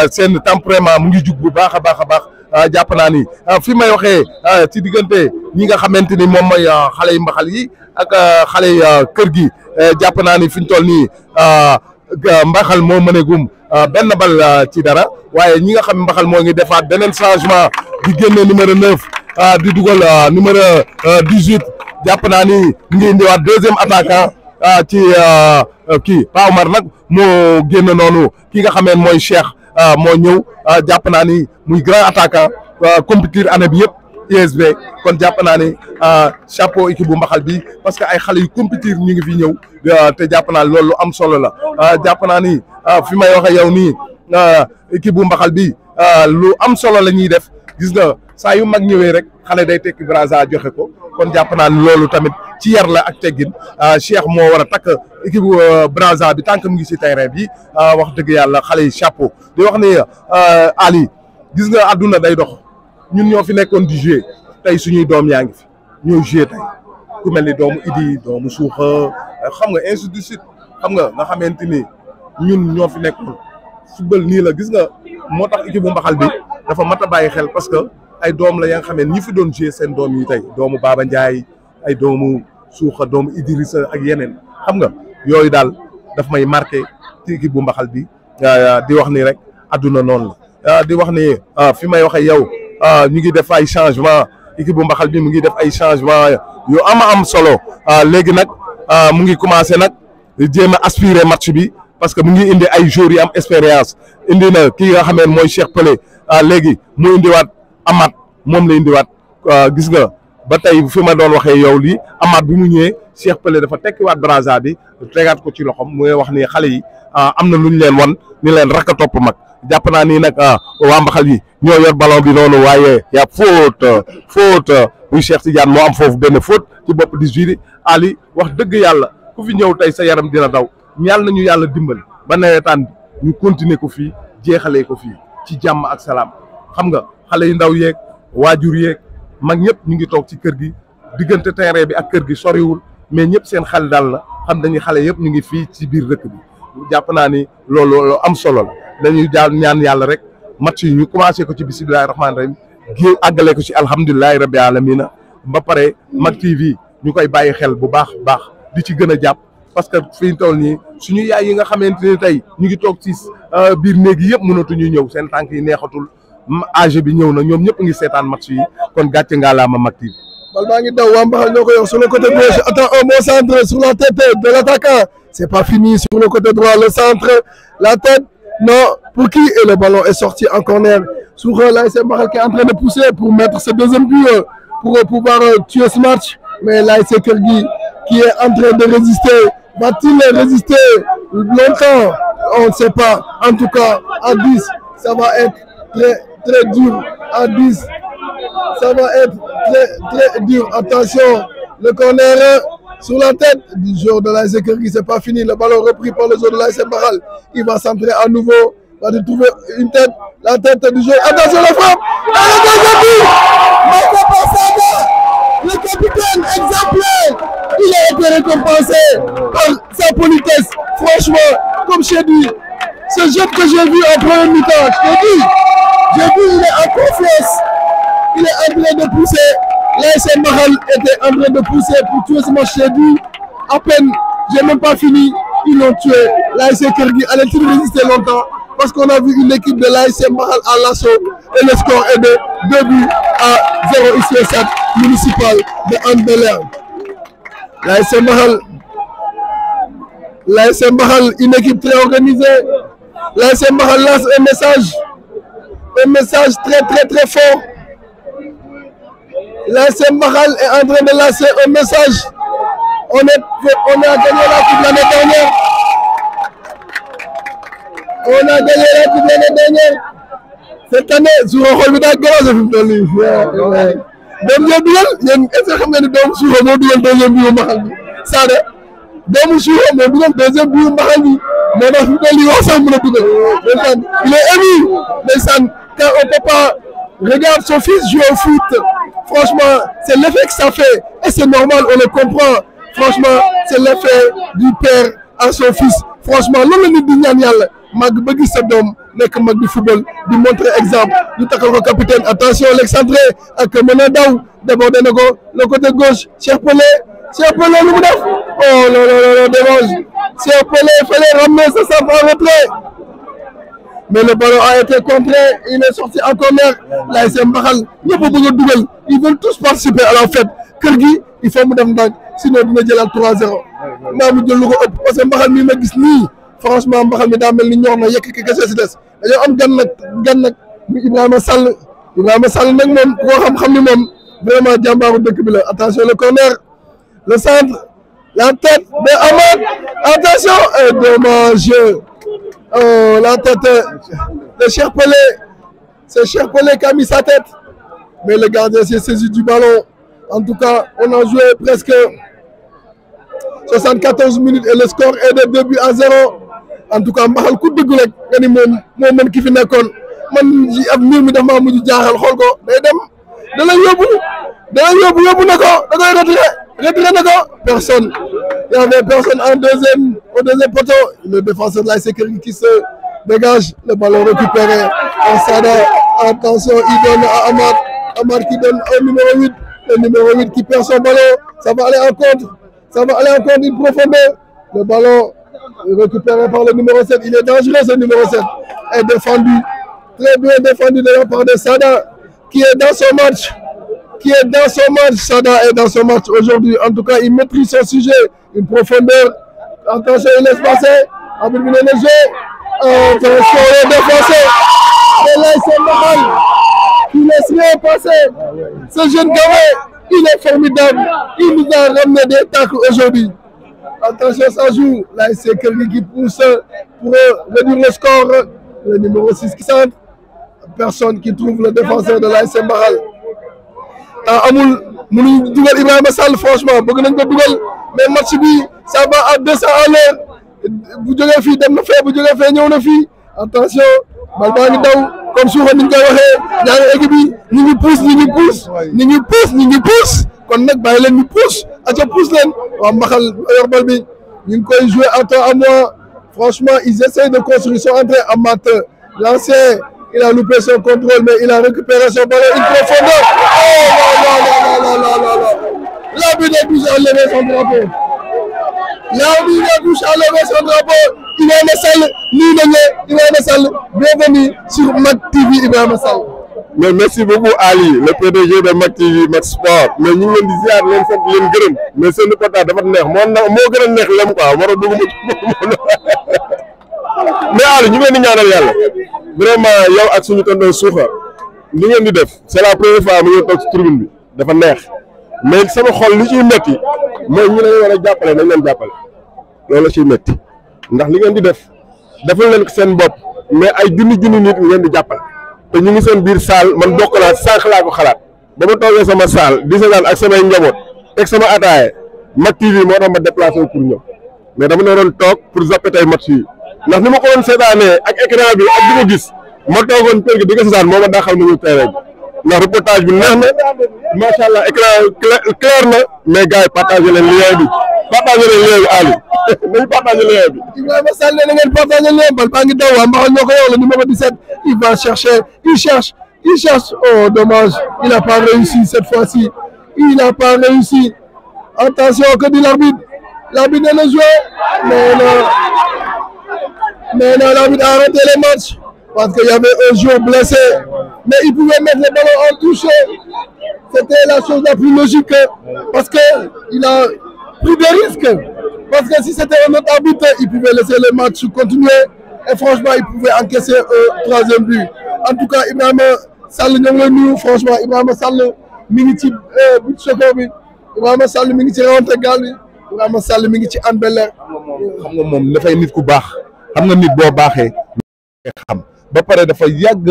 seen tempérament mu ngi jug bu baax a baax a baax. Euh, jàpp naa ni euh, fi may waxee euh, ci diggante ñi nga xamante ni moom mooy xale yi mbaxal yi ak xale yi kër gi jàpp naa ni fi ñu toll nii mbaxal moo mëneegum benn bal ci dara waaye ñi nga xam mbaxal moo ngi defaat beneen changement di génne numéro 9 di dugal numéro 18 jàpp naa ni ngi indiwaat deuxième attaquant ci kii Paa Omar nag moo génn noonu ki nga xameen mooy Cheikh. Euh, moo ñëw euh, jàpp naa ni muy grand attaquant euh, compétir année bi yëpp ISB kon jàpp naa ne chapeau équipe bu mbaxal bi parce que ay xale yu compétir ñu ngi fi ñëw te jàpp naa lu am solo la jàpp naa ni fi may waxe yow nii équipe bu mbaxal bi lu am solo la ñuy def gis nga saa yu mag ñëwee rek xale day tekki brassard joxe ko kon jàpp naa ne loolu tamit ci yar la ak teggin ah, Cheikh moo war takk takk équipe euh, brassard bi tànkam ngi si terrain bi ah, wax dëgg yàlla xale yi chapeau di wax ne ah, Ali gis nga adduna day dox ñun ñoo fi nekkoon di jouer tey suñuy doom yaa ngi fi ñoo jouer tey ku mel ni doomu Idi doomu suuxa xam nga ainsi suite xam nga nga xamante ni ñun ñoo fi nekkoon football nii la gis nga moo tax équipe bu mbaxal bi dafa mat bàyyi xel ay doom la ya nga xamee ñi fi doon jouer seen doom yi tey doomu Baba Ndiaye ay doomu Suuxa doomu Idrissa ak yeneen xam nga yooyu daal daf may marqué ci équipe bu mbaxal bi ah, ah, di wax ni rek adduna noonu la ah, di wax ni fi may wax ak yow ñu ngi def ay changement équipe bu mbaxal bi mu ngi def ay changement yu ama am solo léegi nag mu ngi commencé nag jéem a aspirer match bi parce que mu ngi indi ay joueurs yi am expérience indi na ki nga xamee mooy Cheikh Pelé léegi mu indiwaat amaat moom la indiwaat euh, gis nga ba tey fi ma doon waxee yow lii amaat bi mu ñëwee Cheikh Pelé dafa tekkiwaat brassard bi tegaat ko ci loxom muy wax ni xale yi euh, am na lu ñu leen wan ni leen rakk a topp mag jàpp naa ni nag euh, waa mbaxal yi ñoo yor ballon bi noonu waaye yaa faute faute muy Cheikh Tidiane moo am foofu benn fóot ci bopp di juri Ali wax dëgg yàlla ku fi ñëw tey sa yaram dina daw ñal nañu yàlla dimbali ba nawetaan bi ñu continuer ko fii jeexalee ko fii ci jàmm ak salaam xale yu ndaw yeeg waajur yeeg mag ñëpp ñu ngi toog ci kër gi diggante terrain bi ak kër gi soriwul mais ñëpp seen xel daal la xam dañuy xale yëpp ñu ngi fii ci biir dëkk bi jàpp naa ni loolu am solo la dañuy daal ñaan yàlla rek mat yi ñu commencé ko ci bisimilahi rahmaani rahim gi àggale ko ci alhamdulilahi rabbi alamina ba pare Mak TV ñu koy bàyyi xel bu baax baax di ci gën a jàpp parce que fi ñu toll nii suñu yaay yi nga xamante ni tey ñu ngi toog ci euh, biir néeg yi yëpp mënatuñu ñëw seen tànk yi neexatul ma bi ñëw na ñoom ñëpp ngi seetaan match yi kon gàcce ngaalaama Mak TV. bal maa ngi daw waa Mbaxal ñoo ko yor sur le côté gauche attends un sur la tête de l'attaquant c'est pas fini sur le côté droit le centre la tête non pour qui et le ballon est sorti en corner sur l'ASC Mbaxal qui est en train de pousser pour mettre ce deuxième but euh, pour euh, pouvoir euh, tuer ce match mais l'ASC Keur qui est en train de résister va-t-il résister longtemps on sait pas en tout cas à très dur à 10. Ça Attention, le corner sur la tête du joueur de l'ASC qui c'est pas fini. Le ballon repris par le joueur de l'ASC Maral. Il va centrer à nouveau. Il va trouver une tête, la tête du Attention, la frappe ah, le capitaine exemplaire, il a été récompensé par sa politesse. Franchement, comme je ce jeu que j'ai vu en première mi je te J'ai vu, il est en confiance. Il est en train de pousser. L'ASM Mahal était en train de pousser pour tuer ce match. J'ai à peine, j'ai même pas fini. Ils l'ont tué. L'ASM Parce qu'on a vu une équipe de l'ASM Mahal à l'assaut. Et le score est de 2 à municipal de Anne-Belair. Mahal une équipe très organisée. L'ASM Bahal lance un message un message très très très fort l'ASC Mbaxal est en de lancer un message on est on a gagné la coupe l'année on a gagné la coupe l'année dernière cette année suuxa xool bi daa garage fi mu toll nii doom ñoo dugal yéen est-ce que xam nga ni doomu suuxa moo dugal deuxième biu Mbaxal bi Sada doomu suuxa moo dugal deuxième biu Mbaxal bi moo tax fi mu toll nii wax sax mën a dugal ndeysaan il est ému ndeysaan quand un papa regarde son fils jouer au foot, franchement, c'est l'effet que ça fait. Et c'est normal, on le comprend. Franchement, c'est l'effet du père à son fils. Franchement, loolu la nit di ñaan yàlla mag ba gis sa doom nekk mag di football di montrer exemple ñu takkal ko capitaine attention l'excentré ak mën a daw débordé na ko le côté gauche Cheikh Pelé Cheikh Pelé lu mu def oh non non non dérange Cheikh Pelé fallait ramener sa centre en retrait mais le ballon a été contré il est sorti en corner laay seen mbaxal ñëpp a bëgg a dugal ils veulent tous participer à la fête kër gi il faut mu dem ndànk sinon dina jëlaat 3-0 naa mu jël lu ko ëpp parce que mbaxal mi ma gis nii franchement mbaxal mi daa mel ni ñor na yekk ki kese si des dañoo am gan nag gan nag mu Ibrahima Sall nag moom koo ni moom vraiment jàmbaaru dëkk bi la attention le corner le centre la tête mais Amath attention et dommage Oh, la tête de Cheikh Pelé. C'est Cheikh Pelé qui a sa tête. Mais le gardien s'est saisi du ballon. En tout cas, on a joué presque 74 minutes et le score est de 2 à 0. En tout cas mbaxal ku dëgg rek nga moo mën ki fi nekkoon man ji ab mbir mi dafa maa mujj jaaxal xool ko day dem da lay yóbbu da personne Il n'y avait personne en deuxième, poteau. Le défenseur de la sécurité qui se dégage. Le ballon récupéré. Sada, attention, il donne à Amar. qui donne au numéro 8. Le numéro 8 qui perd son ballon. Ça va aller en contre. Ça va aller Le ballon récupéré par le numéro 7. Il est dangereux ce numéro 7. Est défendu. de la part de Sada qui est dans son match. Sada est dans son match aujourd'hui. En tout cas, il maîtrise son sujet. une profondeur. Attention, il laisse passer. Abidou le jeu. Attention, il est défoncé. Et là, jeune gamin, il est formidable. Il nous a ramené des tacles aujourd'hui. Attention, ça joue. Là, qui pousse pour réduire le score. Le numéro Personne qui trouve le défenseur de l'ASM Barral. Euh, amul mënuñ dugal Ibrahima Sall franchement bëgg nañ ko dugal mais match bi ça va à deux cent à l'heure bu jógee fii dem na fee bu jógee fe ñëw na fii attention bal baa ngi daw comme suuxa niñ koy waxee ñaari équipe yi ñu ngi pousse ñu ngi kon nag bàyyi leen ñu a aca pousse leen waaw mbaxal yor bal bi ñu ngi koy jouer à temps à moi franchement ils essaient de construire son entrée amateur lancé Il a loupé son contrôle, mais il a récupéré son ballon. Il profondeur. Oh là là là là là là L'abus de touche a levé son drapeau. L'abus de touche a levé son drapeau. Il est le salle. Nous, il est le salle. Bienvenue sur Mac TV Ibrahima Sall. mais merci beaucoup Ali le PDG de Mac TV Mac Sport mais ñu ngi leen di ziar leen sant leen gërëm mais seen reportage dafa neex moo gën a neex lem quoi war a dugg mais Ali ñu ngi ni di ñaanal yàlla. vraiment yow ak suñu tonton Suuxa li ngeen di def c'est la première fois mu ngeen toog ci tribune bi dafa neex mais sama xol li ci metti mooy ñu leen war a jàppale nañ leen jàppale la ciy metti ndax li ngeen di def defal leen seen bopp mais ay junni junni nit ngeen di jàppale te ñu ngi seen biir saal man bokk naa sànq laa ko xalaat ba ma toogee sama saal di seetaan ak samay njaboot teg sama ataaye Mak TV moo tax ma déplacé pour ñoom mais dama ne waroon toog pour zappe tey match yi ndax ni ma ko doon seetaanee ak écran bi ak di ko gis ma toogoon kër gi di ko seetaan moo ma daaxal ma ñu terrain bi ndax reportage bi neex na macha allah écran clair na mais gars yi partagé leen lien bi partagé leen lien bi Aliou nañu partagé lien bi. Ibrahima Sall ne na ngeen partagé lien bal baa ngi daw waa Mbaxal ñoo ko yow la numéro 17 il va chercher il cherche il cherche oh dommage il n'a pas réussi cette fois-ci il n'a pas réussi attention que dit l'arbitre l'arbitre ne le joue mais non. mais non, l'arbitre a arrêté le match parce qu'il y avait un blessé. Mais il pouvait mettre le ballon en C'était la chose la plus logique parce qu'il a pris des risques. Parce que si c'était un autre arbitre, il pouvait laisser le match continuer. Et franchement, il pouvait encaisser un troisième but. En tout cas, Ibrahima Sall ñoo ngi lay nuyu franchement Ibrahima Sall mi ngi ci euh, but soko bi Ibrahima Sall mi ngi ci rente gaal bi Ibrahima Sall mi ngi ci Hann Bel-Air. xam nga baax. xam nga nit boo baaxee xam ba pare dafa yàgg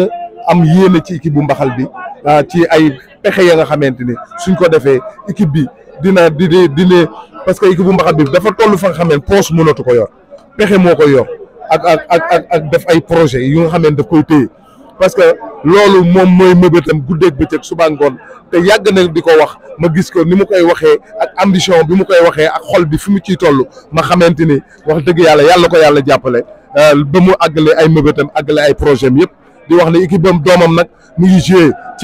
am yéene ci équipe bu mbaxal bi ah, ci ay pexe ya nga xamante ni suñ ko defee équipe bi dina di dina parce que équipe bu mbaxal bi dafa toll fa nga xam ne poche mënatu ko yor pexe moo ko yor ak ak ak ak def ay projet yu nga xam ne daf koy téye. parce que loolu moom mooy mëbëtam guddeeg bëccëg suba ngoon te yàgg na di ko wax ma gis ko ni mu koy waxee ak ambition bi mu koy waxee ak xol bi fi mu ciy toll ma xamante ni wax dëgg yàlla yàlla ko yàlla jàppale euh, ba mu àggale ay mëbëtam àggale ay projet am yëpp di wax ne équipe doomam nag mu ngi ci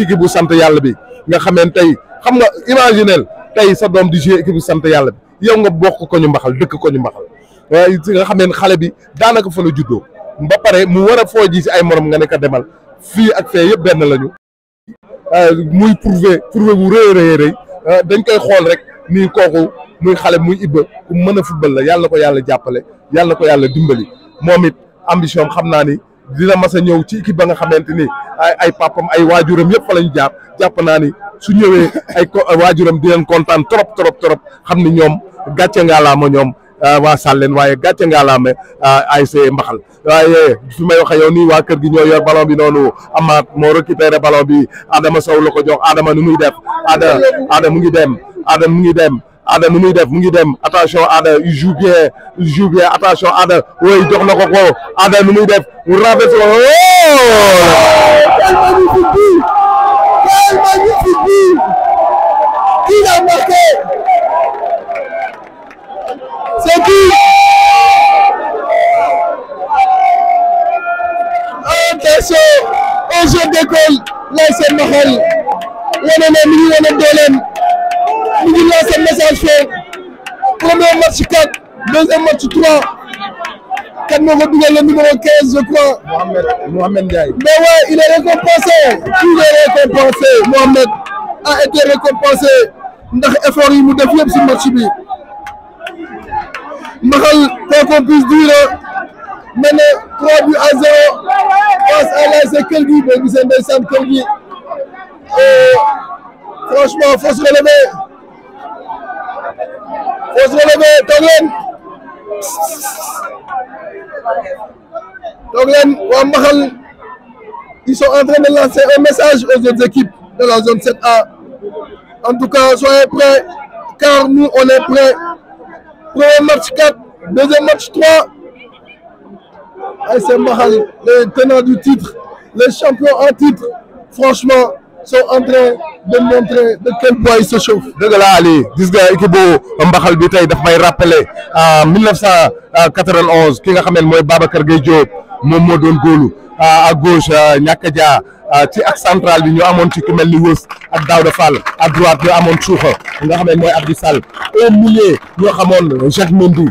équipe sant yàlla bi nga xameen tey xam nga imaginel tey sa doom di joué équipe sant yàlla bi yow nga bokk ko ñu mbaxal dëkk ko ñu mbaxal waaye euh, nga xameen xale bi daanaka fa la juddoo ba pare mu war a foo ji si ay moroom nga ne demal fii ak fee yëpp benn lañu euh, muy prouver prouver bu rëy rëy rëy euh, dañ koy xool rek nii kooku muy xale muy ibba ku mën a football la yàlla ko yàlla jàppale yàlla ko yàlla dimbali moom it ambition xam naa ni dina mas a ñëw ci équipe ba nga xamante ni ay ay papam ay waajuram yëpp fa la ñu jàpp jàpp naa ni su ñëwee ay waajuram di leen kontaan trop trop trop xam ni ñoom gàcce ngaa laa ma ñoom. Ah, waa Sàlleen waaye gàcce ngaalaame ASC ah, Mbaxal waaye su may waxe yow waa kër gi ñoo yor bi noonu Amath moo récupéré ballon bi Adama Sow la ko jox Adama nu muy def Ada Ada dem Ada mu dem Ada nu muy def mu ngi dem attention Ada il joue bien il joue bien attention Ada wooy jox na ko ko Ada nu muy def mu renverse ko oh. C'est qui oh, Attention au jeu d'école Lassane Mahal wane na mi ngi wane dooleem message foofu premier match 4 deuxième match 3 kan numéro 15 je crois. Mohamed Mohamed Ndiaye. mais ouais il est récompensé il est récompensé Mohamed a été récompensé ndax effort yi mu def yëpp Mbaxal quoi qu'on puisse dire mène 3 buts à 0 face à l'ASC Keur Gui boo gisee ndeysaan Keur Gui franchement fausse relevée fausse relevée waa Mbaxal ils sont en de lancer un message aux autres équipes de la zone 7A tout cas soyez prêts car nous on est prêts premier match 4 deuxième match 3 ASC Mbaxal les du titre les champions en franchement sont en train de montrer de quel point ils se chauffent. dëgg la Ali gis nga équipe Mbaxal bi tey daf may rappeler en 1991 ki nga xam ne mooy Babacar Gueye Diop moom moo doon góolu. Euh, à gauche ñàkk euh, jaa euh, ci ak central bi ñu amoon ci ku mel ni Wës a Daouda Fall à droite ñu amoon Suuxa nga xam ne mooy Abdou Sall au milieu ñoo xamoon Jacques Mendy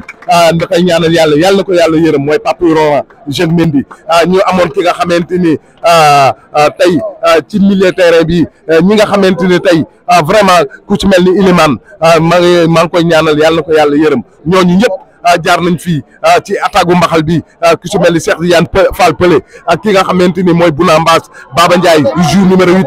dafay ñaanal yàlla yàlla na ko yàlla yërëm mooy Papyron Jacques Mendy ñu amoon ki nga xamante ni tey ci milieu terrain bi ñi nga xamante ni tey vraiment ku ci mel ni Iliman maa maa ngi koy ñaanal yàlla na ko yàlla yërëm ñooñu ñëpp. Ah, jaar nañ fii ah, ci attaque bu mbaxal bi ah, ki su mel ni Cheikh Yane Fall Pelé ak ki nga xamante ni mooy Bouna Mbass Baba Ndiaye jour numéro huit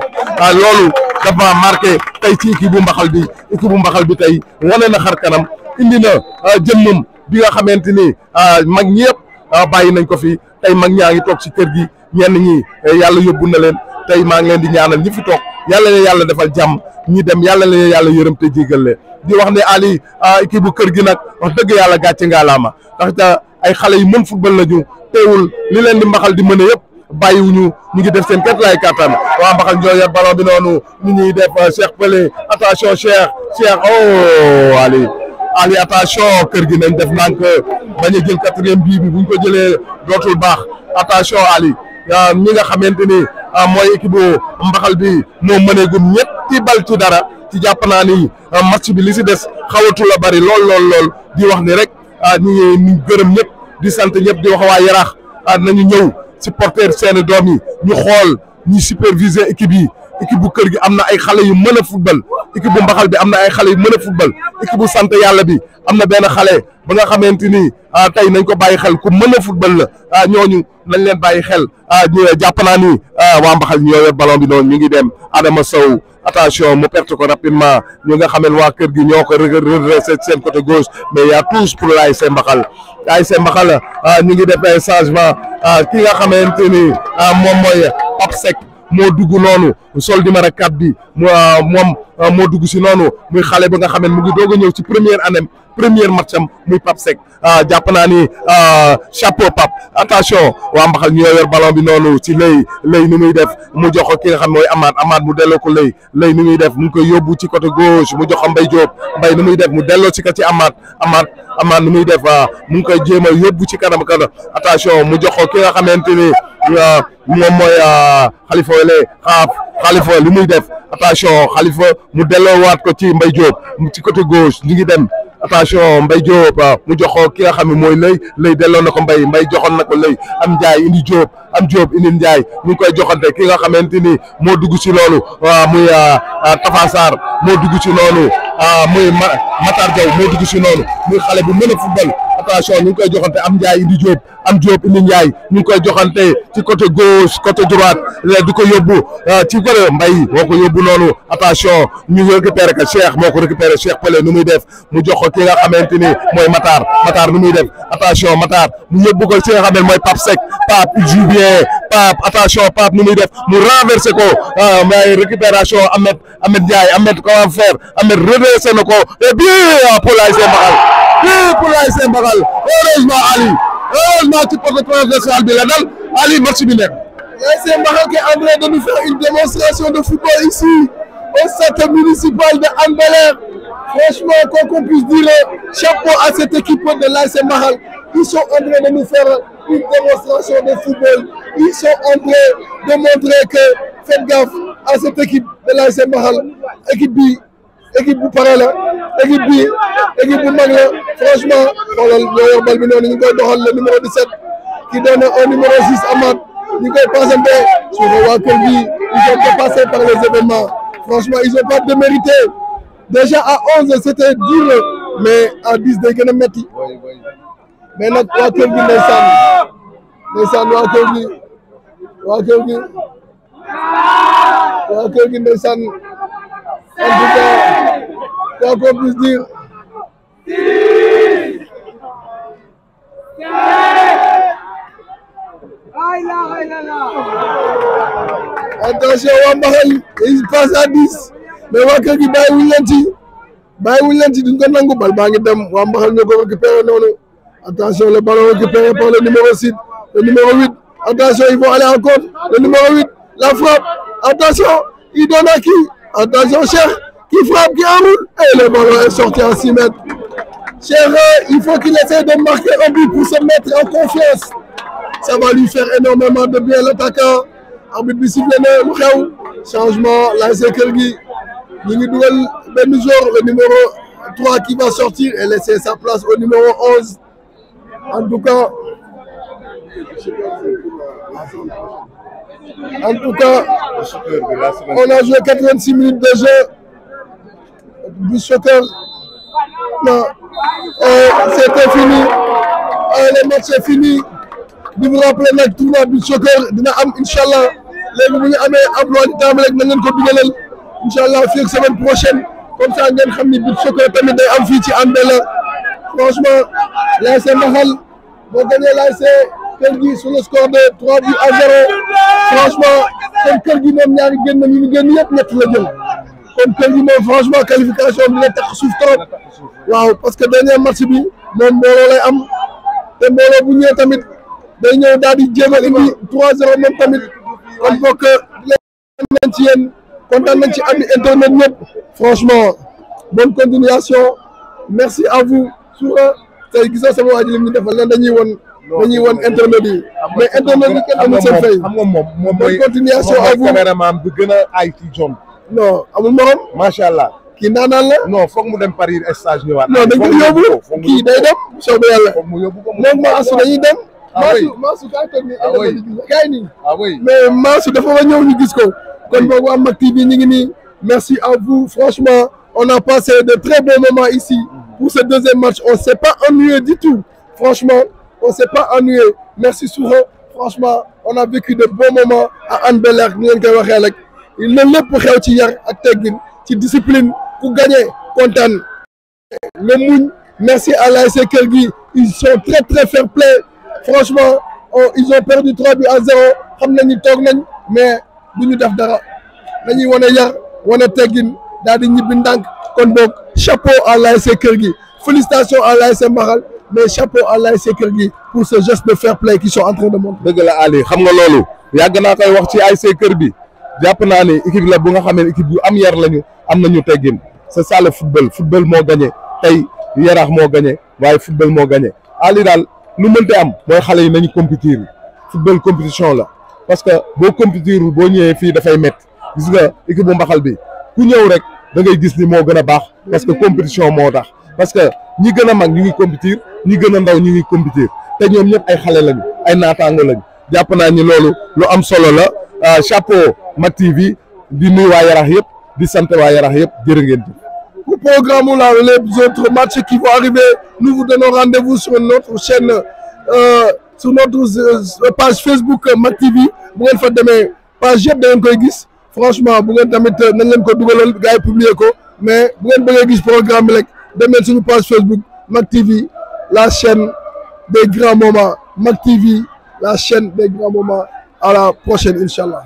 loolu dafa marqué tey ci équipe bu mbaxal bi équipe bu mbaxal bi tey wane na xar kanam indi na jëmmam bi nga xamante ni mag ñëpp bàyyi nañ ko fi tey mag ñaa ngi toog ci kër gi ñen ñi eh, yàlla yóbbu na leen tey maa ngi leen di ñaanal ñi fi toog yàlla na yàlla defal jàmm ñi dem yàlla na yàlla yërëm te jégal di wax ne Ali ah, équipe bu kër gi nag wax dëgg yàlla gàcce ngaalaama ndaxte ay xale yu mën football lañu teewul li leen di mbaxal di mën a yëpp bàyyiwuñu ñu ngi def seen képp laay kàttan waa mbaxal ñoo yor bi noonu ñu ñuy def seex euh, Pelé attention Cheikh Cheikh oh Ali Ali attention kër gi nañ def nànk bañ a jël quatrième bii bi buñ ko jëlee dootul baax attention Ali ñi nga xamante ni. Ah, mooy équipe bu mbaxal bi moo mëneegum ñetti bal ci dara ci jàpp naa ni ah, match bi li si des xawatu la bari lool lool lool di wax ni rek ah, ñu ngi gërëm ñëpp di sant ñëpp di wax waa na ñu ñëw si supporter seeni doom yi ñu xool ñu superviser équipe yi équipe bu kër gi am na ay xale yu mën a football équipe bu mbaxal bi am na ay xale yu mën a football équipe bu sant yàlla bi am na benn xale ba nga xamante ni Ah, tey nañ ko bàyyi xel ku mën a football la ah, ñooñu nañ leen bàyyi xel ah, ñu jàpp naa ni waa Mbaxal ñu yor ballon bi noonu ñu ngi dem Adama Sow attention mu perte ko rapidement ñu nga xam ne waa kër gi ñoo ko redressé seen côté goos mais y a tous pour l'ASC Mbaxal ASC Mbaxal ñu ngi def ay changement ki nga xamante ni moom mooy Pape Seck moo dugg noonu. sol mara 4 bi euh, moom euh, moo dugg si noonu muy xale bi nga xam mu ngi doog a ñëw si première année première match am muy Pape Seck euh, jàpp naa ni chapeau Pape attention waa mbaxal ñu yor ballon bi noonu ci lay lay nu muy def mu jox ko ki nga xam mooy Amath amaat mu delloo ko lay lay nu muy def mu ngi koy yóbbu ci côté gauche mu jox ko Mbaye Diop Mbaye nu muy def mu delloo ci ka ci amaat Amath Amath nu muy def mu ngi koy jéem a yóbbu ci kanam kanam attention mu jox ko ki nga xamante ni moom xalifa wele xalifa li muy def attention xalifa mu delloowaat ko ci Mbaye Diop ci côté gauche ñu ngi dem attention Mbaye Diop mu joxo ki nga xam ne mooy lëy lëy delloo na ko Mbaye Mbaye joxoon na ko lëy am Ndiaye indi Diop am Diop indi Ndiaye ñu ngi koy joxante ki nga xamante ni moo dugg si loolu muy ah, ah, Tafa Sarr moo dugg ci noonu ah, muy Matar Diaw moo dugg si noonu muy xale bu mën a football. attention ñu ngi koy joxante am Ndiaye indi Diop am Diop indi Ndiaye ñu ngi koy joxante ci côté gauche côté droite di ko yóbbu euh, ci côté mbay moo ko yóbbu noonu attention ñu récupéré ko Cheikh moo ko récupéré Cheikh Pelé nu muy def mu jox ko ki nga xamante ni mooy Matar Matar nu muy def attention Matar mu yóbbu ko ci nga xam ne mooy Pape Seck Pape il joue bien Pape attention Pape nu muy def mu renversé ko euh, mais récupération Ahmed Ahmed Ndiaye Ahmed comment faire Ahmed redressé na ko et bien pour l'ASC Mbaxal fii pour l'ASC Mbagal heureusement Ali heureusement ci porte transversale bi la dal Ali match bi nekk. L'ASC Mbagal qui est de nous faire une démonstration de football ici au stade municipal de Hann Bel-Air franchement quoi qu'on puisse dire chapeau à cette équipe de l'ASC Mbagal ils sont en de nous faire une démonstration de football ils sont en de montrer que faites gaffe à cette équipe de l'ASC Mbagal équipe bi. équipe bu pare la équipe bi bu mag la franchement xoolal ñoo yor bal bi noonu ñu koy doxal le numéro 17 qui donne au numéro 6 Amath ñu koy présenté su ko waa kër gi ils sont dépassés par les événements franchement ils ont pas démérité déjà à 11 c'était dur mais à 10 day gën a métti mais nag waa kër gi ndeysaan ndeysaan waa kër gi waa gi waa kër En tout cas, quoi qu'on puisse dire. 6 4 Aïe là, aïe là waa Mbaxal, il passe à 10. Mais waa kër gi bàyyiwuñ leen ci bàyyiwuñ leen ci nangu bal baa ngi dem waa Mbaxal ñoo ko récupéré noonu. Attention le ballon récupéré par le numéro 6, le numéro 8. Attention, ils vont aller en contre. numéro 8, la frappe. Attention, il donne à Attention, Cher qui frappe, qui enroule. Et le ballon est sorti à 6 mètres. Cher, euh, il faut qu'il essaie de marquer un but pour se mettre en confiance. Ça va lui faire énormément de bien l'attaquant. Arbitre bi sifflé na lu xew. Changement, la Kër Gui. Ñu ngi dugal benn joueur, le numéro 3 qui va sortir et laisser sa place au numéro En tout cas. En tout cas, on a joué 86 minutes de jeu du soccer. Non, euh, fini. Euh, le match est fini. di vous rappeler nag tournoi bi soccer dina am incha la léegi bu ñu amee emploi du temps rek na ngeen ko dugalal incha allah fii ak semaine prochaine comme ça ngeen xam ni bi soccer tamit day am fii ci Hann Bel-Air franchement laay see Mbaxal boo gagné tey jii sur le score de trois buts à zéro franchement kon kër gi moom ñaari génn ñu génn yëpp ñett la jël kër gi moom franchement qualification bi dina tax suuf trop waaw parce que dernier match bi moom mbooloo am te mbooloo bu ñëwee tamit day ñëw daal di jéem a indi trois zéro moom tamit kon bokk nañ ci yéen kontaan nañ ci ami internet ñëpp franchement bonne continuation merci à vous sur tey gisoo sama waa lim ñu defal leen dañuy woon dañuy won internet yi mais internet yi kenn amul seen fay. xam nga moom moom mooy continuation à vous caméraman bi gën a aay ci zone non amul morom macha allah. kii naanaan la. non foog mu dem Paris stage ñëwaat. non dañ ko yóbbu kii day dem soobee yàlla. foog mu yóbbu ko moom Maasu dañuy dem. Ah Maasu Maasu kaa toog ah nii ah mais Maasu dafa ma ñëw ñu gis ko. kon boobu waa Mak TV ñu ngi nii. merci a vous franchement on a passé de très bons moments ici. Mm-hmm. pour ce deuxième match on s'est pas ennuyé du franchement. on s'est pas ennuyé merci Soukho franchement on a vécu de bons moments à Hann Bel-Air ni ngeen koy waxee rek la lépp xew ci yar ak teggin ci discipline ku gagné kontaan le muñ merci à l'ASC Keur Gui ils sont très très fair play franchement ils ont perdu trois buts à zéro xam nañu toog nañ mais du ñu def dara dañuy wane yar wane teggin daal di ñibbi ndànk kon boog chapeau à l'ASC Keur Gui félicitations à l'ASC Mbaxal mais chapeau à l'ASC Keur Gui pour ce geste de fair play qu'ils sont en dëgg la Ali xam nga loolu yàgg naa koy wax ci ay Keur bi jàpp naa ne équipe la bu nga xamee ne équipe bu am yar lañu am nañu teggin c'est ça le football football moo gagné tey yaraax moo gagné waaye football moo gagné Ali daal lu mënte am mooy xale yi nañu compétir football compétition la parce que boo compétir boo ñëwee fii dafay métti gis nga équipe bu mbaxal bi ku ñëw rek da ngay gis ni moo gën a baax parce que compétition moo parce que ñi gën a mag ñu ngi compétir ñi gën a ndaw ñu ngi compétir te ñoom ñëpp ay xale lañu ay naataango lañu jàpp naa ñi loolu lu am solo la ah, chapeau Mak TV di nuyu waa Yarax yëpp di sant waaye Yarax yëpp jërë ngeen jëf. Pour programmer là les autres matchs qui vont arriver nous vous donnons rendez-vous sur notre chaîne euh, sur notre euh, page Facebook Mak TV bu ngeen fa demee page yëpp da koy gis franchement bu ngeen tamit nañ leen ko dugalal gars yi publier ko mais bu ngeen gis programme bi dem leen suñu page Facebook Mak TV la chaîne des grands moments Mak TV la chaîne des grands moments à la prochaine incha allah